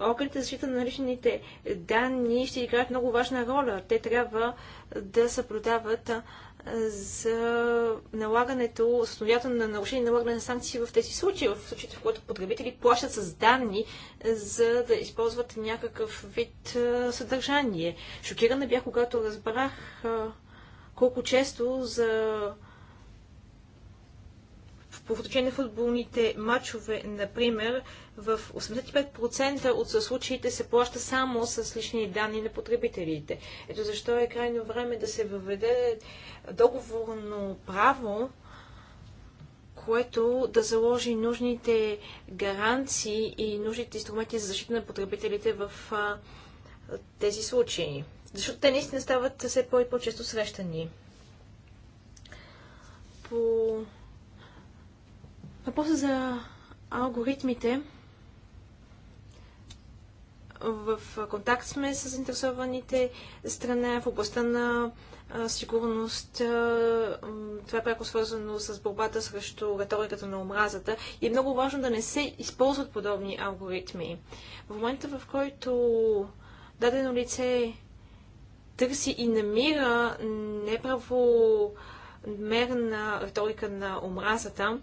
органите за защита на наличните данни ще играят много важна роля. Те трябва да съблюдават за налагането, основателно на нарушение, налагане на санкции в тези случаи, в случаите, в които потребители плащат с данни, за да използват някакъв вид съдържание. Шокирана бях, когато разбрах колко често за по отношение на футболните матчове, например, в 85% от случаите се плаща само с лични данни на потребителите. Ето защо е крайно време да се въведе договорно право, което да заложи нужните гаранции и нужните инструменти за защита на потребителите в а, тези случаи. Защото те наистина стават все по- и по-често срещани. По Въпросът за алгоритмите. В контакт сме с заинтересованите страна в областта на сигурност. Това е пряко свързано с борбата срещу риториката на омразата. И е много важно да не се използват подобни алгоритми. В момента, в който дадено лице търси и намира неправомерна риторика на омразата,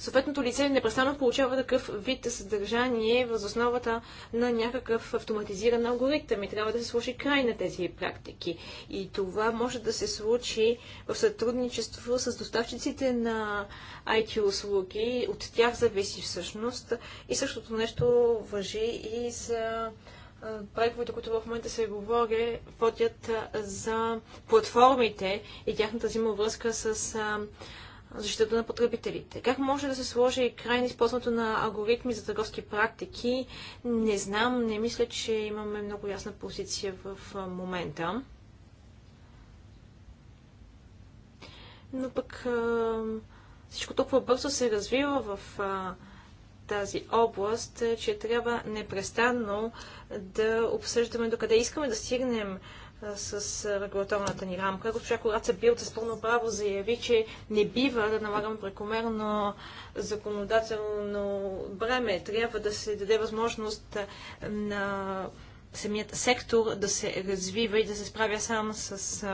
съответното лице непрестанно получава такъв вид съдържание въз основата на някакъв автоматизиран алгоритъм и трябва да се сложи край на тези практики. И това може да се случи в сътрудничество с доставчиците на IT услуги. От тях зависи всъщност. И същото нещо въжи и за преговорите, които в момента се говори, водят за платформите и тяхната взаимовръзка с Защита на потребителите. Как може да се сложи край на използването на алгоритми за търговски практики? Не знам, не мисля, че имаме много ясна позиция в момента. Но пък всичко толкова бързо се развива в тази област, че трябва непрестанно да обсъждаме докъде искаме да стигнем с регулаторната ни рамка. Госпожа Кораца Билт с пълно право заяви, че не бива да налагаме прекомерно законодателно бреме. Трябва да се даде възможност на самият сектор да се развива и да се справя сам с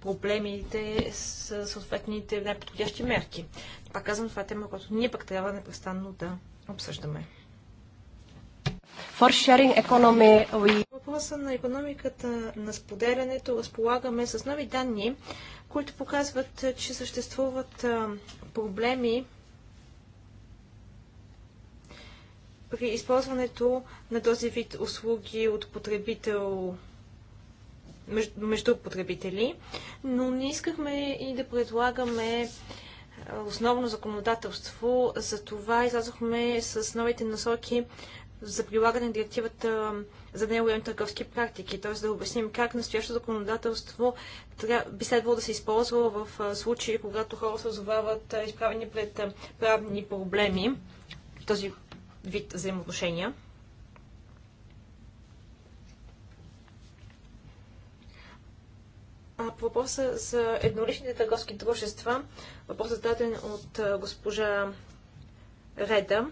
проблемите, с съответните най-подходящи мерки. Пак казвам, това е тема, която ние пък трябва непрестанно да обсъждаме. For sharing economy, we... Въпроса на економиката на споделянето разполагаме с нови данни, които показват, че съществуват проблеми при използването на този вид услуги от потребител между потребители, но не искахме и да предлагаме основно законодателство, за това излязохме с новите насоки за прилагане на директивата за нелоялни търговски практики, т.е. да обясним как настоящото законодателство би следвало да се използва в случаи, когато хора се озовават изправени пред правни проблеми, този вид взаимоотношения. А по въпроса за едноличните търговски дружества, въпрос е зададен от госпожа Реда,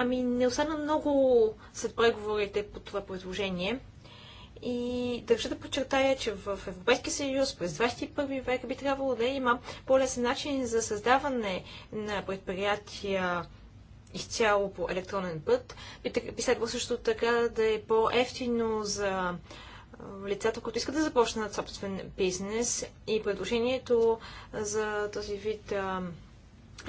Ами не остана много след преговорите по това предложение. И държа да подчертая, че в Европейския съюз през 21 век би трябвало да има по-лесен начин за създаване на предприятия изцяло по електронен път. Би следвало също така да е по-ефтино за лицата, които искат да започнат собствен бизнес и предложението за този вид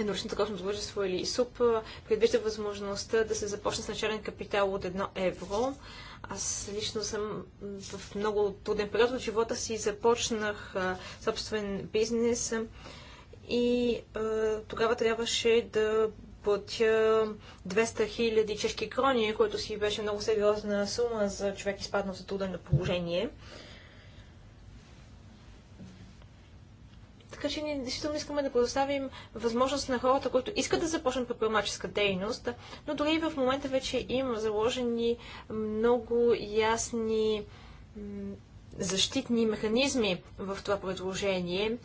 едноръчно търговско дружество или ИСОП, предвижда възможността да се започне с начален капитал от 1 евро. Аз лично съм в много труден период от живота си, започнах собствен бизнес и тогава трябваше да платя 200 000 чешки крони, което си беше много сериозна сума за човек изпаднал за трудно положение. Така че ние действително искаме да предоставим възможност на хората, които искат да започнат предприемаческа дейност, но дори и в момента вече има заложени много ясни защитни механизми в това предложение,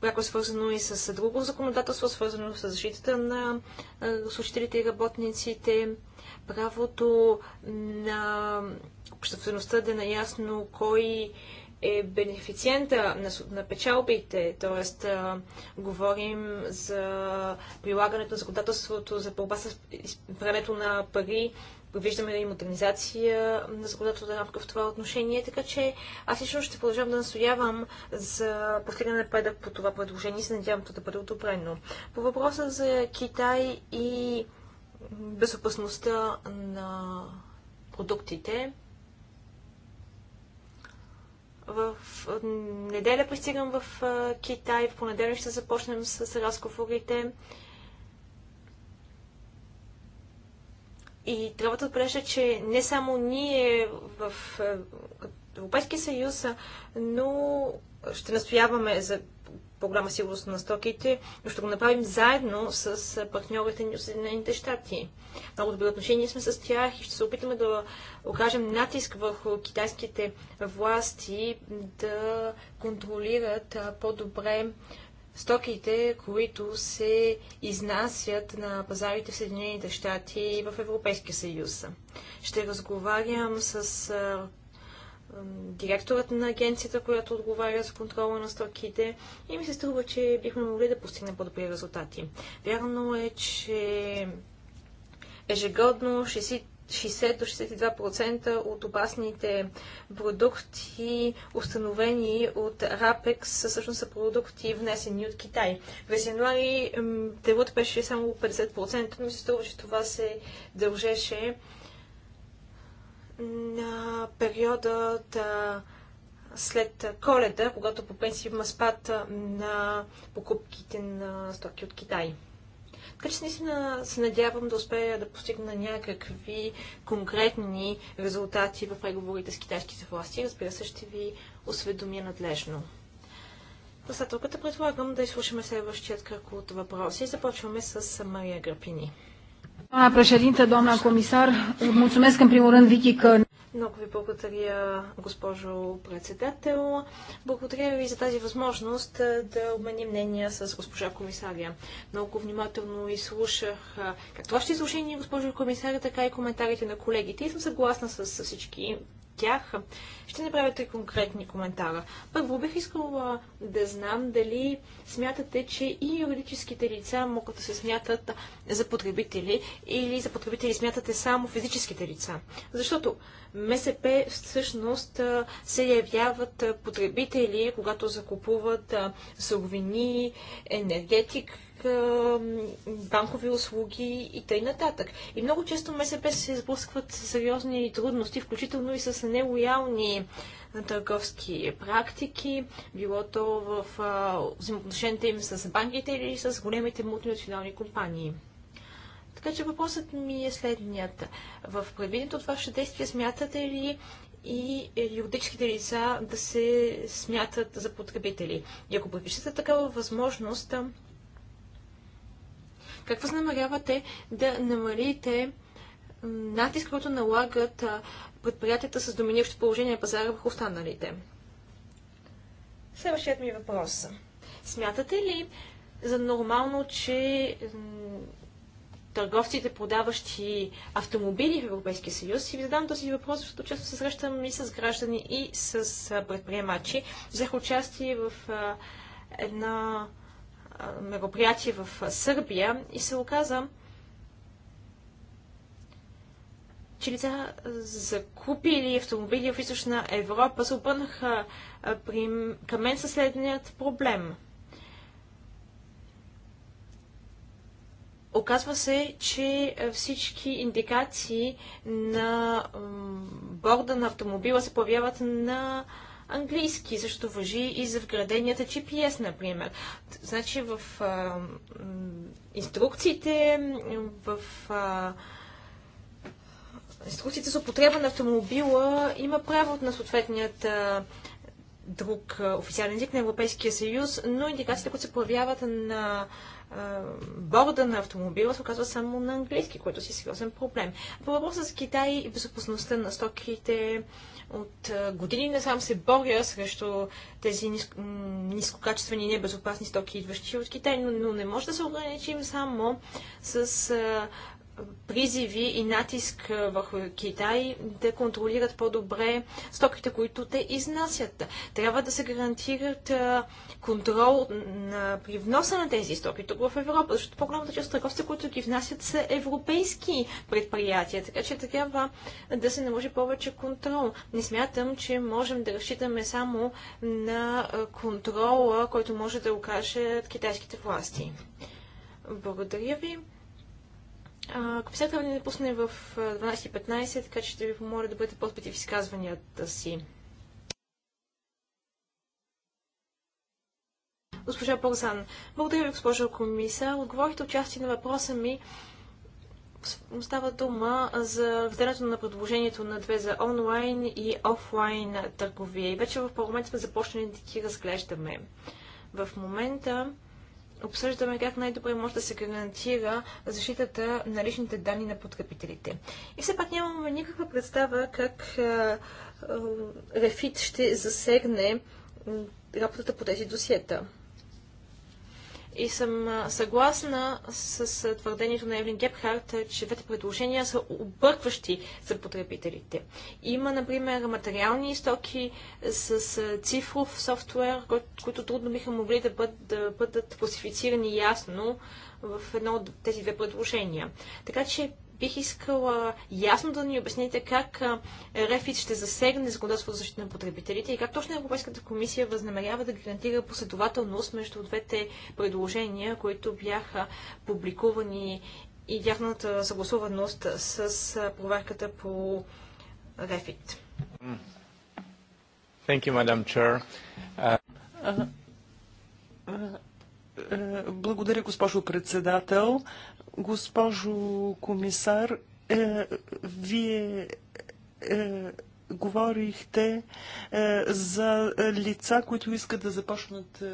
пряко свързано и с друго законодателство, свързано с защитата на служителите и работниците, правото на обществеността да е наясно кой е бенефициента на, на печалбите, т.е. говорим за прилагането на законодателството за борба с времето на пари, виждаме и модернизация на законодателната рамка в това отношение, така че аз лично ще продължавам да настоявам за постигане напредък по това предложение и се надявам то да бъде одобрено. По въпроса за Китай и безопасността на продуктите, в неделя пристигам в Китай, в понеделник ще започнем с разговорите. И трябва да отбележа, че не само ние в Европейския съюз, но ще настояваме за по-голяма сигурност на стоките, но ще го направим заедно с партньорите ни от Съединените щати. Много добри отношения сме с тях и ще се опитаме да окажем натиск върху китайските власти да контролират по-добре стоките, които се изнасят на пазарите в Съединените щати и в Европейския съюз. Ще разговарям с директорът на агенцията, която отговаря за контрола на стоките и ми се струва, че бихме могли да постигнем по-добри резултати. Вярно е, че ежегодно 60 до 62% от опасните продукти, установени от РАПЕКС, всъщност са продукти внесени от Китай. През януари делът беше само 50%, но се струва, че това се дължеше на периодът след коледа, когато по принцип има спад на покупките на стоки от Китай. Така че наистина се надявам да успея да постигна някакви конкретни резултати в преговорите с китайските власти. Разбира се, ще ви осведомя надлежно. Председателката предлагам да изслушаме следващият кръг от въпроси. Започваме с Мария Грапини. Doamna președinte, doamna comisar, mulțumesc în primul rând, Vicky, că... Много ви благодаря, госпожо председател. Благодаря ви за тази възможност е, да обменим мнения с госпожа комисаря. Много внимателно изслушах е, както вашето изслушение, госпожо комисаря, така и коментарите на колегите и съм съгласна с всички тях, ще направяте конкретни коментара. Първо, бих искала да знам дали смятате, че и юридическите лица могат да се смятат за потребители или за потребители смятате само физическите лица. Защото МСП всъщност се явяват потребители, когато закупуват суровини, енергетик, банкови услуги и тъй нататък. И много често МСП се сблъскват с сериозни трудности, включително и с нелоялни търговски практики, било то в взаимоотношенията им с банките или с големите мултинационални компании. Така че въпросът ми е следният. В предвиденото от ваше действие смятате ли и юридическите лица да се смятат за потребители. И ако предвиждате такава възможност, как възнамерявате да намалите натиск, който налагат предприятията с доминиращо положение на пазара върху останалите? Следващият ми въпрос. Смятате ли за нормално, че търговците, продаващи автомобили в Европейския съюз. И ви задам този въпрос, защото често се срещам и с граждани, и с предприемачи. Взех участие в една мероприятие в Сърбия и се оказа, че лица закупили автомобили в източна Европа се обърнаха при... към мен със следният проблем. Оказва се, че всички индикации на борда на автомобила се появяват на английски. Също въжи и за вграденията GPS, например. Значи в а, инструкциите, в а, инструкциите за употреба на автомобила има право на съответният а, друг официален език на Европейския съюз, но индикациите, които се появяват на борда на автомобила се оказва само на английски, което си е сериозен проблем. По въпроса с Китай и безопасността на стоките, от години насам се боря срещу тези ниско, нискокачествени и небезопасни стоки, идващи от Китай, но, но не може да се ограничим само с призиви и натиск върху Китай да контролират по-добре стоките, които те изнасят. Трябва да се гарантират контрол на, при вноса на тези стоки тук в Европа, защото по-голямата част от търговците, които ги внасят, са европейски предприятия, така че трябва да се наложи повече контрол. Не смятам, че можем да разчитаме само на контрола, който може да окажат китайските власти. Благодаря ви. Комисията не напусне в 12.15, така че ще ви помоля да бъдете по-спети в изказванията си. Госпожа Борзан, благодаря ви, госпожа комисар. Отговорихте части на въпроса ми. Става дума за вдането на предложението на две за онлайн и офлайн търговия. И вече в парламент сме започнали да ги разглеждаме. В момента обсъждаме как най-добре може да се гарантира защитата на личните данни на потребителите. И все пак нямаме никаква представа как Рефит ще засегне работата по тези досиета. И съм съгласна с твърдението на Евлин Гепхарт, че двете предложения са объркващи за потребителите. Има, например, материални стоки с цифров софтуер, които трудно биха могли да бъдат, да бъдат класифицирани ясно в едно от тези две предложения. Така че Бих искала ясно да ни обясните как РЕФИТ ще засегне законодателството за защита на потребителите и как точно Европейската комисия възнамерява да гарантира последователност между двете предложения, които бяха публикувани и тяхната съгласуваност с проверката по РЕФИТ. Thank you, Madam Chair. Uh, благодаря, госпожо председател. Госпожо комисар, е, вие е, говорихте е, за лица, които искат да започнат е,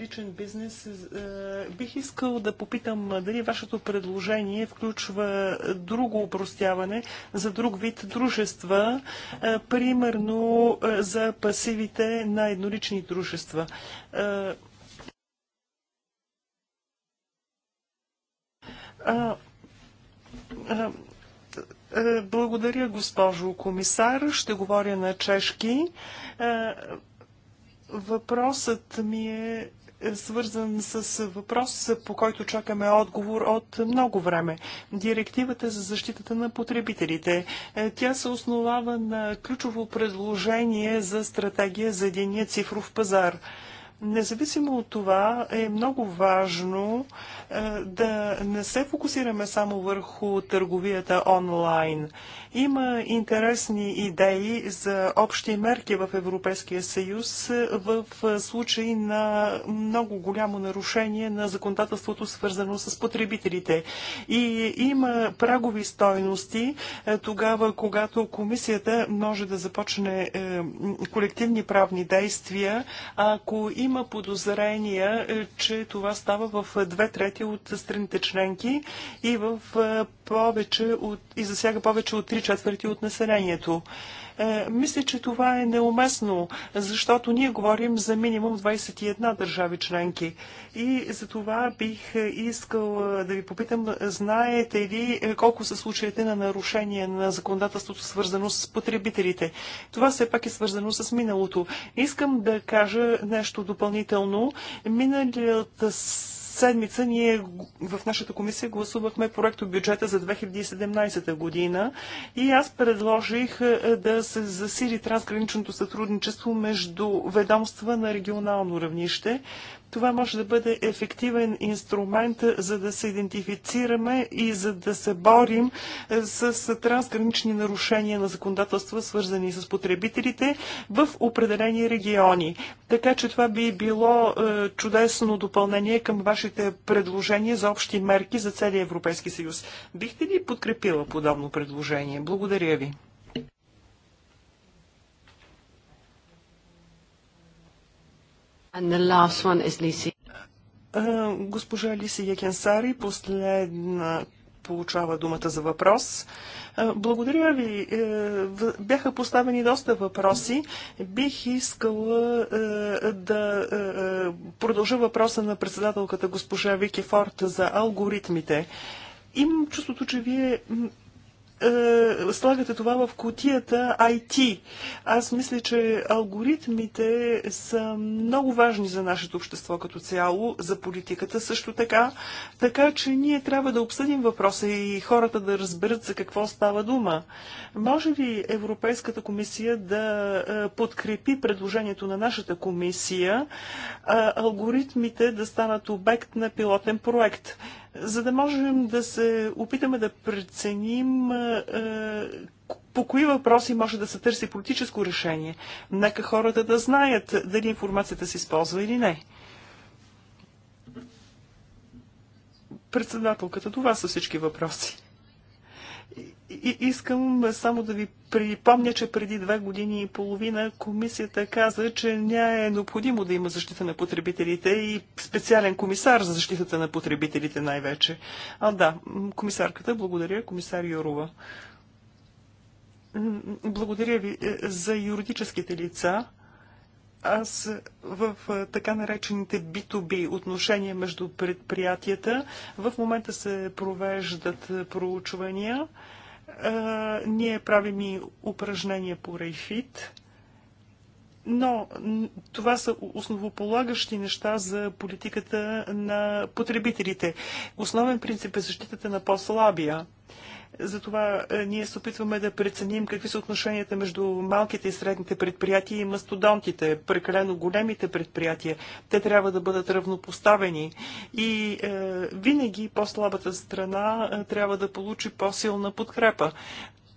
личен бизнес. Е, бих искал да попитам дали вашето предложение включва друго упростяване за друг вид дружества, е, примерно е, за пасивите на еднолични дружества. Е, Благодаря, госпожо комисар. Ще говоря на чешки. Въпросът ми е свързан с въпрос, по който чакаме отговор от много време. Директивата за защитата на потребителите. Е, тя се основава на ключово предложение за стратегия за единия цифров пазар. Независимо от това е много важно е, да не се фокусираме само върху търговията онлайн. Има интересни идеи за общи мерки в Европейския съюз е, в е, случай на много голямо нарушение на законодателството, свързано с потребителите. И има прагови стойности тогава, когато комисията може да започне колективни правни действия, ако има има подозрения, е, че това става в е, две трети от страните членки и, в е, повече от, и засяга повече от три четвърти от населението. Е, мисля, че това е неуместно, защото ние говорим за минимум 21 държави членки. И за това бих е, искал е, да ви попитам, знаете ли колко са случаите на нарушение на законодателството, свързано с потребителите? Това все пак е свързано с миналото. Искам да кажа нещо допълнително. Миналият седмица ние в нашата комисия гласувахме проекто бюджета за 2017 година и аз предложих е, да се засили трансграничното сътрудничество между ведомства на регионално равнище. Това може да бъде ефективен инструмент, е, за да се идентифицираме и за да се борим е, с трансгранични нарушения на законодателства, свързани с потребителите в определени региони. Така че това би било е, чудесно допълнение към вашите предложения за общи мерки за целия Европейски съюз. Бихте ли подкрепила подобно предложение? Благодаря ви. Госпожа Лиси Якенсари, последна получава думата за въпрос. Благодаря ви. Е, бяха поставени доста въпроси. Бих искала е, да е, продължа въпроса на председателката госпожа Вики Форт за алгоритмите. Имам чувството, че вие е, слагате това в котията IT. Аз мисля, че алгоритмите са много важни за нашето общество като цяло, за политиката също така, така че ние трябва да обсъдим въпроса и хората да разберат за какво става дума. Може ли Европейската комисия да е, подкрепи предложението на нашата комисия е, алгоритмите да станат обект на пилотен проект? за да можем да се опитаме да преценим е, по кои въпроси може да се търси политическо решение. Нека хората да знаят дали информацията се използва или не. Председателката, това са всички въпроси. И, искам само да ви припомня, че преди две години и половина комисията каза, че не е необходимо да има защита на потребителите и специален комисар за защитата на потребителите най-вече. А да, комисарката, благодаря, комисар Юрова. Благодаря ви е, за юридическите лица. Аз в е, така наречените B2B отношения между предприятията в момента се провеждат е, проучвания. Е, ние правим и упражнения по рейфит, но това са основополагащи неща за политиката на потребителите. Основен принцип е защитата на по-слабия. Затова е, ние се опитваме да преценим какви са отношенията между малките и средните предприятия и мастодонтите, прекалено големите предприятия. Те трябва да бъдат равнопоставени. И е, винаги по-слабата страна е, трябва да получи по-силна подкрепа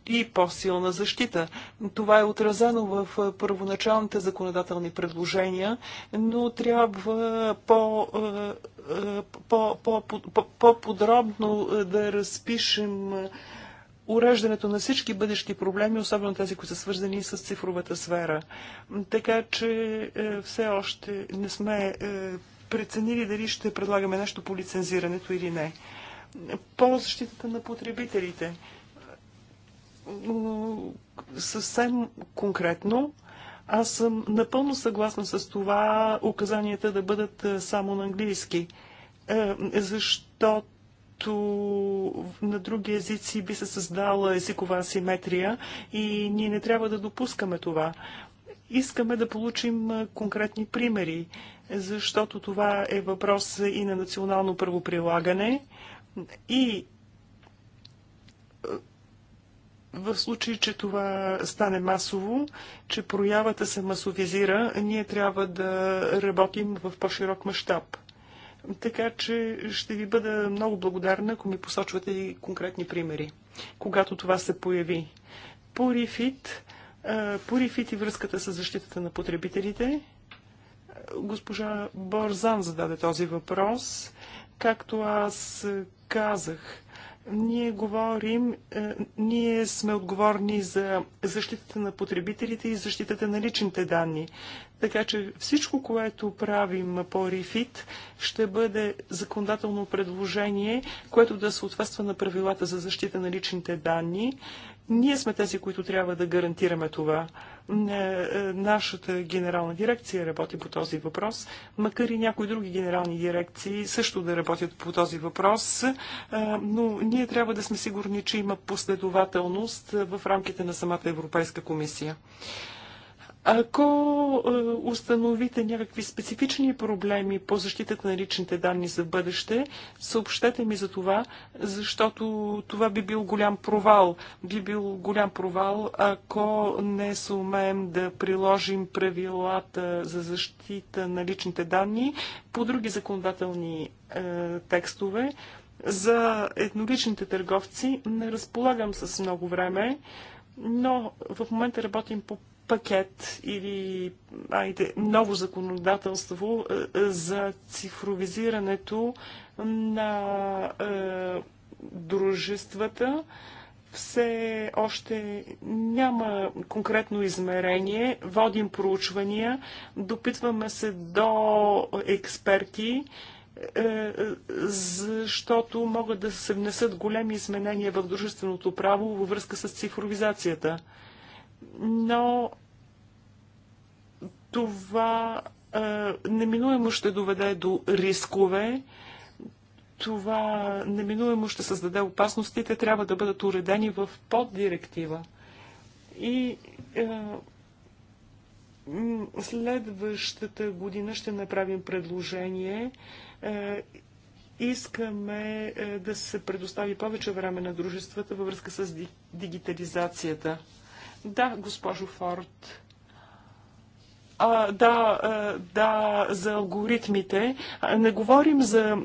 и по-силна защита. Това е отразено в е, първоначалните законодателни предложения, но трябва по е, по-подробно е, да разпишем е, уреждането на всички бъдещи проблеми, особено тези, които са свързани с цифровата сфера. Така че е, все още не сме преценили дали ще предлагаме нещо по лицензирането или не. По защитата на потребителите. Съвсем конкретно аз съм напълно съгласна с това указанията да бъдат е, само на английски, е, защото на други езици би се създала езикова асиметрия и ние не трябва да допускаме това. Искаме да получим е, конкретни примери, защото това е въпрос и на национално правоприлагане и в случай, че това стане масово, че проявата се масовизира, ние трябва да работим в по-широк мащаб. Така че ще ви бъда много благодарна, ако ми посочвате и конкретни примери, когато това се появи. Порифит, порифит и връзката с защитата на потребителите. Госпожа Борзан зададе този въпрос. Както аз казах, ние говорим, е, ние сме отговорни за защитата на потребителите и защитата на личните данни. Така че всичко, което правим по Рефит, ще бъде законодателно предложение, което да съответства на правилата за защита на личните данни. Ние сме тези, които трябва да гарантираме това. Е, е, нашата генерална дирекция работи по този въпрос, макар и някои други генерални дирекции също да работят по този въпрос, е, но ние трябва да сме сигурни, че има последователност в рамките на самата Европейска комисия. Ако е, установите някакви специфични проблеми по защитата на личните данни за бъдеще, съобщете ми за това, защото това би бил голям провал. Би бил голям провал, ако не сумеем да приложим правилата за защита на личните данни по други законодателни е, текстове. За едноличните търговци не разполагам с много време но в момента работим по пакет или айде, ново законодателство е, е, за цифровизирането на е, дружествата все още няма конкретно измерение. Водим проучвания, допитваме се до експерти, защото могат да се внесат големи изменения в дружественото право във връзка с цифровизацията но това е, неминуемо ще доведе до рискове. Това неминуемо ще създаде опасностите, трябва да бъдат уредени в поддиректива. И е, следващата година ще направим предложение. Е, искаме е, да се предостави повече време на дружествата във връзка с дигитализацията. Да, госпожо Форд. А, да, да, за алгоритмите. Не говорим за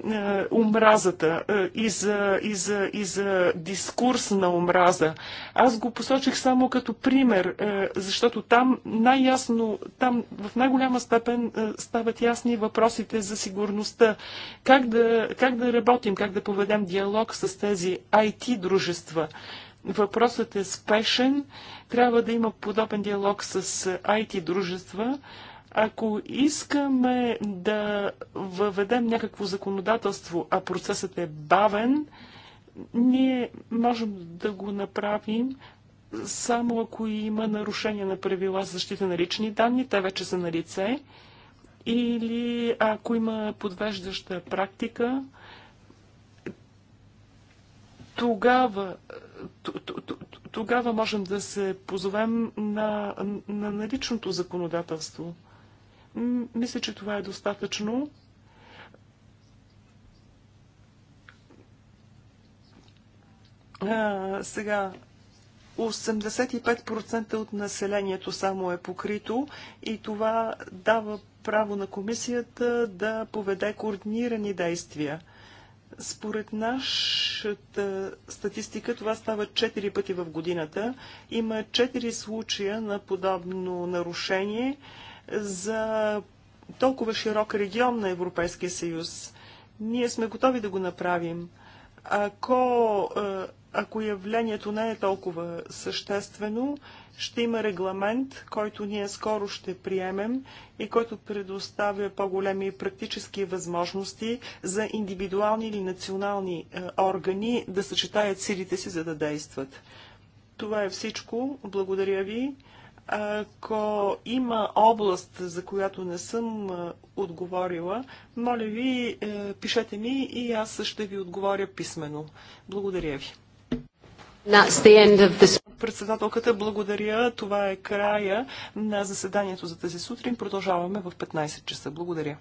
омразата и за, и, за, и за дискурс на омраза. Аз го посочих само като пример, защото там най-ясно, там в най-голяма степен стават ясни въпросите за сигурността. Как да, как да работим, как да поведем диалог с тези IT-дружества. Въпросът е спешен. Трябва да има подобен диалог с IT дружества. Ако искаме да въведем някакво законодателство, а процесът е бавен, ние можем да го направим само ако има нарушение на правила за защита на лични данни, те вече са на лице, или ако има подвеждаща практика, тогава, тогава можем да се позовем на, на наличното законодателство. Мисля, че това е достатъчно. А, сега, 85% от населението само е покрито и това дава право на комисията да поведе координирани действия – според нашата статистика това става 4 пъти в годината. Има 4 случая на подобно нарушение за толкова широк регион на Европейския съюз. Ние сме готови да го направим. Ако е, ако явлението не е толкова съществено, ще има регламент, който ние скоро ще приемем и който предоставя по-големи практически възможности за индивидуални или национални е, органи да съчетаят силите си, за да действат. Това е всичко. Благодаря ви. Ако има област, за която не съм е, отговорила, моля ви, е, пишете ми и аз ще ви отговоря писменно. Благодаря ви. Председателката, благодаря. Това е края на заседанието за тази сутрин. Продължаваме в 15 часа. Благодаря.